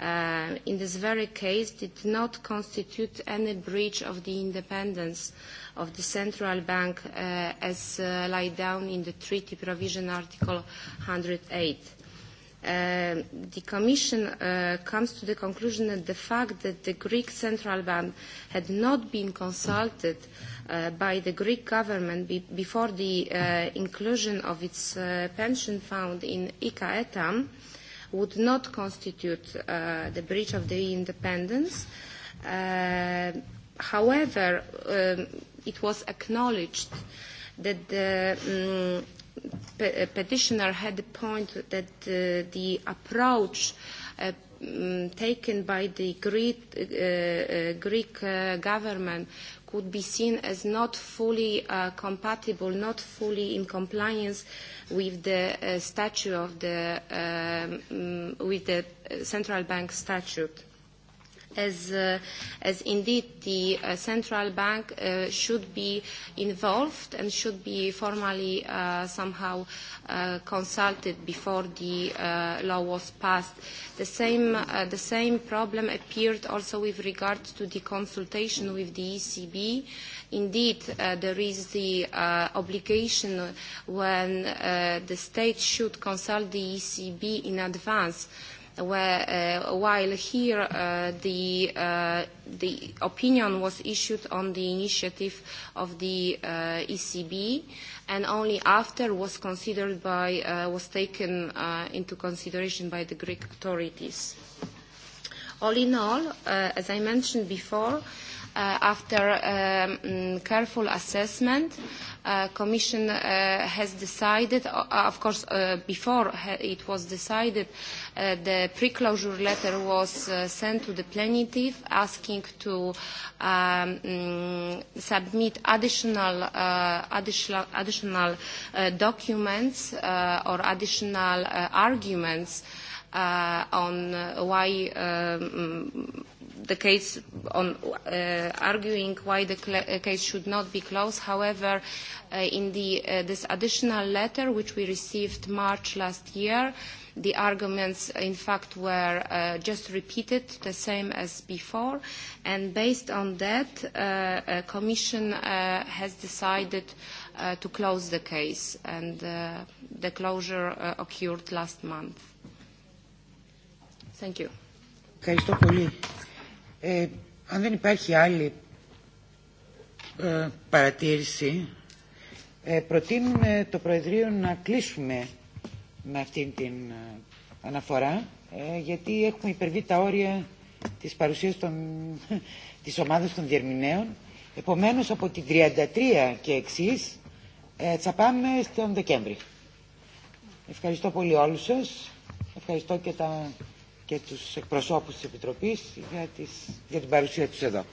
uh, in this very case did not constitute any breach of the independence of the central bank uh, as uh, laid down in the treaty provision article 108. Uh, the Commission uh, comes to the conclusion that the fact that the Greek Central Bank had not been consulted uh, by the Greek government be before the uh, inclusion of its uh, pension fund in ICA ETAM would not constitute uh, the breach of the independence. Uh, however, um, it was acknowledged that the um, petitioner had the point that uh, the approach uh, taken by the Greek, uh, uh, Greek uh, government could be seen as not fully uh, compatible, not fully in compliance with the uh, statute of the, um, with the uh, central bank statute as, uh, as indeed the uh, central bank uh, should be involved and should be formally uh, somehow uh, consulted before the uh, law was passed. The same, uh, the same problem appeared also with regard to the consultation with the ECB. Indeed, uh, there is the uh, obligation when uh, the state should consult the ECB in advance. Uh, where, uh, while here uh, the, uh, the opinion was issued on the initiative of the uh, ECB and only after was considered by, uh, was taken uh, into consideration by the Greek authorities. All in all, uh, as I mentioned before, Uh, after um, mm, careful assessment, uh, Commission uh, has decided, uh, of course, uh, before it was decided, uh, the pre-closure letter was uh, sent to the plaintiff asking to um, mm, submit additional, uh, additional, additional uh, documents uh, or additional uh, arguments uh, on uh, why um, the case on uh, arguing why the uh, case should not be closed. However, uh, in the, uh, this additional letter which we received March last year, the arguments in fact were uh, just repeated the same as before and based on that uh, uh, commission uh, has decided uh, to close the case and uh, the closure uh, occurred last month. Thank you. Ευχαριστώ πολύ. Ε, αν δεν υπάρχει άλλη ε, παρατήρηση, ε, προτείνουμε το Προεδρείο να κλείσουμε με αυτήν την αναφορά, ε, γιατί έχουμε υπερβεί τα όρια της παρουσίας των, της ομάδας των διερμηνέων. Επομένως, από την 33 και εξής ε, θα πάμε στον Δεκέμβρη. Ευχαριστώ πολύ όλους σας. Ευχαριστώ και τα και τους εκπροσώπους της Επιτροπής για, τις, για την παρουσία τους εδώ.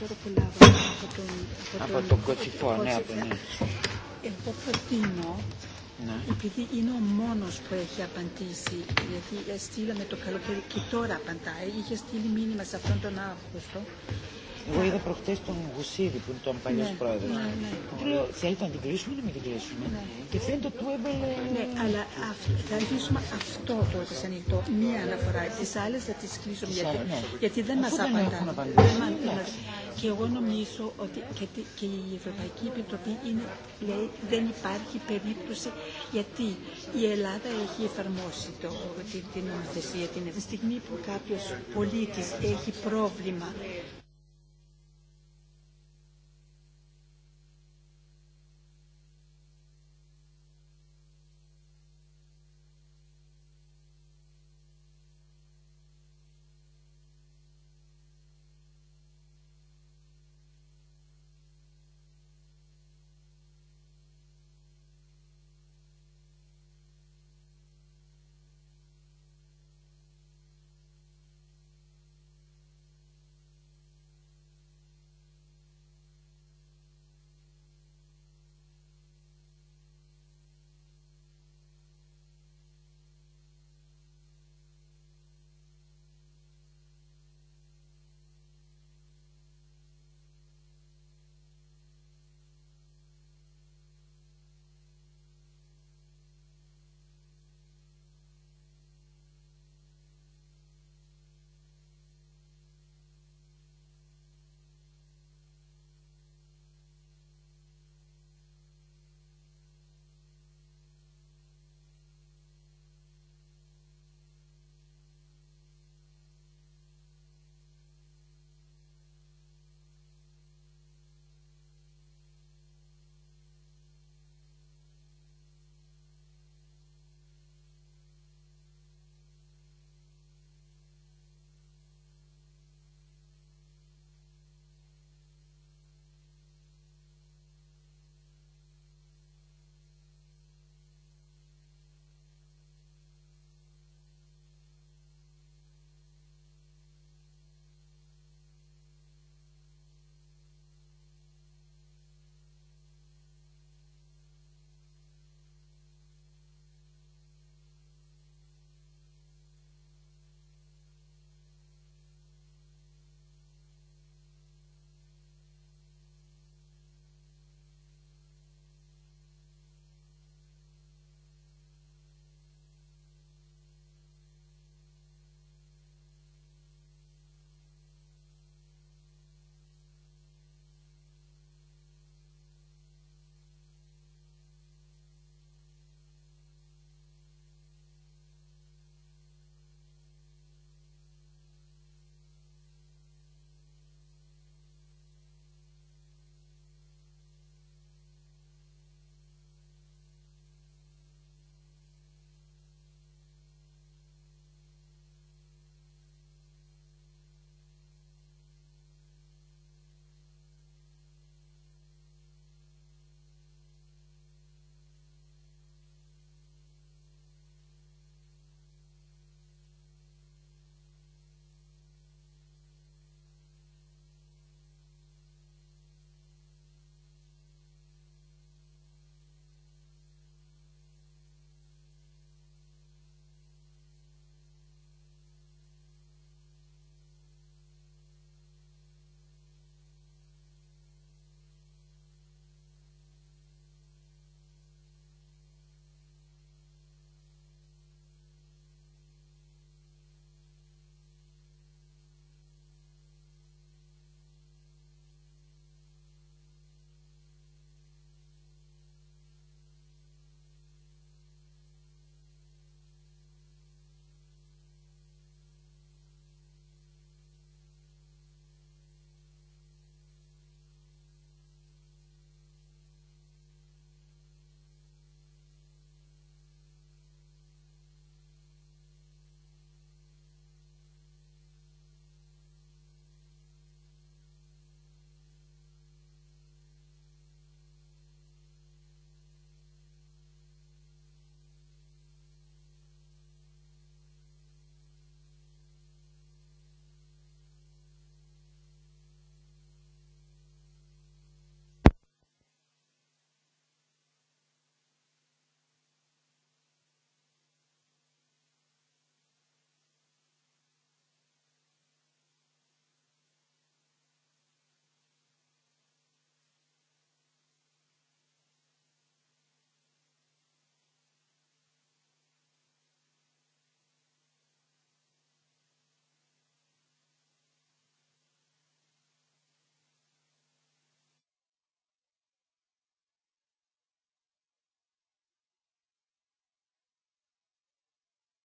Corpulava, ha fatto così fuori, Εγώ προτείνω ναι. επειδή είναι ο μόνος που έχει απαντήσει, γιατί στείλαμε το καλοκαίρι και τώρα απαντάει, είχε στείλει μήνυμα σε αυτόν τον Αύγουστο, Εγώ είδα προχτέ τον Γουσίδη που είναι τον παλιό ναι, πρόεδρο. Ναι, ναι. Του λέω, θέλετε να την κλείσουμε ή να μην την κλείσουμε. Ναι. Και φαίνεται του έβαλε. Ναι, αλλά αυ... θα αρχίσουμε αυτό τότε σαν ανοιχτό. Μία αναφορά. Τι άλλε θα τι κλείσουμε γιατί, ναι. γιατί δεν μα απαντά. Και εγώ νομίζω ότι και, και η Ευρωπαϊκή Επιτροπή είναι, λέει, δεν υπάρχει περίπτωση γιατί η Ελλάδα έχει εφαρμόσει το, την, την νομοθεσία την στιγμή που κάποιο πολίτη έχει πρόβλημα